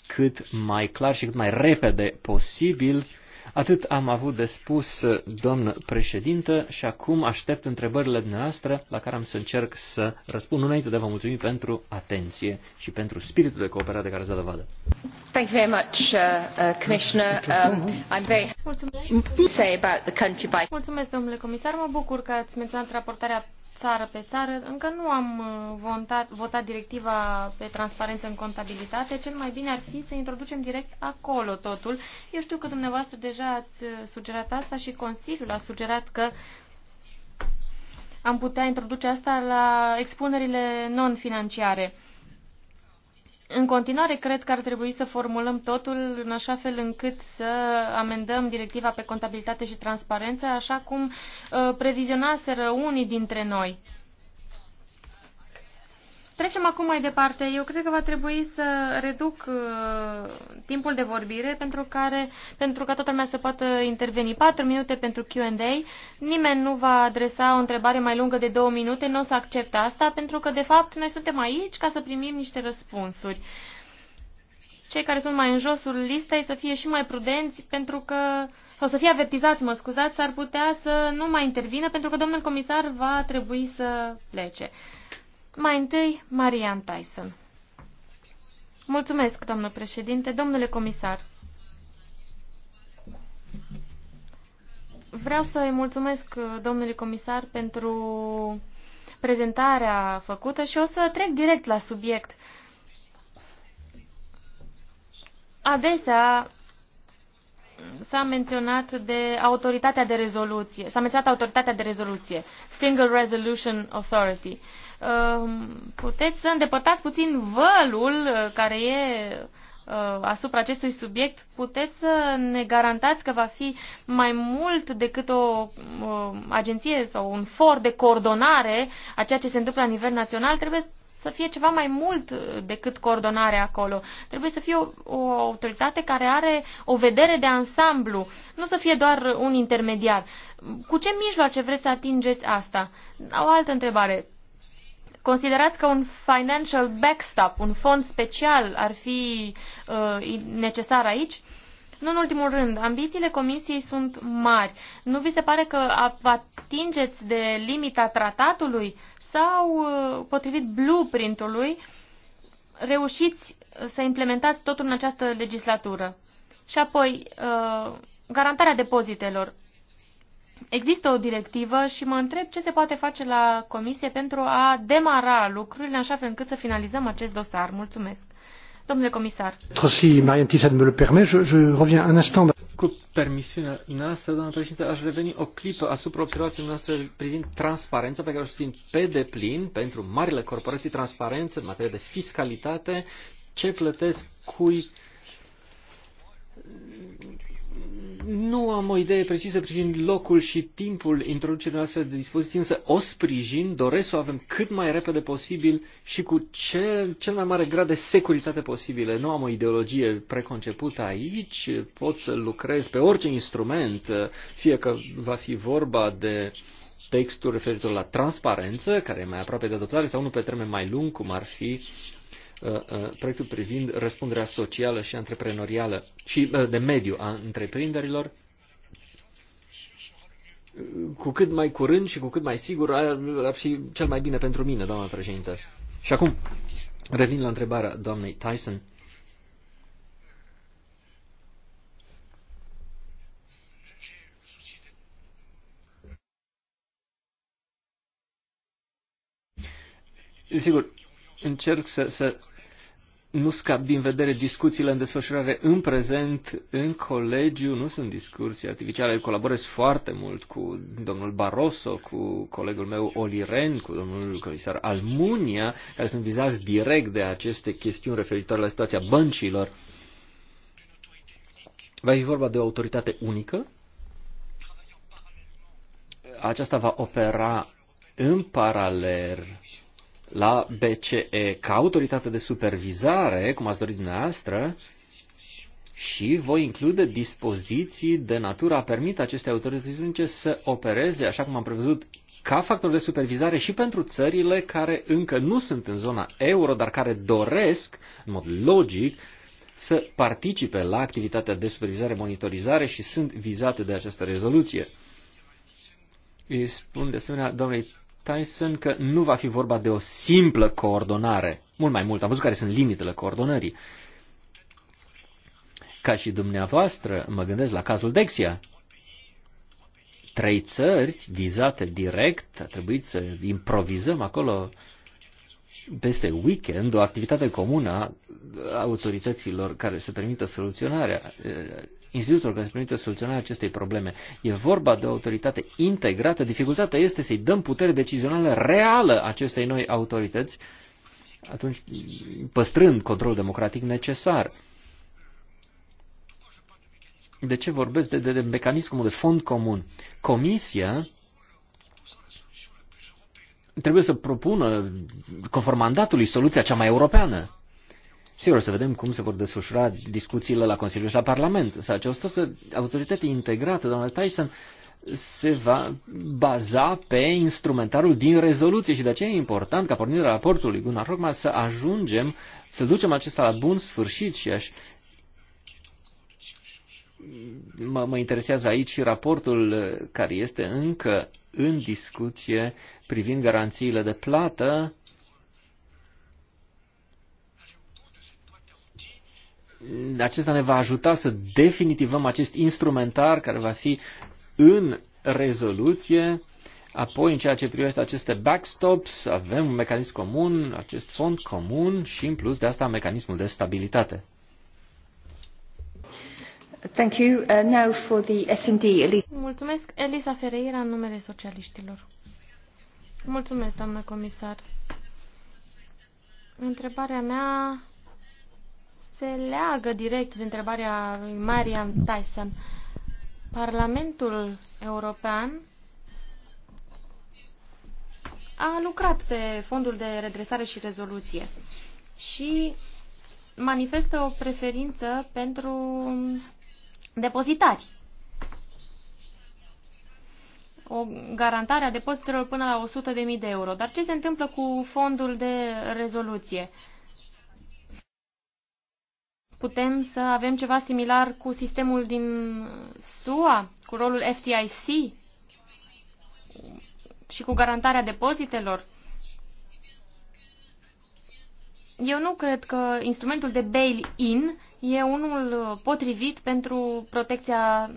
[SPEAKER 3] cât mai clar și cât mai repede posibil Atât am avut de spus, doamnă președintă, și acum aștept întrebările dumneavoastră la care am să încerc să răspund înainte de a vă mulțumi pentru atenție și pentru spiritul de cooperare de care ați dat dovadă.
[SPEAKER 4] Thank you very much, uh, uh, Commissioner. Um, I'm very Mulțumesc. say about the country by.
[SPEAKER 1] Mulțumesc, domnule comisar. Mă bucur că ați menționat raportarea țară pe țară. Încă nu am uh, votat, votat directiva pe transparență în contabilitate. Cel mai bine ar fi să introducem direct acolo totul. Eu știu că dumneavoastră deja ați uh, sugerat asta și Consiliul a sugerat că am putea introduce asta la expunerile non-financiare. În continuare, cred că ar trebui să formulăm totul în așa fel încât să amendăm directiva pe contabilitate și transparență, așa cum uh, previzionaseră unii dintre noi. Trecem acum mai departe. Eu cred că va trebui să reduc uh, timpul de vorbire pentru, care, pentru ca toată lumea să poată interveni. 4 minute pentru Q&A. Nimeni nu va adresa o întrebare mai lungă de 2 minute. Nu o să accepte asta pentru că, de fapt, noi suntem aici ca să primim niște răspunsuri. Cei care sunt mai în josul listei să fie și mai prudenți pentru că sau să fie avertizați, mă scuzați, s-ar putea să nu mai intervină pentru că domnul comisar va trebui să plece. Mai întâi, Marian Tyson. Mulțumesc, doamnă președinte. Domnule comisar, vreau să îi mulțumesc domnului comisar pentru prezentarea făcută și o să trec direct la subiect. Adesea s-a menționat de autoritatea de rezoluție. S-a menționat autoritatea de rezoluție, Single Resolution Authority. Um, puteți să îndepărtați puțin vălul uh, care e uh, asupra acestui subiect, puteți să ne garantați că va fi mai mult decât o uh, agenție sau un for de coordonare a ceea ce se întâmplă la nivel național? Trebuie să fie ceva mai mult uh, decât coordonare acolo. Trebuie să fie o, o autoritate care are o vedere de ansamblu, nu să fie doar un intermediar. Cu ce mijloace vreți să atingeți asta? O altă întrebare. Considerați că un financial backstop, un fond special, ar fi uh, necesar aici? Nu în ultimul rând, ambițiile comisiei sunt mari. Nu vi se pare că atingeți de limita tratatului? sau, uh, potrivit blueprint-ului, reușiți să implementați totul în această legislatură? Și apoi, uh, garantarea depozitelor. Există o directivă și mă întreb ce se poate face la comisie pentru a demara lucrurile așa fel încât să finalizăm acest dosar. Mulțumesc. Domnule comisar.
[SPEAKER 2] Si Marian Thyssen me le permet, je, je reviens un instant. Cu
[SPEAKER 3] permisiunea noastră, doamnă președinte, aș reveni o clipă asupra observației noastre privind transparența pe care o susțin pe deplin pentru marile corporații transparență în materie de fiscalitate, ce plătesc cui Nu am o idee precisă privind locul și timpul introducerii noastre de dispoziții, însă o sprijin, doresc să o avem cât mai repede posibil și cu cel, cel mai mare grad de securitate posibilă. Nu am o ideologie preconcepută aici, pot să lucrez pe orice instrument, fie că va fi vorba de textul referitor la transparență, care e mai aproape de adoptare, sau unul pe termen mai lung, cum ar fi Uh, uh, proiectul privind răspunderea socială și antreprenorială și uh, de mediu a întreprinderilor, cu cât mai curând și cu cât mai sigur ar, fi cel mai bine pentru mine, doamna președinte. Și acum revin la întrebarea doamnei Tyson. Sigur, încerc să, să nu scap din vedere discuțiile în desfășurare în prezent, în colegiu, nu sunt discursii artificiale, Eu colaborez foarte mult cu domnul Barroso, cu colegul meu Oliren, cu domnul comisar Almunia, care sunt vizați direct de aceste chestiuni referitoare la situația băncilor. Va fi vorba de o autoritate unică. Aceasta va opera în paralel la BCE ca autoritate de supervizare, cum ați dorit dumneavoastră, și voi include dispoziții de natura a permite acestei autorități să opereze, așa cum am prevăzut, ca factor de supervizare și pentru țările care încă nu sunt în zona euro, dar care doresc, în mod logic, să participe la activitatea de supervizare, monitorizare și sunt vizate de această rezoluție. Îi spun de asemenea domnului Tyson că nu va fi vorba de o simplă coordonare. Mult mai mult, am văzut care sunt limitele coordonării. Ca și dumneavoastră, mă gândesc la cazul Dexia. Trei țări vizate direct, a trebuit să improvizăm acolo peste weekend o activitate comună a autorităților care să permită soluționarea instituțiilor care să permită soluționarea acestei probleme. E vorba de o autoritate integrată. Dificultatea este să-i dăm putere decizională reală acestei noi autorități, atunci păstrând controlul democratic necesar. De ce vorbesc de, de, de mecanismul de fond comun? Comisia trebuie să propună, conform mandatului, soluția cea mai europeană. Sigur, să vedem cum se vor desfășura discuțiile la Consiliu și la Parlament. Să această autoritate integrată, doamna Tyson, se va baza pe instrumentarul din rezoluție și de aceea e important ca pornirea raportului Gunnar Rockman să ajungem, să ducem acesta la bun sfârșit și aș mă, mă interesează aici și raportul uh, care este încă în discuție privind garanțiile de plată acesta ne va ajuta să definitivăm acest instrumentar care va fi în rezoluție. Apoi, în ceea ce privește aceste backstops, avem un mecanism comun, acest fond comun și, în plus de asta, mecanismul de stabilitate.
[SPEAKER 4] Thank you. Uh, now for the S&D.
[SPEAKER 1] Mulțumesc, Elisa Ferreira, în numele socialiștilor. Mulțumesc, doamnă comisar. Întrebarea mea se leagă direct de întrebarea lui Marian Tyson. Parlamentul European a lucrat pe fondul de redresare și rezoluție și manifestă o preferință pentru depozitari. O garantare a depozitelor până la 100.000 de euro. Dar ce se întâmplă cu fondul de rezoluție? Uh, putem să avem ceva similar cu sistemul din SUA, cu rolul FTIC și cu garantarea depozitelor? Eu nu cred că instrumentul de bail-in e unul potrivit pentru protecția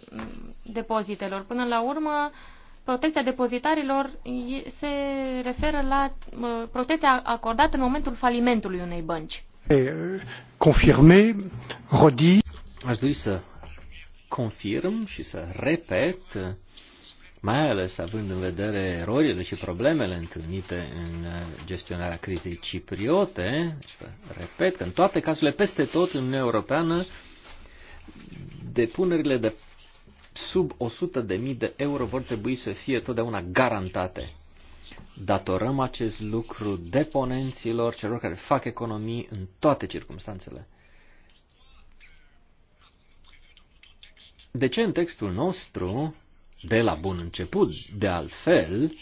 [SPEAKER 1] depozitelor. Până la urmă, protecția depozitarilor se referă la protecția acordată în momentul falimentului unei bănci.
[SPEAKER 2] Eh, confirme, redit. Aș dori să
[SPEAKER 3] confirm și să repet, mai ales având în vedere erorile și problemele întâlnite în gestionarea crizei cipriote, și repet că în toate cazurile, peste tot în Uniunea Europeană, depunerile de sub 100.000 de euro vor trebui să fie totdeauna garantate datorăm acest lucru deponenților, celor care fac economii în toate circumstanțele. De ce în textul nostru, de la bun început, de altfel,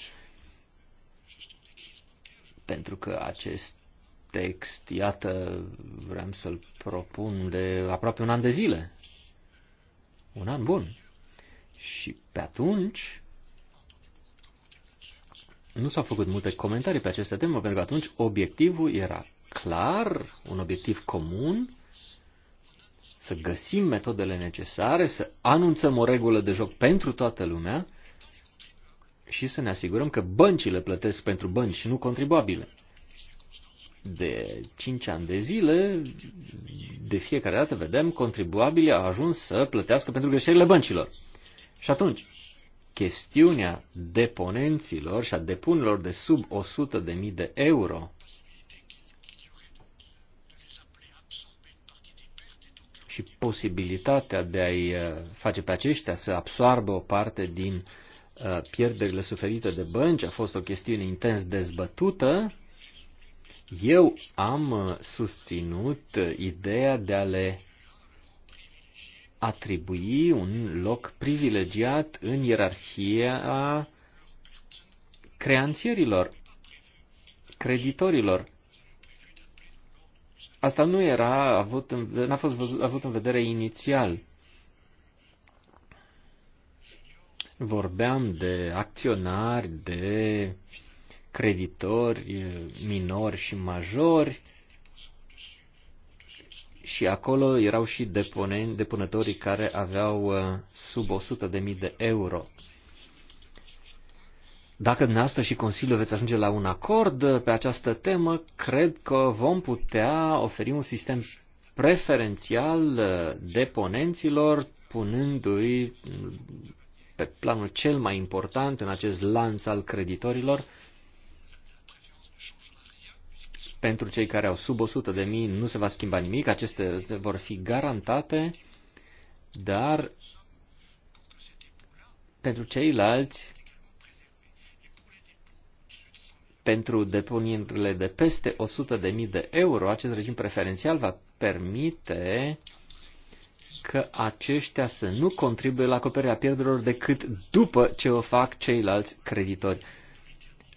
[SPEAKER 3] pentru că acest text, iată, vreau să-l propun de aproape un an de zile. Un an bun. Și pe atunci, nu s-au făcut multe comentarii pe aceste teme, pentru că atunci obiectivul era clar, un obiectiv comun, să găsim metodele necesare, să anunțăm o regulă de joc pentru toată lumea și să ne asigurăm că băncile plătesc pentru bănci și nu contribuabile. De 5 ani de zile, de fiecare dată vedem, contribuabile au ajuns să plătească pentru greșelile băncilor. Și atunci, chestiunea deponenților și a depunilor de sub 100.000 de euro și posibilitatea de a-i uh, face pe aceștia să absoarbă o parte din uh, pierderile suferite de bănci a fost o chestiune intens dezbătută. Eu am uh, susținut ideea de a le atribui un loc privilegiat în ierarhia creanțierilor, creditorilor. Asta nu era avut în, n-a fost văzut, avut în vedere inițial. Vorbeam de acționari, de creditori minori și majori, și acolo erau și deponeni, depunătorii care aveau uh, sub 100.000 de euro. Dacă dumneavoastră și Consiliul veți ajunge la un acord uh, pe această temă, cred că vom putea oferi un sistem preferențial uh, deponenților, punându-i mm, pe planul cel mai important în acest lanț al creditorilor, pentru cei care au sub 100 de mii nu se va schimba nimic, aceste vor fi garantate, dar pentru ceilalți, pentru deponirile de peste 100 de mii de euro, acest regim preferențial va permite că aceștia să nu contribuie la acoperirea pierderilor decât după ce o fac ceilalți creditori.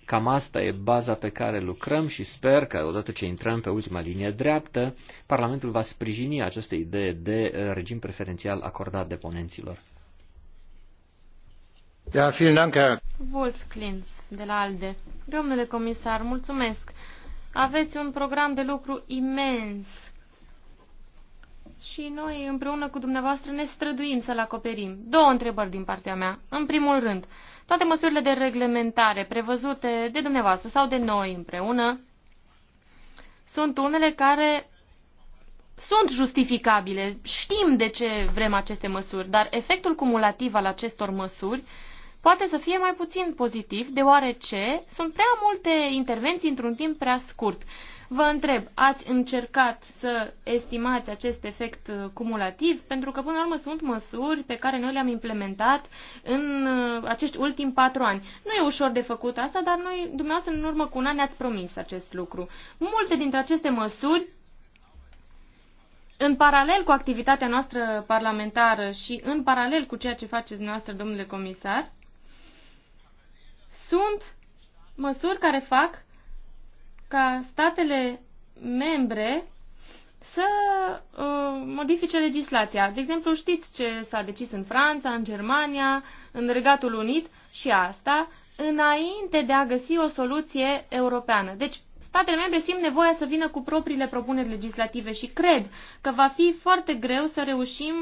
[SPEAKER 3] Cam asta e baza pe care lucrăm și sper că odată ce intrăm pe ultima linie dreaptă, Parlamentul va sprijini această idee de uh, regim preferențial acordat
[SPEAKER 2] deponenților.
[SPEAKER 1] Da, vielen Dank, Wolf Klinz, de la ALDE. Domnule comisar, mulțumesc. Aveți un program de lucru imens și noi împreună cu dumneavoastră ne străduim să-l acoperim. Două întrebări din partea mea. În primul rând, toate măsurile de reglementare prevăzute de dumneavoastră sau de noi împreună sunt unele care sunt justificabile. Știm de ce vrem aceste măsuri, dar efectul cumulativ al acestor măsuri poate să fie mai puțin pozitiv, deoarece sunt prea multe intervenții într-un timp prea scurt. Vă întreb, ați încercat să estimați acest efect uh, cumulativ? Pentru că, până la urmă, sunt măsuri pe care noi le-am implementat în uh, acești ultimi patru ani. Nu e ușor de făcut asta, dar noi, dumneavoastră, în urmă cu un an ne-ați promis acest lucru. Multe dintre aceste măsuri în paralel cu activitatea noastră parlamentară și în paralel cu ceea ce faceți noastră, domnule comisar, sunt măsuri care fac ca statele membre să uh, modifice legislația. De exemplu, știți ce s-a decis în Franța, în Germania, în Regatul Unit și asta înainte de a găsi o soluție europeană. Deci, statele membre simt nevoia să vină cu propriile propuneri legislative și cred că va fi foarte greu să reușim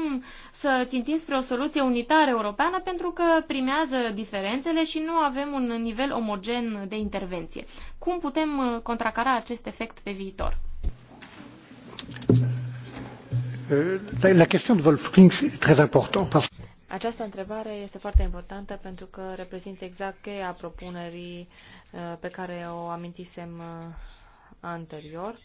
[SPEAKER 1] să țintim spre o soluție unitară europeană pentru că primează diferențele și nu avem un nivel omogen de intervenție. Cum putem uh, contracara acest efect pe viitor?
[SPEAKER 2] Euh, la question de Wolfgang este foarte
[SPEAKER 4] importantă. Această întrebare este foarte importantă pentru că reprezintă exact cheia propunerii uh, pe care o amintisem uh, anterior.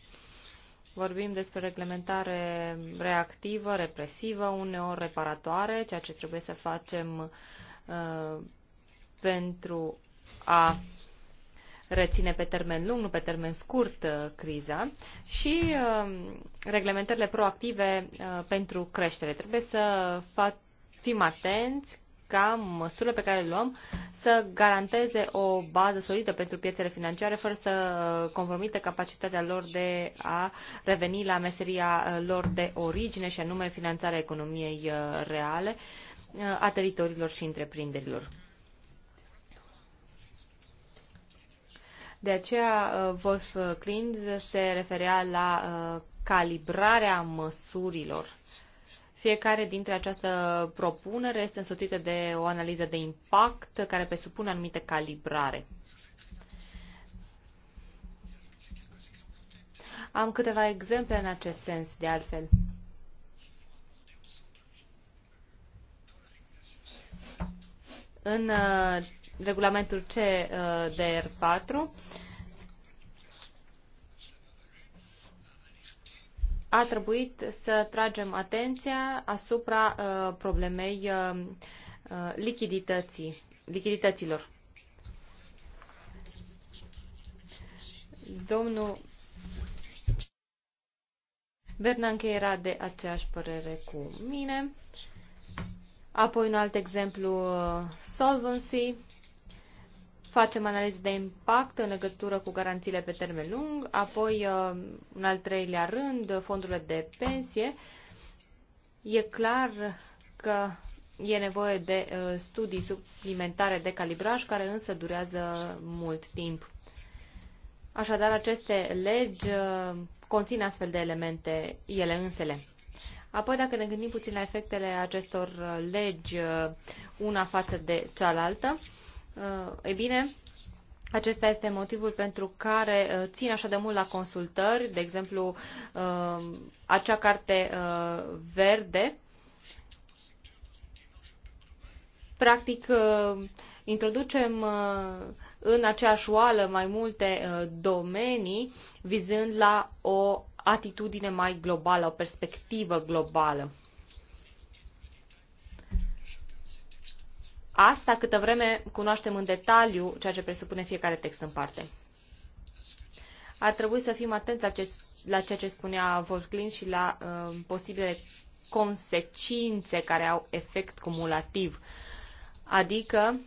[SPEAKER 4] Vorbim despre reglementare reactivă, represivă, uneori reparatoare, ceea ce trebuie să facem uh, pentru a reține pe termen lung, nu pe termen scurt, uh, criza și uh, reglementările proactive uh, pentru creștere. Trebuie să fac, fim atenți ca măsurile pe care le luăm să garanteze o bază solidă pentru piețele financiare fără să compromite capacitatea lor de a reveni la meseria lor de origine și anume finanțarea economiei uh, reale uh, a teritoriilor și întreprinderilor. De aceea, uh, Wolf Klintz se referea la calibrarea măsurilor fiecare dintre această propunere este însoțită de o analiză de impact care presupune anumite calibrare. Am câteva exemple în acest sens, de altfel. În uh, regulamentul CDR4, uh, 4 a trebuit să tragem atenția asupra uh, problemei uh, uh lichidității, lichidităților. Domnul Bernanke era de aceeași părere cu mine. Apoi un alt exemplu, uh, solvency facem analize de impact în legătură cu garanțiile pe termen lung, apoi, uh, în al treilea rând, fondurile de pensie. E clar că e nevoie de uh, studii suplimentare de calibraj, care însă durează mult timp. Așadar, aceste legi uh, conțin astfel de elemente ele însele. Apoi, dacă ne gândim puțin la efectele acestor legi una față de cealaltă, ei eh, bine, acesta este motivul pentru care eh, țin așa de mult la consultări, de exemplu, eh, acea carte verde. Practic, introducem în aceeași oală mai multe domenii, vizând la o atitudine mai globală, o perspectivă globală. Asta câtă vreme cunoaștem în detaliu ceea ce presupune fiecare text în parte. Ar trebui să fim atenți la, ce, la ceea ce spunea Volklin și la uh, posibile consecințe care au efect cumulativ. Adică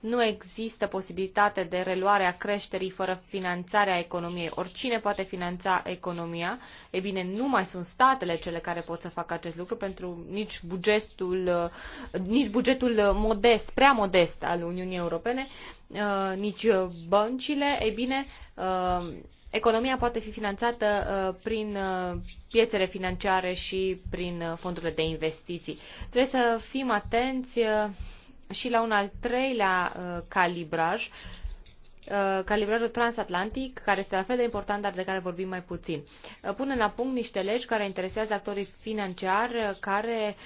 [SPEAKER 4] nu există posibilitate de reluare a creșterii fără finanțarea economiei. Oricine poate finanța economia. E bine, nu mai sunt statele cele care pot să facă acest lucru, pentru nici bugetul, uh, nici bugetul uh, modest, prea modest al Uniunii Europene, uh, nici băncile. E bine, economia poate fi finanțată prin piețele financiare și prin fondurile de investiții. Trebuie să fim atenți și la un al treilea uh, calibraj Uh, calibrajul transatlantic, care este la fel de important, dar de care vorbim mai puțin. Uh, pune la punct niște legi care interesează actorii financiari, uh, care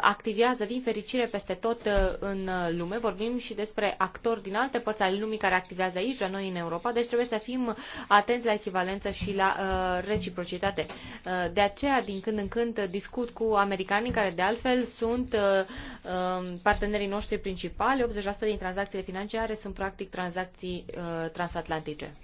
[SPEAKER 4] activează din fericire peste tot în lume. Vorbim și despre actori din alte părți ale lumii care activează aici, la noi în Europa, deci trebuie să fim atenți la echivalență și la reciprocitate. De aceea, din când în când, discut cu americanii, care de altfel sunt um, partenerii noștri principali. 80% din tranzacțiile financiare sunt practic tranzacții Uh, transatlantice.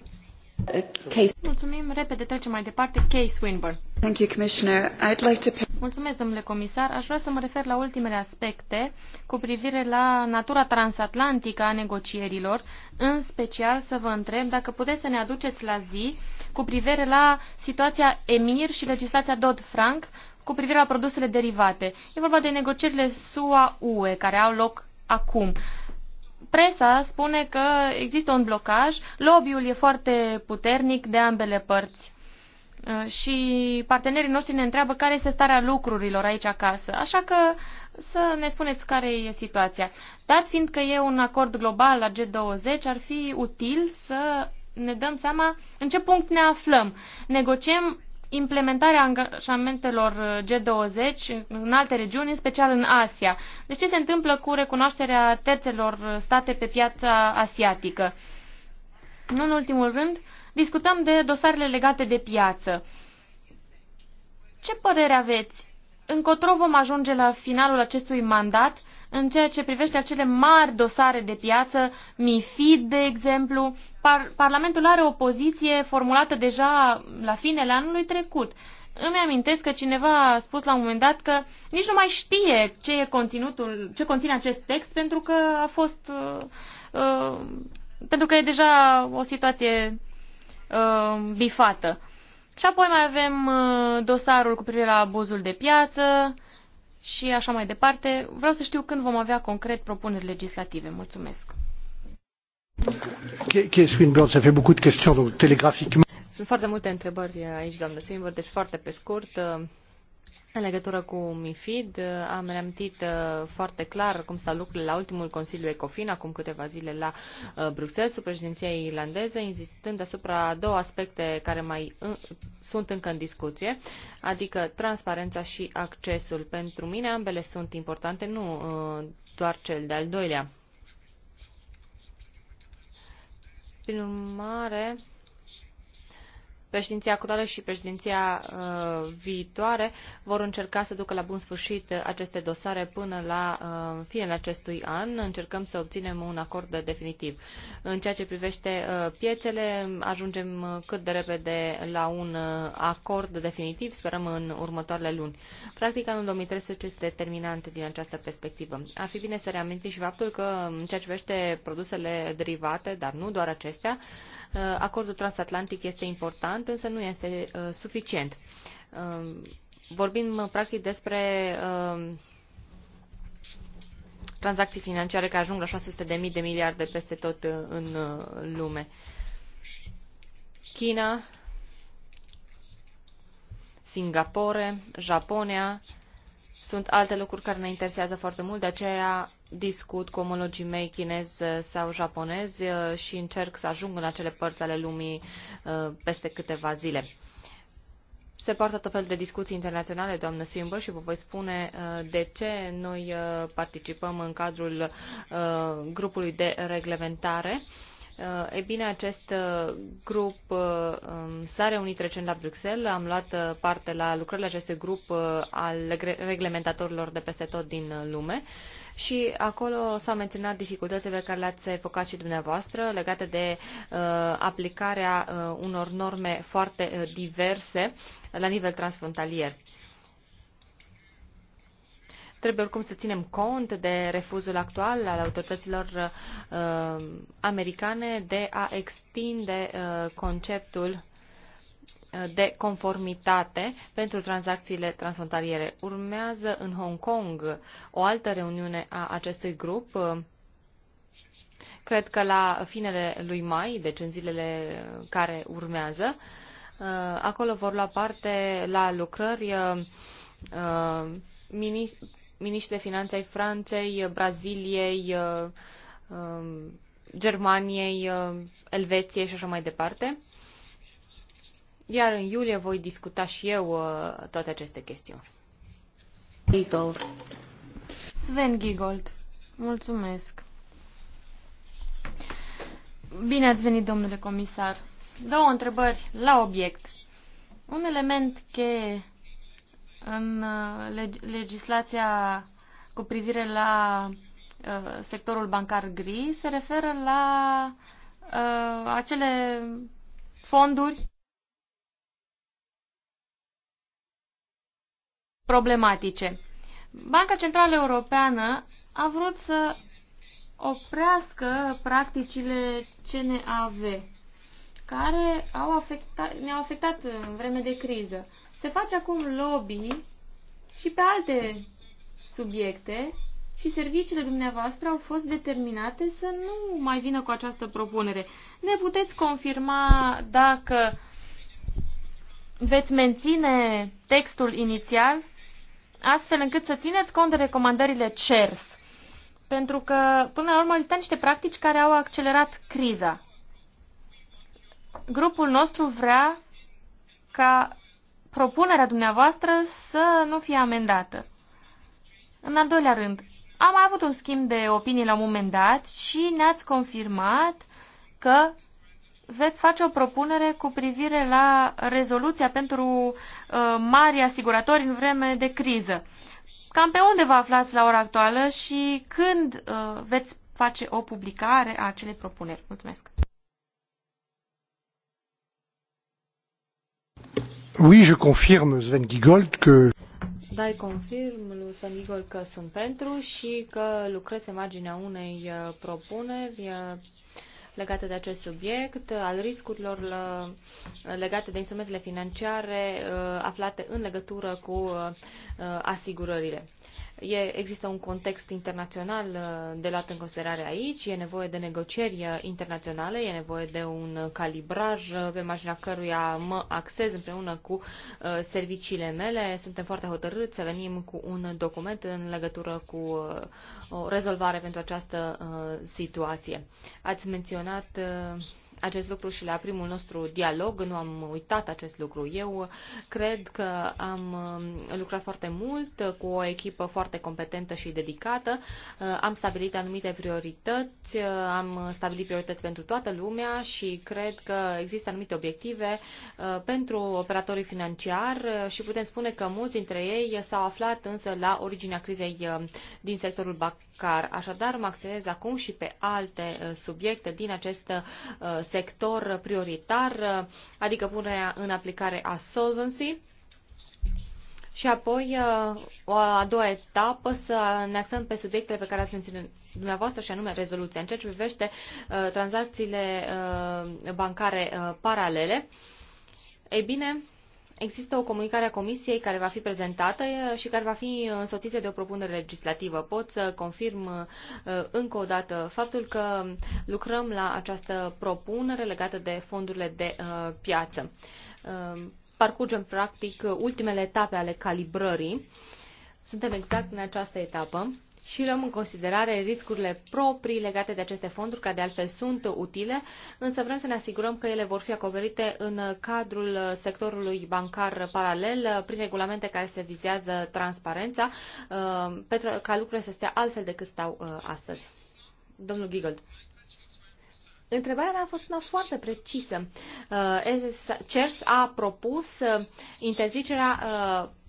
[SPEAKER 4] Case. Mulțumim. Repede trecem mai departe. Case Swinburne.
[SPEAKER 1] Thank you, Commissioner. I'd like to... Mulțumesc, domnule comisar. Aș vrea să mă refer la ultimele aspecte cu privire la natura transatlantică a negocierilor, în special să vă întreb dacă puteți să ne aduceți la zi cu privire la situația EMIR și legislația Dodd-Frank cu privire la produsele derivate. E vorba de negocierile SUA-UE care au loc acum. Presa spune că există un blocaj, lobby-ul e foarte puternic de ambele părți uh, și partenerii noștri ne întreabă care este starea lucrurilor aici acasă. Așa că să ne spuneți care e situația. Dat fiind că e un acord global la G20, ar fi util să ne dăm seama în ce punct ne aflăm. Negociem implementarea angajamentelor uh, G20 în alte regiuni, în special în Asia. Deci ce se întâmplă cu recunoașterea terțelor uh, state pe piața asiatică? Nu în ultimul rând, discutăm de dosarele legate de piață. Ce părere aveți? Încotro vom ajunge la finalul acestui mandat în ceea ce privește acele mari dosare de piață, MIFID, de exemplu. Par Parlamentul are o poziție formulată deja la finele anului trecut. Îmi amintesc că cineva a spus la un moment dat că nici nu mai știe ce, e conținutul, ce conține acest text pentru că a fost. Uh, uh, pentru că e deja o situație uh, bifată. Și apoi mai avem uh, dosarul cu privire la abuzul de piață, uh, și așa mai departe. Vreau să știu când vom avea concret propuneri legislative. Mulțumesc.
[SPEAKER 4] Sunt foarte multe întrebări aici, doamnă Swinburne, deci foarte pe scurt. În legătură cu MIFID, uh, am reamintit uh, foarte clar cum stau lucrurile la ultimul Consiliu Ecofin, acum câteva zile la uh, Bruxelles, sub președinția irlandeză, insistând asupra două aspecte care mai sunt încă în discuție, adică transparența și accesul. Pentru mine ambele sunt importante, nu doar cel de-al doilea. Prin urmare, Președinția actuală și președinția uh, viitoare vor încerca să ducă la bun sfârșit aceste dosare până la uh, finele acestui an. Încercăm să obținem un acord definitiv. În ceea ce privește uh, piețele, ajungem uh, cât de repede la un uh, acord definitiv, sperăm în următoarele luni. Practic, anul 2013 este determinant din această perspectivă. Ar fi bine să reamintim și faptul că, în ceea ce privește produsele derivate, dar nu doar acestea, uh, Uh, acordul transatlantic este important, însă nu este uh, suficient. Uh, vorbim practic despre tranzacții financiare care ajung la 600 de mii de miliarde peste tot în lume. China, Singapore, Japonia, sunt alte lucruri care ne interesează foarte mult, de aceea discut cu omologii mei chinez sau japonezi uh, și încerc să ajung în acele părți ale lumii uh, peste câteva zile. Se poartă tot fel de discuții internaționale, doamnă Swinburne, și vă voi spune uh, de ce noi participăm în cadrul grupului de reglementare Eh, e bine, acest eh, grup eh, um, s-a reunit recent la Bruxelles, am luat parte la lucrările acestui grup al reglementatorilor de peste tot din lume și acolo s-au menționat dificultățile pe care le-ați evocat și dumneavoastră legate de uh, aplicarea uh, unor norme foarte uh, diverse la nivel transfrontalier. Trebuie oricum să ținem cont de refuzul actual al autorităților uh, americane de a extinde uh, conceptul uh, de conformitate pentru tranzacțiile transfrontaliere. Urmează în Hong Kong o altă reuniune a acestui grup cred că la finele lui mai, deci în zilele care urmează, uh, acolo vor lua parte la lucrări uh, miniștri de finanțe ai Franței, uh, Braziliei, uh, um, Germaniei, uh, Elveției și așa mai departe. Iar în iulie voi discuta și eu toate aceste chestiuni. Giegold.
[SPEAKER 1] Sven Gigold, Mulțumesc. Bine ați venit, domnule comisar. Două întrebări la obiect. Un element cheie în uh, legislația cu privire la uh, sectorul bancar gri se referă la uh, acele fonduri problematice. Banca Centrală Europeană a vrut să oprească practicile CNAV, care au afectat, ne-au afectat în vreme de criză. Se face acum lobby și pe alte subiecte și serviciile dumneavoastră au fost determinate să nu mai vină cu această propunere. Ne puteți confirma dacă veți menține textul inițial astfel încât să țineți cont de recomandările CERS. Pentru că, până la urmă, există niște practici care au accelerat criza. Grupul nostru vrea ca propunerea dumneavoastră să nu fie amendată. În al doilea rând, am avut un schimb de opinii la un moment dat și ne-ați confirmat că veți face o propunere cu privire la rezoluția pentru uh, mari asiguratori în vreme de criză. Cam pe unde vă aflați la ora actuală și când uh, veți face o publicare a acelei propuneri?
[SPEAKER 4] Mulțumesc!
[SPEAKER 2] Oui, je confirme, Sven Giegold, că...
[SPEAKER 4] Da, îi confirm lui Sven Giegold că sunt pentru și că lucrez în marginea unei uh, propuneri uh, legate de acest subiect, al riscurilor uh, legate de instrumentele financiare aflate în legătură cu asigurările. E, există un context internațional uh, de luat în considerare aici, e nevoie de negocieri uh, internaționale, e nevoie de un calibraj uh, pe marginea căruia mă axez împreună cu serviciile mele. Suntem foarte hotărâți să venim cu un document în legătură cu o rezolvare pentru această situație. Ați menționat acest lucru și la primul nostru dialog, nu am uitat acest lucru. Eu cred că am um, lucrat foarte mult cu o echipă foarte competentă și dedicată, uh, am stabilit anumite priorități, uh, am stabilit priorități pentru toată lumea și cred că există anumite obiective uh, pentru operatorii financiari și putem spune că mulți dintre ei s-au aflat însă la originea crizei din sectorul bancar car, Așadar, mă acționez acum și pe alte uh, subiecte din acest uh, sector prioritar, uh, adică punerea în aplicare a solvency. Și apoi, o a doua etapă, să ne axăm pe subiectele pe care ați menționat dumneavoastră, și anume rezoluția, în ceea ce privește tranzacțiile bancare paralele. Ei bine, Există o comunicare a Comisiei care va fi prezentată și care va fi însoțită de o propunere legislativă. Pot să confirm încă o dată faptul că lucrăm la această propunere legată de fondurile de piață. Parcurgem, practic, ultimele etape ale calibrării. Suntem exact în această etapă și luăm în considerare riscurile proprii legate de aceste fonduri, care de altfel sunt utile, însă vrem să ne asigurăm că ele vor fi acoperite în cadrul sectorului bancar paralel, prin regulamente care se vizează transparența, uh, pentru ca lucrurile să stea altfel decât stau uh, astăzi. Domnul Giggold. Întrebarea mea a fost una foarte precisă. Uh, CERS a propus interzicerea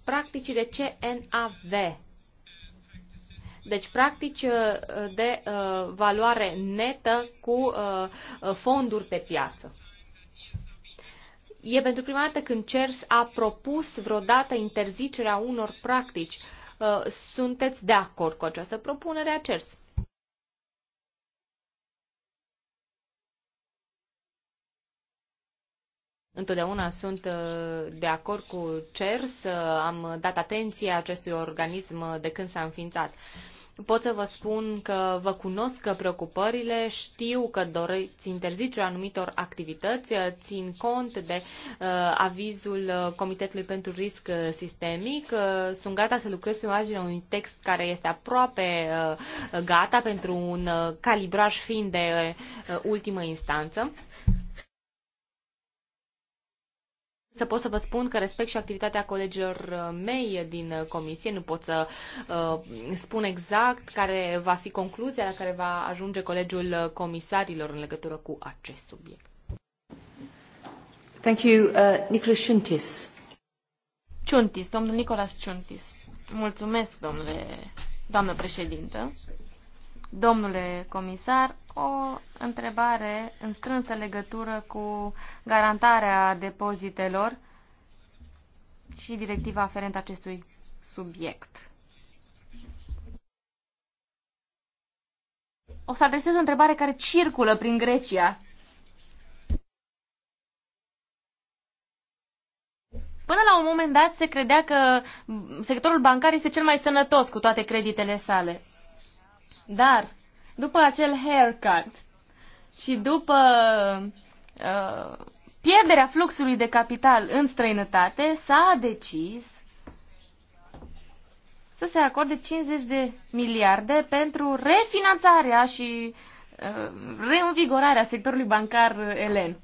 [SPEAKER 4] practicii de CNAV deci practici uh, de uh, valoare netă cu uh, fonduri pe piață. E pentru prima dată când CERS a propus vreodată interzicerea unor practici. Sunteți de acord cu această propunere a CERS? Întotdeauna sunt de acord cu CERS, am dat atenție acestui organism de când s-a înființat pot să vă spun că vă cunosc preocupările, știu că doriți interzicerea anumitor activități, țin cont de uh, avizul Comitetului pentru Risc Sistemic, uh, sunt gata să lucrez pe marginea unui text care este aproape uh, gata pentru un uh, calibraj fin de uh, ultimă instanță. Uh, să pot să vă spun că respect și activitatea colegilor uh, mei din uh, comisie. Nu pot să uh, spun exact care va fi concluzia la care va ajunge colegiul uh, comisarilor în legătură cu acest subiect. Thank you, uh, Nicholas Ciuntis. Ciuntis,
[SPEAKER 1] domnul Nicolas Ciuntis. Mulțumesc, domnule, doamnă președintă. Domnule comisar, o întrebare în strânsă legătură cu garantarea depozitelor și directiva aferentă acestui subiect. O să adresez o întrebare care circulă prin Grecia. Până la un moment dat se credea că sectorul bancar este cel mai sănătos cu toate creditele sale. Dar după acel haircut și după uh, pierderea fluxului de capital în străinătate, s-a decis să se acorde 50 de miliarde pentru refinanțarea și uh, reînvigorarea sectorului bancar uh, elen.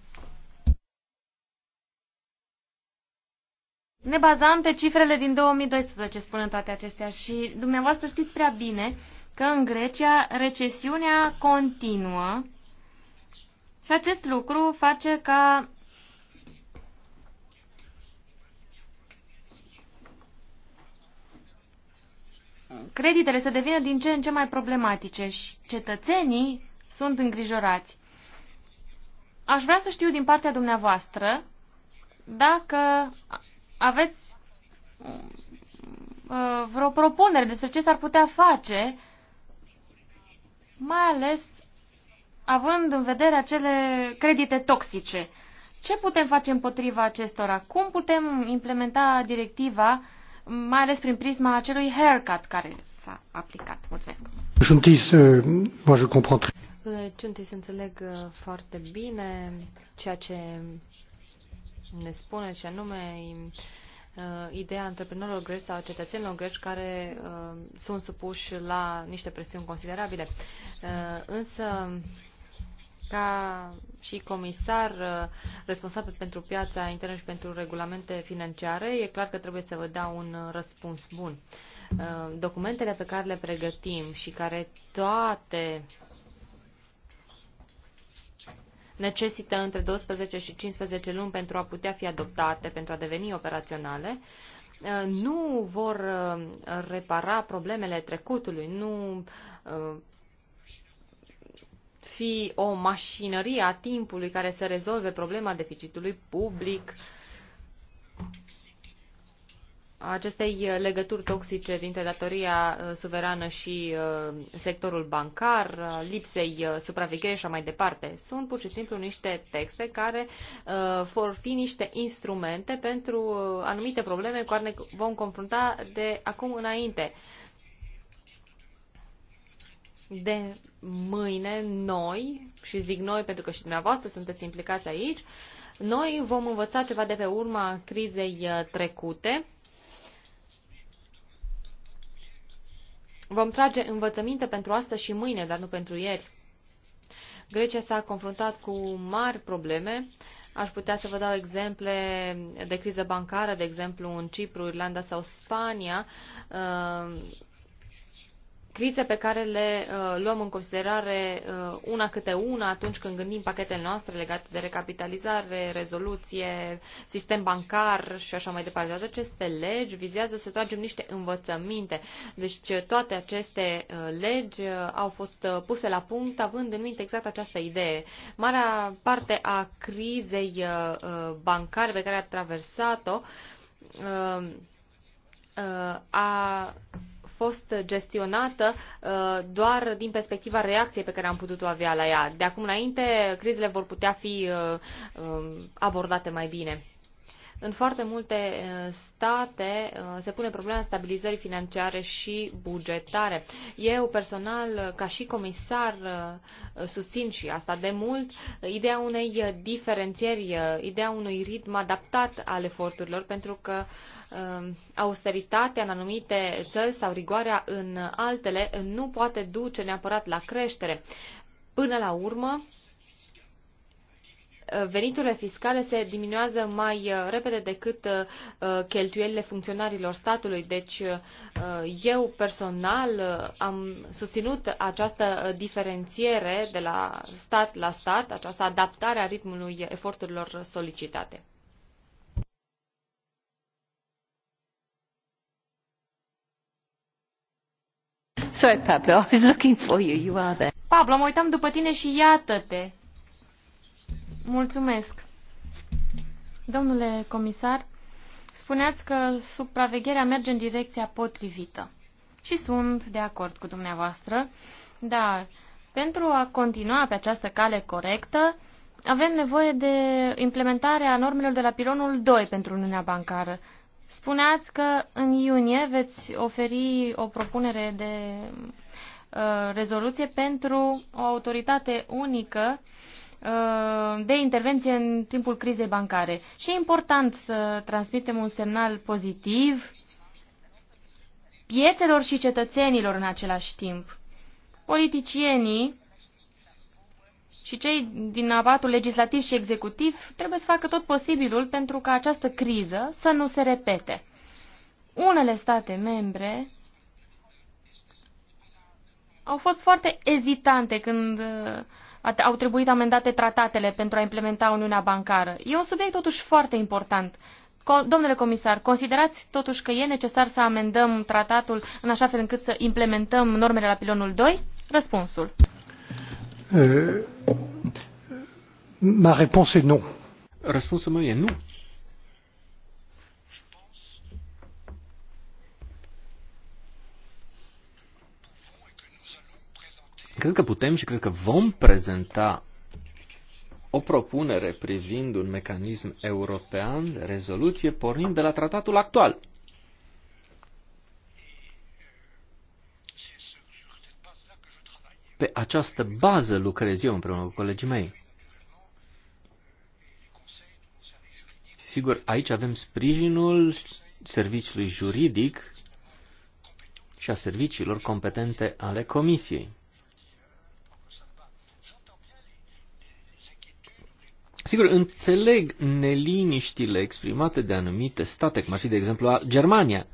[SPEAKER 1] Ne bazam pe cifrele din 2012, spun toate acestea, și dumneavoastră știți prea bine că în Grecia recesiunea continuă și acest lucru face ca creditele să devină din ce în ce mai problematice și cetățenii sunt îngrijorați. Aș vrea să știu din partea dumneavoastră dacă aveți uh, vreo propunere despre ce s-ar putea face mai ales având în vedere acele credite toxice. Ce putem face împotriva acestora? Cum putem implementa directiva, mai ales prin prisma acelui haircut care s-a
[SPEAKER 4] aplicat? Mulțumesc!
[SPEAKER 2] Juntis, uh, moi
[SPEAKER 4] uh, înțeleg uh, foarte bine ceea ce ne spuneți și anume Uh, ideea antreprenorilor greci sau cetățenilor greci care uh, sunt supuși la niște presiuni considerabile. Uh, însă, ca și comisar responsabil pentru piața internă și pentru regulamente financiare, e clar că trebuie să vă dea un răspuns bun. Documentele pe care le pregătim și care toate necesită între 12 și 15 luni pentru a putea fi adoptate, pentru a deveni operaționale, uh, nu vor uh, repara problemele trecutului, nu uh, fi o mașinărie a timpului care să rezolve problema deficitului public, acestei uh, legături toxice dintre datoria uh, suverană și uh, sectorul bancar, lipsei supraveghere și mai departe. Sunt pur și simplu niște texte care vor fi niște instrumente pentru anumite probleme cu care ne vom confrunta de acum înainte. De mâine, noi, și zic noi pentru că și dumneavoastră sunteți implicați aici, noi vom învăța ceva de pe urma crizei trecute Vom trage învățăminte pentru astăzi și mâine, dar nu pentru ieri. Grecia s-a confruntat cu mari probleme. Aș putea să vă dau exemple de criză bancară, de exemplu în Cipru, Irlanda sau Spania. Uh, crize pe care le uh, luăm în considerare uh, una câte una atunci când gândim pachetele noastre legate de recapitalizare, rezoluție, sistem bancar și așa mai departe. Toate aceste legi vizează să tragem niște învățăminte. Deci uh, toate aceste legi au fost puse la punct având în minte exact această idee. Marea parte a crizei bancare pe care a traversat-o a fost gestionată uh, doar din perspectiva reacției pe care am putut-o avea la ea. De acum înainte, crizele vor putea fi uh, um, abordate mai bine. În foarte multe uh, state uh, se pune problema stabilizării financiare și bugetare. Eu personal, uh, ca și comisar, susțin și asta de mult, ideea unei diferențieri, ideea unui ritm adaptat al eforturilor, pentru că um, austeritatea în anumite țări sau rigoarea în altele nu poate duce neapărat la creștere. Până la urmă, veniturile fiscale se diminuează mai uh, repede decât uh, uh, cheltuielile funcționarilor statului. Deci eu personal am susținut această diferențiere de la stat la stat, această adaptare a ritmului eforturilor solicitate. Sorry, Pablo, I was looking for you. You are there.
[SPEAKER 1] Pablo, mă uitam după tine și iată-te. Mulțumesc. Domnule comisar, spuneați că supravegherea merge în direcția potrivită. Și sunt de acord cu dumneavoastră, dar pentru a continua pe această cale corectă, avem nevoie de implementarea normelor de la pilonul 2 pentru Uniunea Bancară. Spuneați că în iunie veți oferi o propunere de uh, rezoluție pentru o autoritate unică uh, Uh, de intervenție în timpul crizei bancare. Și e important să transmitem un semnal pozitiv piețelor și cetățenilor în același timp. Politicienii și cei din abatul legislativ și executiv trebuie să facă tot posibilul pentru ca această criză să nu se repete. Unele state membre au fost foarte ezitante când uh, au trebuit amendate tratatele pentru a implementa Uniunea Bancară. E un subiect totuși foarte important. Domnule comisar, considerați totuși că e necesar să amendăm tratatul în așa fel încât să implementăm normele la pilonul 2? Răspunsul.
[SPEAKER 2] Uh, ma réponse est non. Răspunsul meu e nu.
[SPEAKER 3] Cred că putem și cred că vom prezenta o propunere privind un mecanism european de rezoluție pornind de la tratatul actual. Pe această bază lucrez eu împreună cu colegii mei. Sigur, aici avem sprijinul serviciului juridic și a serviciilor competente ale Comisiei. Sigur, înțeleg neliniștile exprimate de anumite state, cum ar fi, de exemplu, a Germania.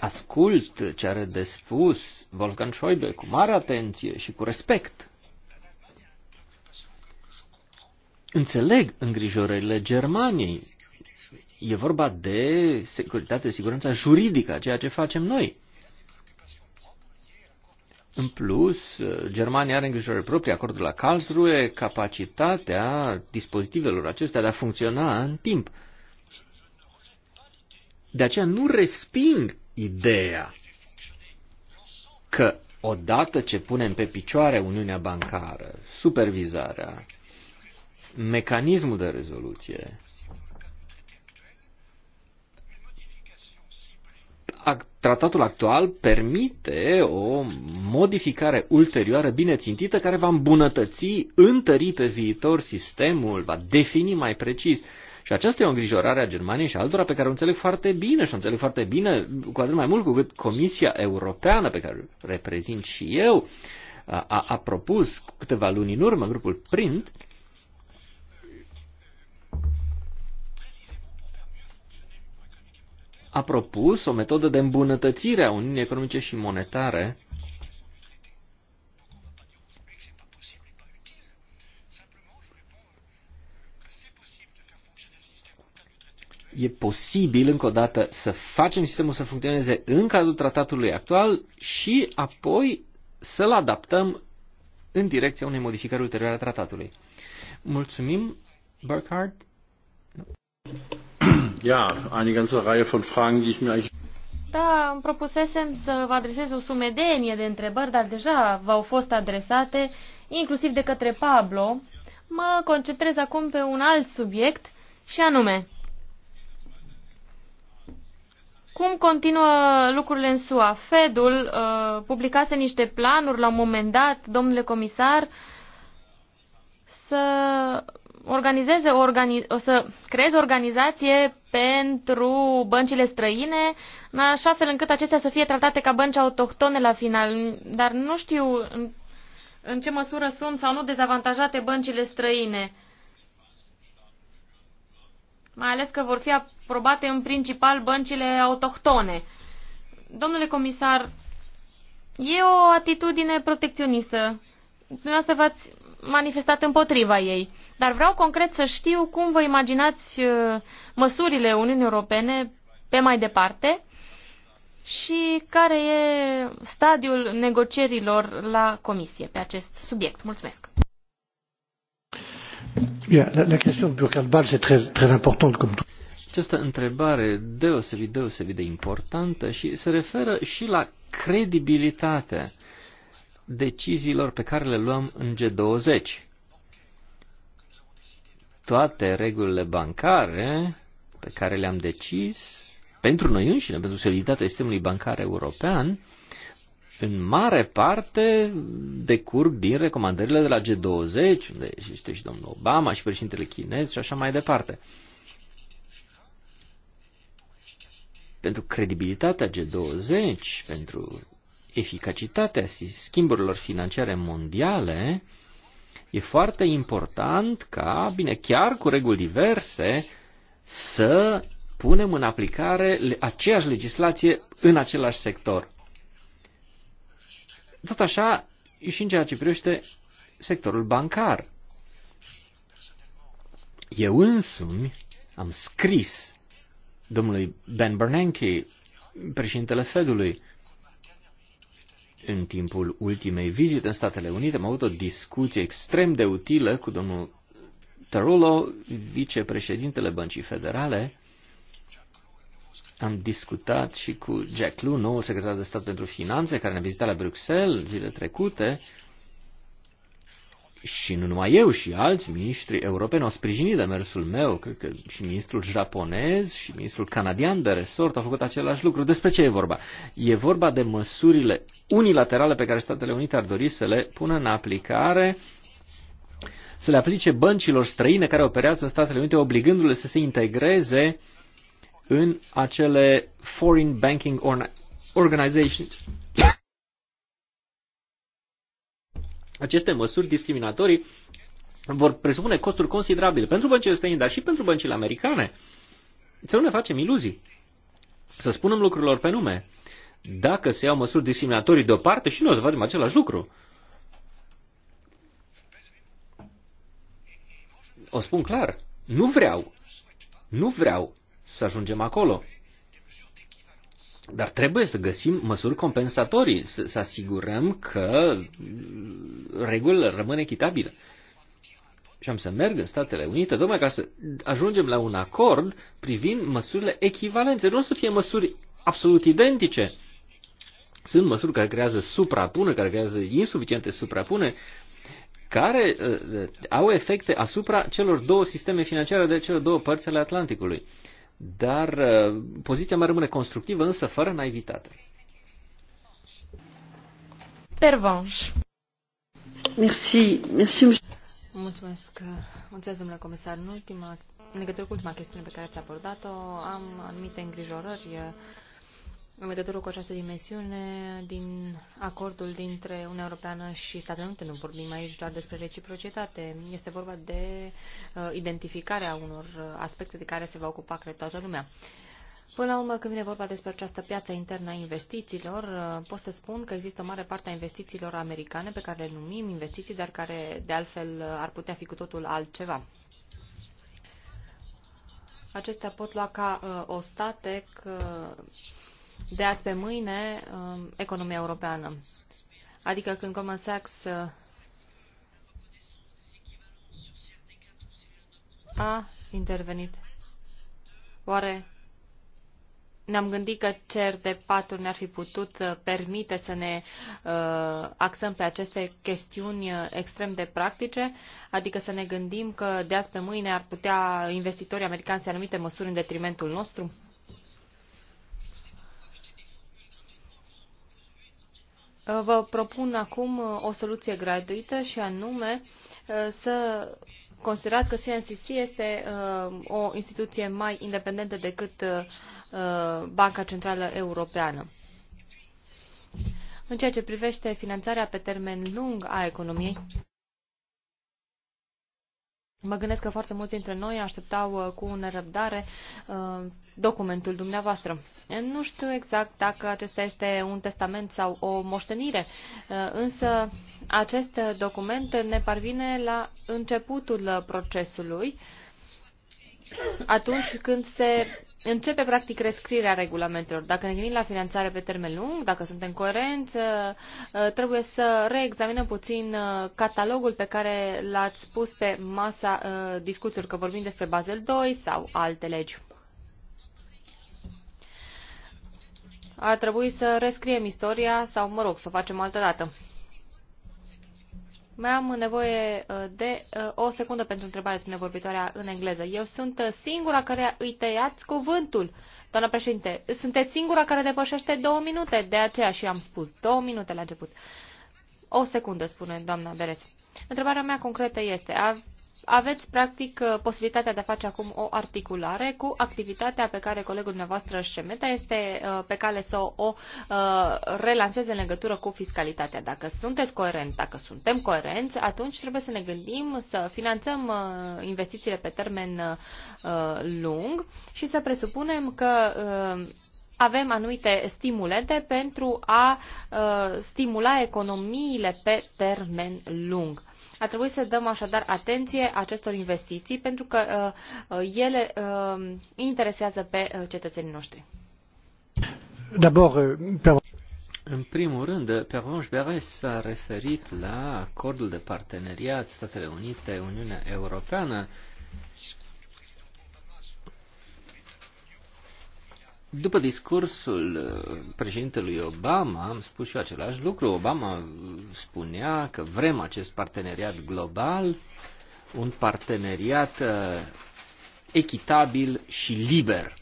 [SPEAKER 3] Ascult ce are de spus Wolfgang Schäuble cu mare atenție și cu respect. Înțeleg îngrijorările Germaniei. E vorba de securitate, siguranța juridică, ceea ce facem noi. În plus, Germania are îngrijorări proprii, acordul la Karlsruhe, capacitatea dispozitivelor acestea de a funcționa în timp. De aceea nu resping ideea că odată ce punem pe picioare Uniunea Bancară, supervizarea, mecanismul de rezoluție, tratatul actual permite o modificare ulterioară bine țintită care va îmbunătăți, întări pe viitor sistemul, va defini mai precis. Și aceasta e o îngrijorare a Germaniei și altora pe care o înțeleg foarte bine și o înțeleg foarte bine, cu atât mai mult cu cât Comisia Europeană, pe care o reprezint și eu, a, a propus câteva luni în urmă, grupul PRINT, a propus o metodă de îmbunătățire a Uniunii Economice și Monetare e posibil, încă o dată, să facem sistemul să funcționeze în cadrul tratatului actual și apoi să-l adaptăm în direcția unei modificări ulterioare a tratatului. Mulțumim, Burkhardt.
[SPEAKER 2] Ja, eine ganze Reihe von Fragen, die ich mir eigentlich
[SPEAKER 1] da îmi propusesem să vă adresez o sumedenie de întrebări, dar deja v-au fost adresate, inclusiv de către Pablo. Mă concentrez acum pe un alt subiect și anume, cum continuă lucrurile în SUA? Fedul uh, publicase niște planuri la un moment dat, domnule comisar, să organizeze, organi- să creeze organizație pentru băncile străine, în așa fel încât acestea să fie tratate ca bănci autohtone la final. Dar nu știu în, în ce măsură sunt sau nu dezavantajate băncile străine. Mai ales că vor fi aprobate în principal băncile autohtone. Domnule comisar, e o atitudine protecționistă. Dumneavoastră v-ați manifestat împotriva ei. Dar vreau concret să știu cum vă imaginați uh, măsurile Uniunii Europene pe mai departe și care e stadiul negocierilor la Comisie pe acest subiect. Mulțumesc!
[SPEAKER 2] la,
[SPEAKER 3] Această întrebare deosebit, deosebit de importantă și se referă și la credibilitate deciziilor pe care le luăm în G20. Toate regulile bancare pe care le-am decis pentru noi înșine, pentru soliditatea sistemului bancar european, în mare parte decurg din recomandările de la G20, unde este și domnul Obama și președintele chinez și așa mai departe. Pentru credibilitatea G20, pentru eficacitatea schimburilor financiare mondiale, e foarte important ca, bine, chiar cu reguli diverse, să punem în aplicare aceeași legislație în același sector. Tot așa și în ceea ce privește sectorul bancar. Eu însumi am scris domnului Ben Bernanke, președintele Fedului, în timpul ultimei vizite în Statele Unite am avut o discuție extrem de utilă cu domnul Tarullo, vicepreședintele Băncii Federale. Am discutat și cu Jack Lew, nou secretar de stat pentru finanțe, care ne-a vizitat la Bruxelles zile trecute și nu numai eu, și alți miniștri europeni au sprijinit demersul meu. Cred că și ministrul japonez și ministrul canadian de resort au făcut același lucru. Despre ce e vorba? E vorba de măsurile unilaterale pe care Statele Unite ar dori să le pună în aplicare să le aplice băncilor străine care operează în Statele Unite, obligându-le să se integreze în acele Foreign Banking Organizations Aceste măsuri discriminatorii vor presupune costuri considerabile pentru băncile străine, dar și pentru băncile americane. Să nu ne facem iluzii. Să spunem lucrurilor pe nume. Dacă se iau măsuri discriminatorii deoparte și noi o să facem același lucru. O spun clar. Nu vreau. Nu vreau să ajungem acolo. Dar trebuie să găsim măsuri compensatorii, să, să asigurăm că regulile rămân echitabile. Și am să merg în Statele Unite, tocmai ca să ajungem la un acord privind măsurile echivalențe. Nu o să fie măsuri absolut identice. Sunt măsuri care creează suprapune, care creează insuficiente suprapune, care uh, uh, au efecte asupra celor două sisteme financiare de celor două părți ale Atlanticului. Uh, dar uh, poziția mea rămâne constructivă, însă fără naivitate.
[SPEAKER 1] Pervanș. Merci, merci.
[SPEAKER 4] Mulțumesc, mulțumesc, domnule comisar. În, ultima, în legătură cu ultima chestiune pe care ați abordat-o, am anumite îngrijorări în legătură cu această dimensiune din acordul dintre Uniunea Europeană și Statele Unite. Nu vorbim aici doar despre reciprocitate. Este vorba de uh, identificarea unor uh, aspecte de care se va ocupa, cred, toată lumea. Până la urmă, când vine vorba despre această piață internă a investițiilor, uh, pot să spun că există o mare parte a investițiilor americane pe care le numim investiții, dar care de altfel uh, ar putea fi cu totul altceva acestea pot lua ca uh, o statec uh, de azi pe mâine um, economia europeană. Adică când Goldman Sachs uh, a intervenit. Oare ne-am gândit că cer de patru ne-ar fi putut uh, permite să ne uh, axăm pe aceste chestiuni uh, extrem de practice, adică să ne gândim că de azi pe mâine ar putea investitorii americani să anumite măsuri în detrimentul nostru? vă propun acum uh, o soluție gratuită și anume uh, să considerați că CNCC este uh, o instituție mai independentă decât Banca Centrală Europeană. În ceea ce privește finanțarea pe termen lung a economiei, Mă gândesc că foarte mulți dintre noi așteptau uh, cu nerăbdare uh, documentul dumneavoastră. Nu știu exact dacă acesta este un testament sau o moștenire, uh, însă acest document ne parvine la începutul procesului, atunci când se începe practic rescrierea regulamentelor. Dacă ne gândim la finanțare pe termen lung, dacă suntem coerenți, ă, trebuie să reexaminăm puțin ă, catalogul pe care l-ați pus pe masa ă, discuțiilor, că vorbim despre Basel 2 sau alte legi. Ar trebui să rescriem istoria sau, mă rog, să o facem altă dată. Mai am nevoie uh, de uh, o secundă pentru întrebare, spune vorbitoarea în engleză. Eu sunt uh, singura care îi tăiați cuvântul, doamna președinte. Sunteți singura care depășește două minute, de aceea și am spus două minute la început. O secundă, spune doamna Beres. Întrebarea mea concretă este, aveți practic uh, posibilitatea de a face acum o articulare cu activitatea pe care colegul dumneavoastră Șemeta este uh, pe cale să o uh, relanseze în legătură cu fiscalitatea. Dacă sunteți coerenți, dacă suntem coerenți, atunci trebuie să ne gândim să finanțăm investițiile pe termen lung și să presupunem că avem anumite stimulente pentru a stimula economiile pe termen lung. A trebui să dăm așadar atenție acestor investiții pentru că uh, uh, ele uh, interesează pe cetățenii noștri.
[SPEAKER 2] Euh,
[SPEAKER 3] În primul rând, Pervenche Beres s-a referit la acordul de parteneriat Statele Unite-Uniunea Europeană După discursul uh, președintelui Obama, am spus și eu același lucru. Obama uh, spunea că vrem acest parteneriat global, un parteneriat uh, echitabil și liber.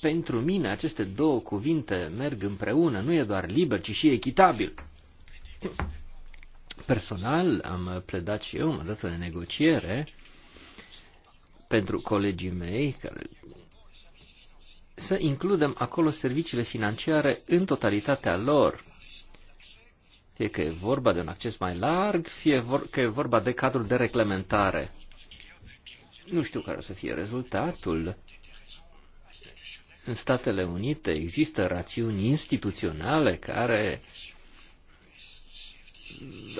[SPEAKER 3] Pentru mine aceste două cuvinte merg împreună, nu e doar liber, ci și echitabil. Personal am pledat și eu, m-am dat o negociere pentru colegii mei care să includem acolo serviciile financiare în totalitatea lor. Fie că e vorba de un acces mai larg, fie vor, că e vorba de cadrul de reglementare. Nu știu care o să fie rezultatul. În Statele Unite există rațiuni instituționale care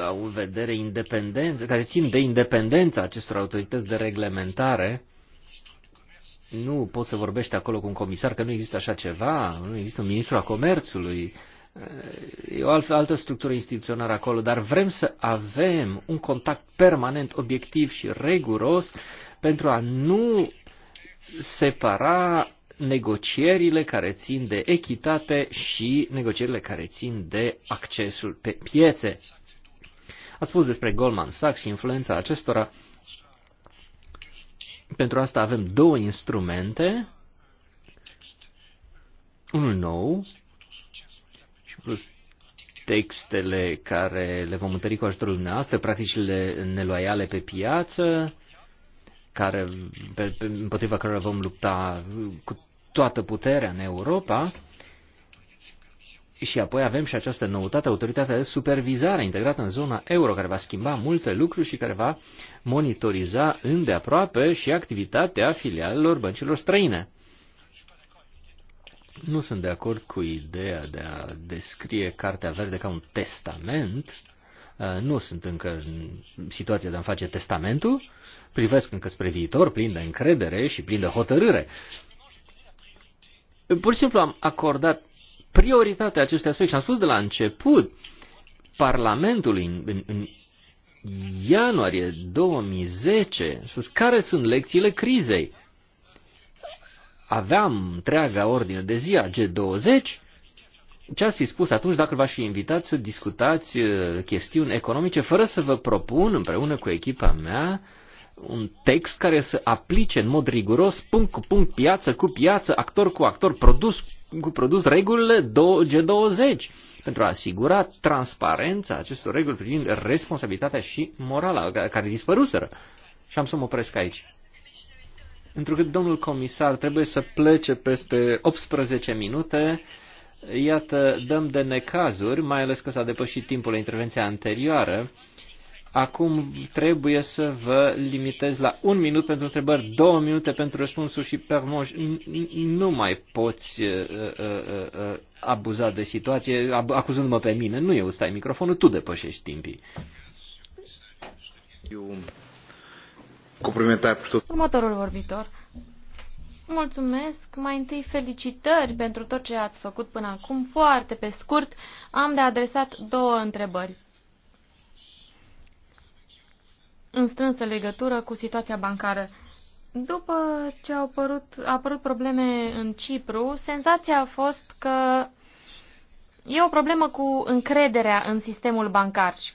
[SPEAKER 3] au în vedere independență, care țin de independența acestor autorități de reglementare nu poți să vorbești acolo cu un comisar că nu există așa ceva, nu există un ministru a comerțului, e o altă, altă structură instituțională acolo, dar vrem să avem un contact permanent, obiectiv și reguros pentru a nu separa negocierile care țin de echitate și negocierile care țin de accesul pe piețe. A spus despre Goldman Sachs și influența acestora. Pentru asta avem două instrumente, unul nou și plus textele care le vom întări cu ajutorul dumneavoastră, practicile neloiale pe piață, care, pe, pe, împotriva cărora vom lupta cu toată puterea în Europa, și apoi avem și această noutate, autoritatea de supervizare integrată în zona euro, care va schimba multe lucruri și care va monitoriza îndeaproape și activitatea filialelor băncilor străine. Nu sunt de acord cu ideea de a descrie Cartea Verde ca un testament. Uh, nu sunt încă în situația de a-mi face testamentul. Privesc încă spre viitor, plin de încredere și plin de hotărâre. Pur și simplu am acordat prioritatea acestui aspect și am spus de la început Parlamentului în, în, în ianuarie 2010, sus spus care sunt lecțiile crizei. Aveam întreaga ordine de zi a G20 ce ați fi spus atunci dacă v-aș fi invitat să discutați uh, chestiuni economice fără să vă propun împreună cu echipa mea un text care să aplice în mod riguros punct cu punct, piață cu piață, actor cu actor, produs cu produs regulile G20 pentru a asigura transparența acestor reguli privind responsabilitatea și morala care dispăruseră. Și am să mă opresc aici. Întrucât domnul comisar trebuie să plece peste 18 minute, iată, dăm de necazuri, mai ales că s-a depășit timpul intervenției anterioare. anterioară. Acum trebuie să vă limitez la un minut pentru întrebări, două minute pentru răspunsuri și pe moș. Nu mai poți uh, uh, uh, abuza de situație ab- acuzându-mă pe mine. Nu eu stai microfonul, tu depășești timpii.
[SPEAKER 1] Următorul vorbitor. Mulțumesc. Mai întâi felicitări pentru tot ce ați făcut până acum. Foarte pe scurt, am de adresat două întrebări în strânsă legătură cu situația bancară. După ce au apărut, au apărut probleme în Cipru, senzația a fost că e o problemă cu încrederea în sistemul bancar și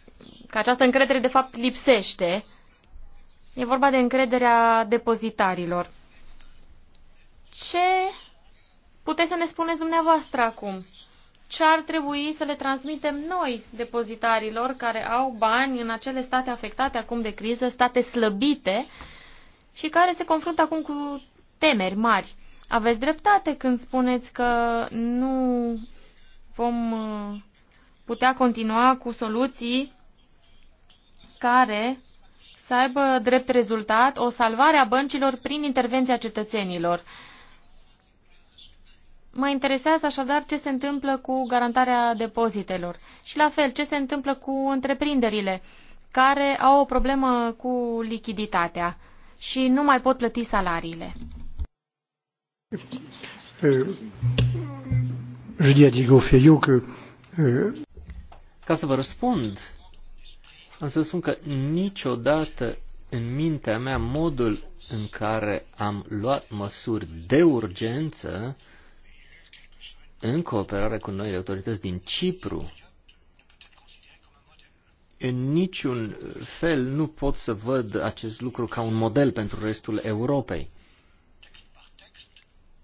[SPEAKER 1] că această încredere de fapt lipsește. E vorba de încrederea depozitarilor. Ce puteți să ne spuneți dumneavoastră acum? ce ar trebui să le transmitem noi depozitarilor care au bani în acele state afectate acum de criză, state slăbite și care se confruntă acum cu temeri mari. Aveți dreptate când spuneți că nu vom uh, putea continua cu soluții care să aibă drept rezultat o salvare a băncilor prin intervenția cetățenilor. Mă interesează așadar ce se întâmplă cu garantarea depozitelor și la fel ce se întâmplă cu întreprinderile care au o problemă cu lichiditatea și nu mai pot plăti salariile.
[SPEAKER 2] că... Euh, Ca să vă răspund,
[SPEAKER 3] am să spun că niciodată în mintea mea modul în care am luat măsuri de urgență în cooperare cu noile autorități din Cipru, în niciun fel nu pot să văd acest lucru ca un model pentru restul Europei.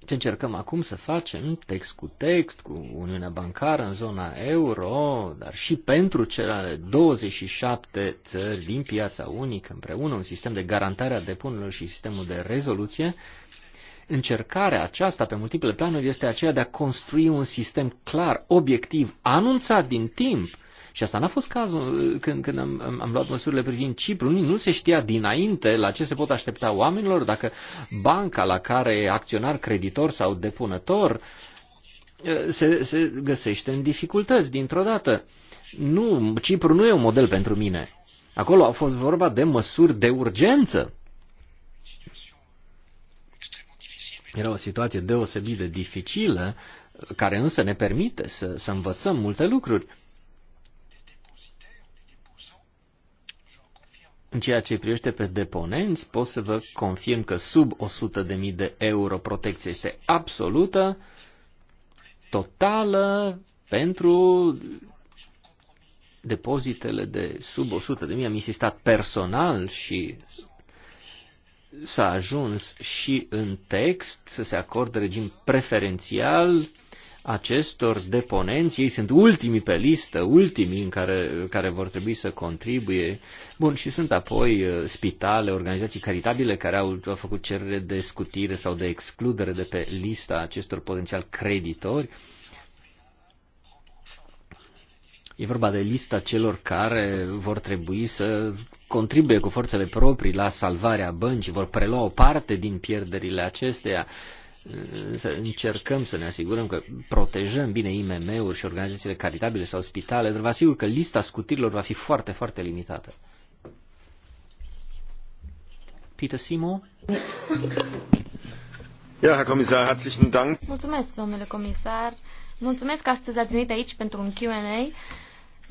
[SPEAKER 3] Ce încercăm acum să facem, text cu text, cu Uniunea Bancară în zona euro, dar și pentru cele 27 țări din piața unică împreună, un sistem de garantare a depunerilor și sistemul de rezoluție, uh, Încercarea aceasta pe multiple planuri este aceea de a construi un sistem clar, obiectiv, anunțat din timp. Și asta n-a fost cazul uh, când, când am, am luat măsurile privind Cipru. Nu se știa dinainte la ce se pot aștepta oamenilor dacă banca la care e acționar, creditor sau depunător uh, se, se găsește în dificultăți dintr-o dată. Nu, Cipru nu e un model pentru mine. Acolo a fost vorba de măsuri de urgență. Era o situație deosebit de dificilă, care însă ne permite să, să învățăm multe lucruri. În ceea ce privește pe deponenți, pot să vă confirm că sub 100.000 de euro protecția este absolută, totală, pentru depozitele de sub 100.000. Am insistat personal și s-a ajuns și în text să se acorde regim preferențial acestor deponenți, ei sunt ultimii pe listă, ultimii în care, care vor trebui să contribuie. Bun, și sunt apoi uh, spitale, organizații caritabile care au, au făcut cerere de scutire sau de excludere de pe lista acestor potențial creditori. E vorba de lista celor care vor trebui să contribuie cu forțele proprii la salvarea băncii, vor prelua o parte din pierderile acesteia. Să încercăm să ne asigurăm că protejăm bine IMM-uri și organizațiile caritabile sau spitale, dar vă asigur că lista scutirilor va fi foarte, foarte limitată. Peter Simo.
[SPEAKER 4] Ja, Herr Kommissar, herzlichen Dank.
[SPEAKER 1] Mulțumesc, domnule comisar. Mulțumesc că astăzi ați venit aici pentru un Q&A.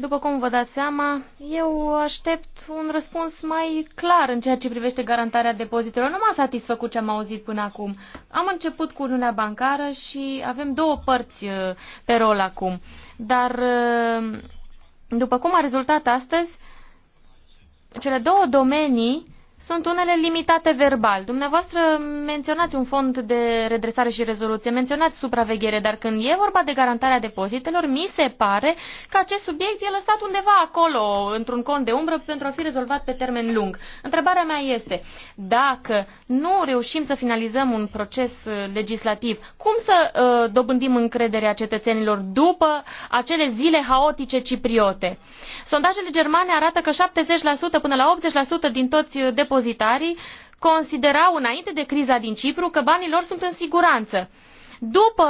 [SPEAKER 1] După cum vă dați seama, eu aștept un răspuns mai clar în ceea ce privește garantarea depozitelor. Nu m-a satisfăcut ce am auzit până acum. Am început cu Uniunea Bancară și avem două părți uh, pe rol acum. Dar, uh, după cum a rezultat astăzi, cele două domenii sunt unele limitate verbal. Dumneavoastră menționați un fond de redresare și rezoluție, menționați supraveghere, dar când e vorba de garantarea depozitelor, mi se pare că acest subiect e lăsat undeva acolo, într-un cont de umbră, pentru a fi rezolvat pe termen lung. Întrebarea mea este, dacă nu reușim să finalizăm un proces uh, legislativ, cum să uh, dobândim încrederea cetățenilor după acele zile haotice cipriote? Sondajele germane arată că 70% până la 80% din toți uh, depozitorii depozitarii considerau înainte de criza din Cipru că banii lor sunt în siguranță. După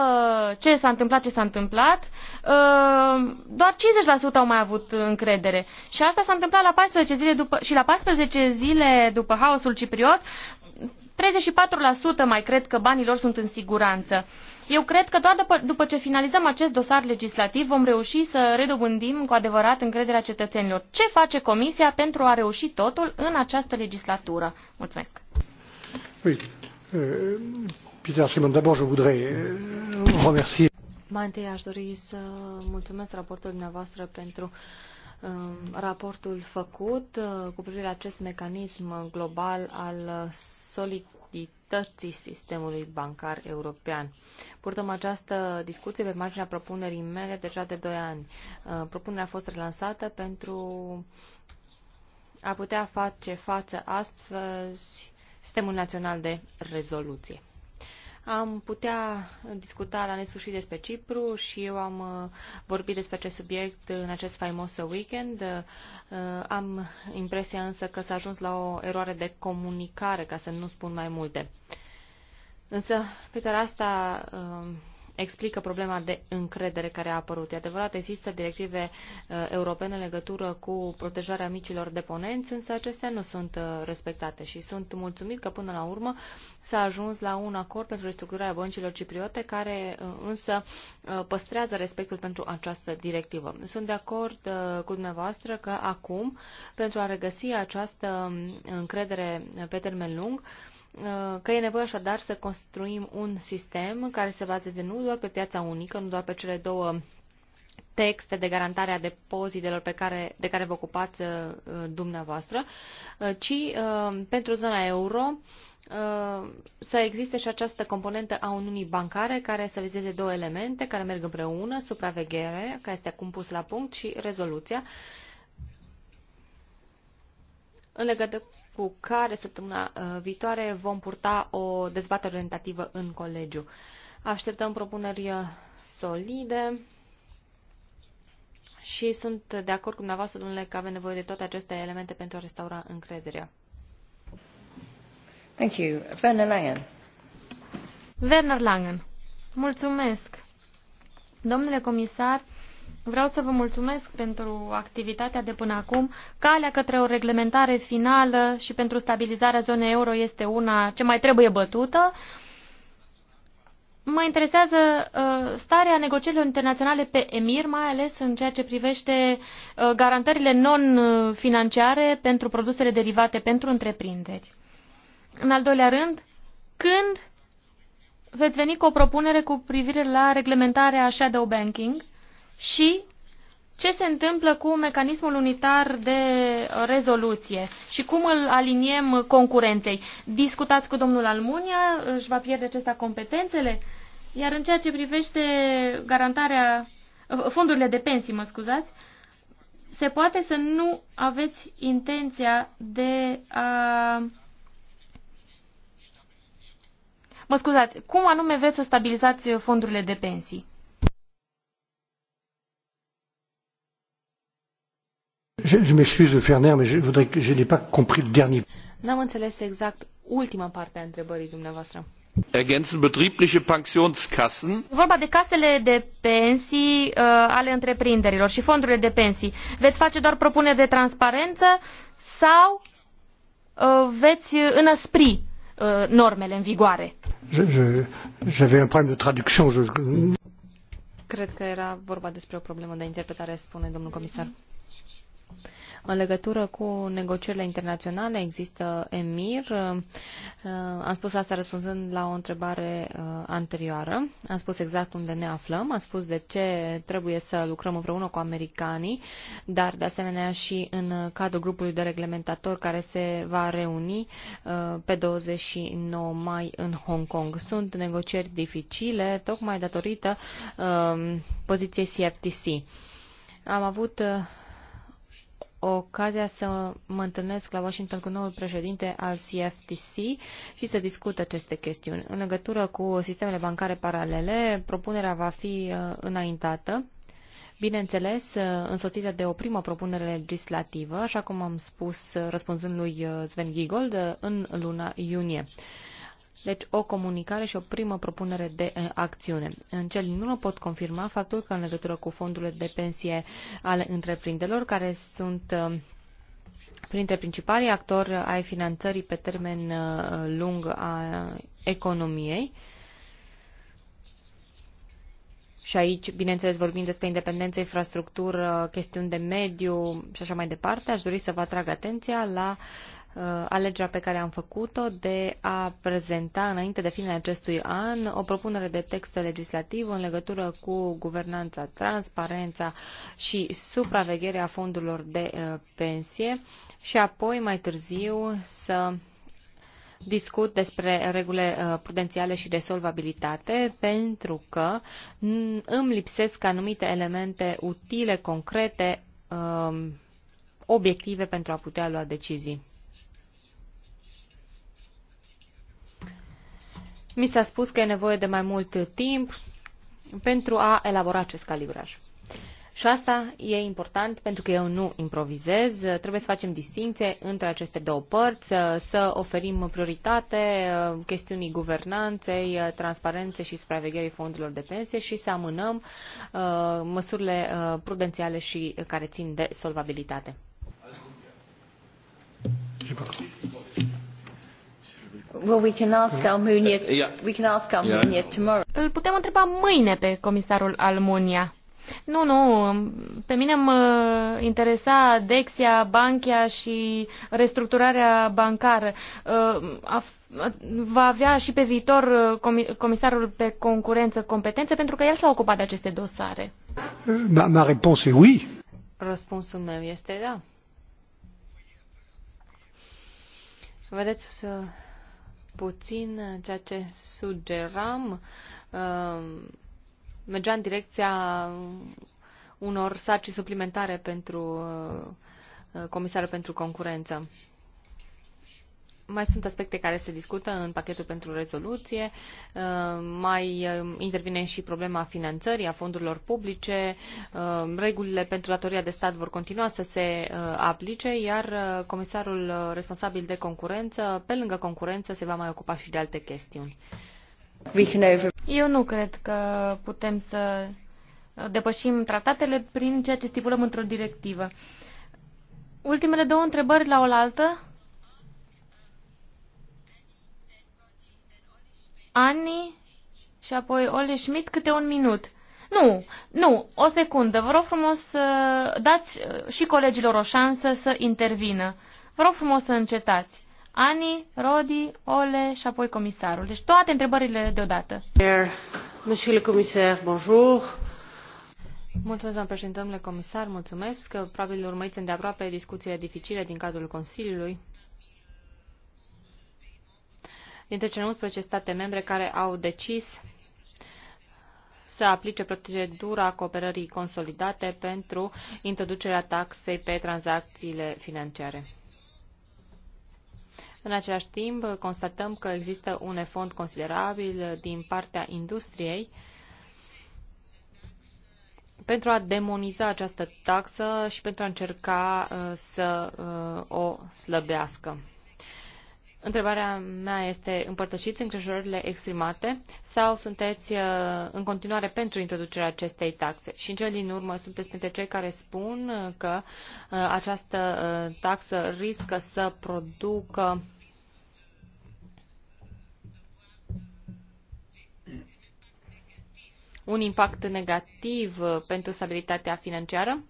[SPEAKER 1] ce s-a întâmplat ce s-a întâmplat, uh, doar 50% au mai avut încredere. Și asta s-a întâmplat la 14 zile după, și la 14 zile după haosul cipriot, 34% mai cred că banii lor sunt în siguranță. Eu cred că doar după, după ce finalizăm acest dosar legislativ vom reuși să redobândim cu adevărat încrederea cetățenilor. Ce face Comisia pentru a reuși totul în această legislatură? Mulțumesc.
[SPEAKER 2] Oui. Euh, Peter Simon, d'abord je voudrais euh, remercier.
[SPEAKER 4] Mai întâi aș dori să mulțumesc raportul dumneavoastră pentru um, raportul făcut uh, cu privire la acest mecanism global al solidarității stabilității sistemului bancar european. Purtăm această discuție pe marginea propunerii mele deja de 2 ani. Uh, propunerea a fost relansată pentru a putea face față astăzi sistemul național de rezoluție. Am putea discuta la nesfârșit despre Cipru și eu am uh, vorbit despre acest subiect în acest faimos weekend. Uh, am impresia însă că s-a ajuns la o eroare de comunicare, ca să nu spun mai multe. Însă, care asta explică problema de încredere care a apărut. E adevărat, există directive uh, europene în legătură cu protejarea micilor deponenți, însă acestea nu sunt uh, respectate și sunt mulțumit că până la urmă s-a ajuns la un acord pentru restructurarea băncilor cipriote, care uh, însă păstrează respectul pentru această directivă. Sunt de acord cu dumneavoastră că acum, pentru a regăsi această um, încredere pe termen lung, Uh, că e nevoie așadar să construim un sistem care se bazeze nu doar pe piața unică, nu doar pe cele două texte de garantare a depozitelor pe care, de care vă ocupați uh, uh, dumneavoastră, ci pentru zona euro să existe și această componentă a Uniunii Bancare care să vizeze două elemente care merg împreună, supraveghere, care este acum pus la punct, și rezoluția în legătură cu care săptămâna uh, viitoare vom purta o dezbatere orientativă în colegiu. Așteptăm propuneri uh, solide și sunt de acord cu dumneavoastră, domnule, că avem nevoie de toate aceste elemente pentru a restaura încrederea. Thank you. Werner Langen.
[SPEAKER 1] Werner Langen. Mulțumesc. Domnule comisar, Vreau să vă mulțumesc pentru activitatea de până acum. Calea către o reglementare finală și pentru stabilizarea zonei euro este una ce mai trebuie bătută. Mă interesează uh, starea negocierilor internaționale pe EMIR, mai ales în ceea ce privește uh, garantările non-financiare pentru produsele derivate pentru întreprinderi. În al doilea rând, când veți veni cu o propunere cu privire la reglementarea shadow banking? și ce se întâmplă cu mecanismul unitar de rezoluție și cum îl aliniem concurenței. Discutați cu domnul Almunia, își va pierde acesta competențele, iar în ceea ce privește garantarea, fondurile de pensii, mă scuzați, se poate să nu aveți intenția de a... Mă scuzați, cum anume veți să stabilizați fondurile de pensii?
[SPEAKER 2] je, je m'excuse Ferner, mais je, voudrais que je n'ai pas compris le dernier.
[SPEAKER 4] N-am înțeles exact ultima parte a întrebării dumneavoastră. Ergänzen
[SPEAKER 2] betriebliche Pensionskassen.
[SPEAKER 4] Vorba de casele de pensii uh, ale
[SPEAKER 1] întreprinderilor și fondurile de pensii. Veți face doar propuneri de transparență sau uh, veți înăspri uh, normele în vigoare?
[SPEAKER 2] J'avais un problème de traduction. Je...
[SPEAKER 4] Cred că era vorba despre o problemă de interpretare, spune domnul comisar. În legătură cu negocierile internaționale există EMIR. Uh, am spus asta răspunzând la o întrebare uh, anterioară. Am spus exact unde ne aflăm, am spus de ce trebuie să lucrăm împreună cu americanii, dar de asemenea și în cadrul grupului de reglementator care se va reuni uh, pe 29 mai în Hong Kong. Sunt negocieri dificile, tocmai datorită poziției CFTC. Am avut ocazia să mă întâlnesc la Washington cu noul președinte al CFTC și să discut aceste chestiuni. În legătură cu sistemele bancare paralele, propunerea va fi uh, înaintată, bineînțeles uh, însoțită de o primă propunere legislativă, așa cum am spus uh, răspunzând lui Sven Giegold, în luna iunie. Deci o comunicare și o primă propunere de eh, acțiune. În cel din urmă pot confirma faptul că în legătură cu fondurile de pensie ale întreprinderilor, care sunt eh, printre principalii actori eh, ai finanțării pe termen lung a economiei, și aici, bineînțeles, vorbim despre independență, infrastructură, chestiuni de mediu și așa mai departe. Aș dori să vă atrag atenția la Uh, alegerea pe care am făcut-o de a prezenta înainte de finele acestui an o propunere de text legislativ în legătură cu guvernanța, transparența și supravegherea fondurilor de uh, pensie și apoi mai târziu să discut despre regulile uh, prudențiale și de solvabilitate pentru că îmi lipsesc anumite elemente utile, concrete, um, obiective pentru a putea lua decizii. Mi s-a spus că e nevoie de mai mult timp pentru a elabora acest calibraj. Și asta e important pentru că eu nu improvizez. Trebuie să facem distinție între aceste două părți, să oferim prioritate chestiunii guvernanței, transparenței și supravegherii fondurilor de pensie și să amânăm uh, măsurile uh, prudențiale și care țin de solvabilitate.
[SPEAKER 1] Îl putem întreba mâine pe comisarul Almunia. Nu, nu, pe mine mă interesa Dexia, Banchia și restructurarea bancară. Uh, va avea și pe viitor uh, comisarul pe concurență competențe pentru că el s-a ocupat de aceste dosare.
[SPEAKER 2] Ma, ma réponse est oui.
[SPEAKER 4] Răspunsul meu este da. Vedeți, puțin uh, ceea ce sugeram uh, mergea în direcția unor sarcini suplimentare pentru uh, comisarul pentru concurență. Mai sunt aspecte care se discută în pachetul pentru rezoluție, uh, mai uh, intervine și problema finanțării a fondurilor publice, uh, regulile pentru datoria de stat vor continua să se aplice, iar comisarul responsabil de concurență, pe lângă concurență, se va mai ocupa și de alte chestiuni.
[SPEAKER 1] Eu nu cred că putem să depășim tratatele prin ceea ce stipulăm într-o directivă. Ultimele două întrebări la oaltă Ani și apoi Ole Schmidt câte un minut. Nu, nu, o secundă. Vă rog frumos să dați uh, și colegilor o șansă să intervină. Vă rog frumos să încetați. Ani, Rodi, Ole și apoi comisarul. Deci toate întrebările deodată.
[SPEAKER 4] Monsieur le comisar, bonjour. Mulțumesc, doamnă președinte, domnule comisar, mulțumesc. Probabil urmăriți îndeaproape discuțiile dificile din cadrul Consiliului dintre cele 11 state membre care au decis să aplice procedura cooperării consolidate pentru introducerea taxei pe tranzacțiile financiare. În același timp, constatăm că există un efort considerabil din partea industriei pentru a demoniza această taxă și pentru a încerca uh, să uh, o slăbească. Întrebarea mea este, împărtășiți îngrijorările exprimate sau sunteți uh, în continuare pentru introducerea acestei taxe? Și în cel din urmă sunteți printre cei care spun uh, că uh, această taxă riscă să producă un impact negativ pentru stabilitatea financiară?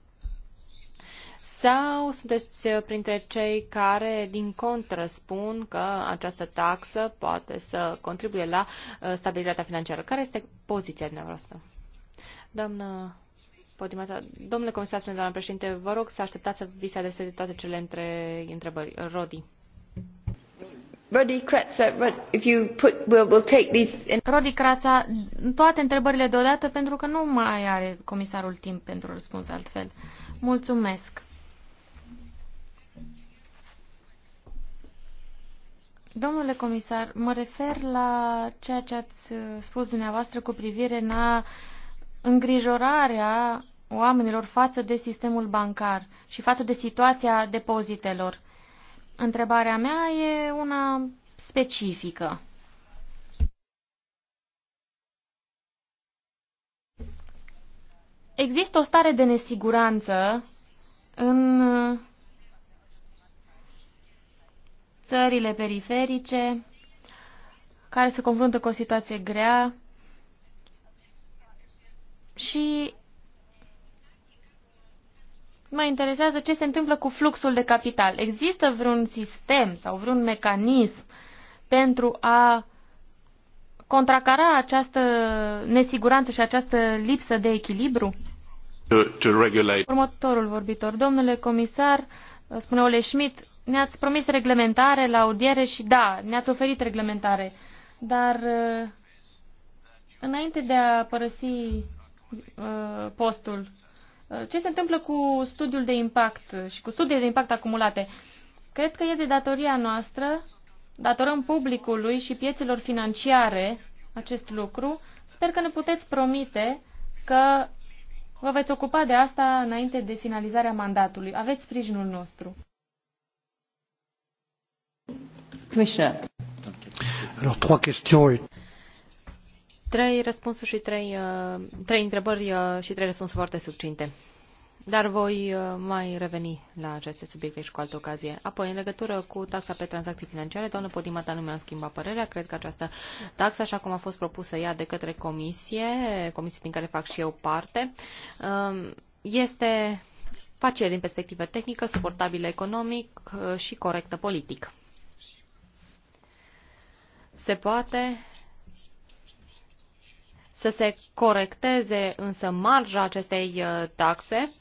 [SPEAKER 4] Sau sunteți uh, printre cei care, din contră, spun că această taxă poate să contribuie la uh, stabilitatea financiară? Care este poziția dumneavoastră? Doamnă Podimata, domnule comisar, spune doamna președinte, vă rog să așteptați să vi se adreseze toate cele între întrebări. Rodi. Rodi Crața, Rodi
[SPEAKER 1] toate întrebările deodată, pentru că nu mai are comisarul timp pentru răspuns altfel. Mulțumesc. Domnule comisar, mă refer la ceea ce ați uh, spus dumneavoastră cu privire la îngrijorarea oamenilor față de sistemul bancar și față de situația depozitelor. Întrebarea mea e una specifică. Există o stare de nesiguranță în țările periferice care se confruntă cu o situație grea și mă interesează ce se întâmplă cu fluxul de capital. Există vreun sistem sau vreun mecanism pentru a contracara această nesiguranță și această lipsă de echilibru? To, to Următorul vorbitor, domnule comisar, spune Ole Schmidt, ne-ați promis reglementare la audiere și da, ne-ați oferit reglementare. Dar uh, înainte de a părăsi uh, postul, uh, ce se întâmplă cu studiul de impact și cu studiile de impact acumulate? Cred că e de datoria noastră, datorăm publicului și piețelor financiare acest lucru. Sper că ne puteți promite că vă veți ocupa de asta înainte de finalizarea mandatului. Aveți sprijinul nostru.
[SPEAKER 2] Alors, trois questions.
[SPEAKER 4] Trei răspunsuri și trei, uh, trei întrebări uh, și trei răspunsuri foarte succinte. Dar voi uh, mai reveni la aceste subiecte și cu altă ocazie. Apoi, în legătură cu taxa pe tranzacții financiare, doamnă Podimata nu mi-a schimbat părerea. Cred că această taxă, așa cum a fost propusă ea de către comisie, comisie din care fac și eu parte, um, este facilă din perspectivă tehnică, suportabilă economic și corectă politic se poate să se corecteze însă marja acestei uh, taxe.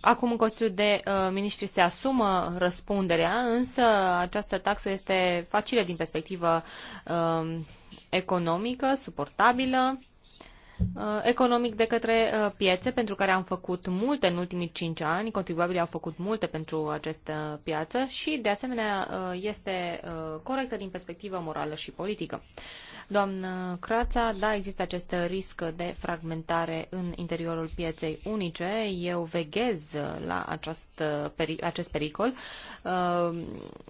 [SPEAKER 4] Acum Consiliul de uh, Ministri se asumă răspunderea, însă această taxă este facilă din perspectivă uh, economică, suportabilă Uh, economic de către uh, piețe, pentru care am făcut multe în ultimii cinci ani, contribuabilii au făcut multe pentru această piață și, de asemenea, uh, este corectă din perspectivă morală și politică. Doamnă Crața, da, există acest risc de fragmentare în interiorul pieței unice. Eu veghez la acest, acest pericol. Uh,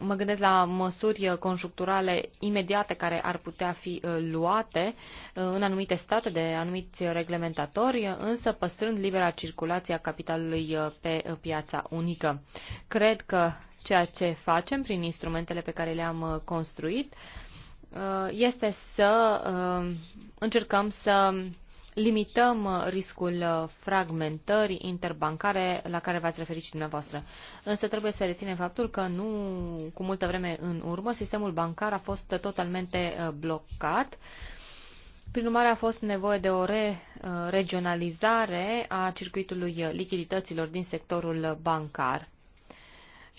[SPEAKER 4] mă gândesc la măsuri conjuncturale imediate care ar putea fi uh, luate uh, în anumite state de anumiți reglementatori, însă păstrând libera circulație a capitalului pe piața unică. Cred că ceea ce facem prin instrumentele pe care le-am construit uh, Uh, este să uh, încercăm să limităm uh, riscul fragmentării interbancare la care v-ați referit și dumneavoastră. Însă trebuie să reținem faptul că nu cu multă vreme în urmă sistemul bancar a fost totalmente blocat. Prin urmare, a fost nevoie de o re-regionalizare a circuitului lichidităților din sectorul bancar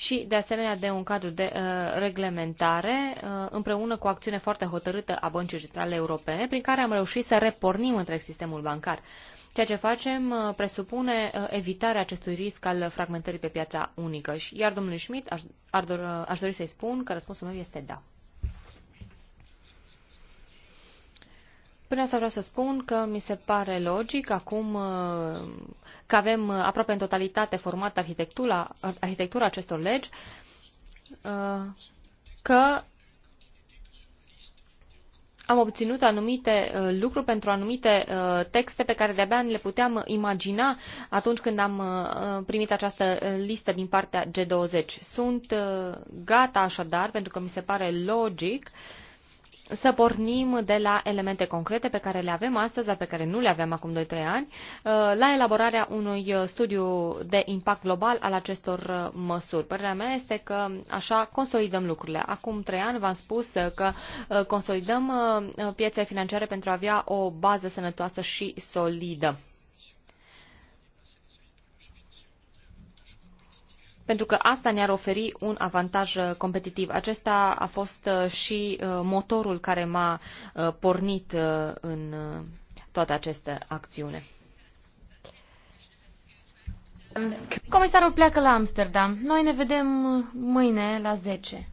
[SPEAKER 4] și, de asemenea, de un cadru de uh, reglementare uh, împreună cu o acțiune foarte hotărâtă a Băncii Centrale Europene, prin care am reușit să repornim întreg sistemul bancar. Ceea ce facem uh, presupune uh, evitarea acestui risc al fragmentării pe piața unică. Iar domnului Schmidt aș, ar, ar, uh, aș dori să-i spun că răspunsul meu este da. Până să vreau să spun că mi se pare logic acum uh, că avem uh, aproape în totalitate formată arhitectura, arhitectura acestor legi, uh, că am obținut anumite lucruri pentru anumite texte pe care de-abia le puteam imagina atunci când am primit această listă din partea G20. Sunt gata așadar, pentru că mi se pare logic, să pornim de la elemente concrete pe care le avem astăzi, dar pe care nu le aveam acum 2-3 ani, uh, la elaborarea unui uh, studiu de impact global al acestor uh, măsuri. Părerea mea este că așa consolidăm lucrurile. Acum 3 ani v-am spus că consolidăm piețe financiare pentru a avea o bază sănătoasă și solidă. pentru că asta ne-ar oferi un avantaj uh, competitiv. Acesta a fost uh, și uh, motorul care m-a pornit în toată această acțiune.
[SPEAKER 1] Comisarul pleacă la Amsterdam. Noi ne vedem mâine la 10.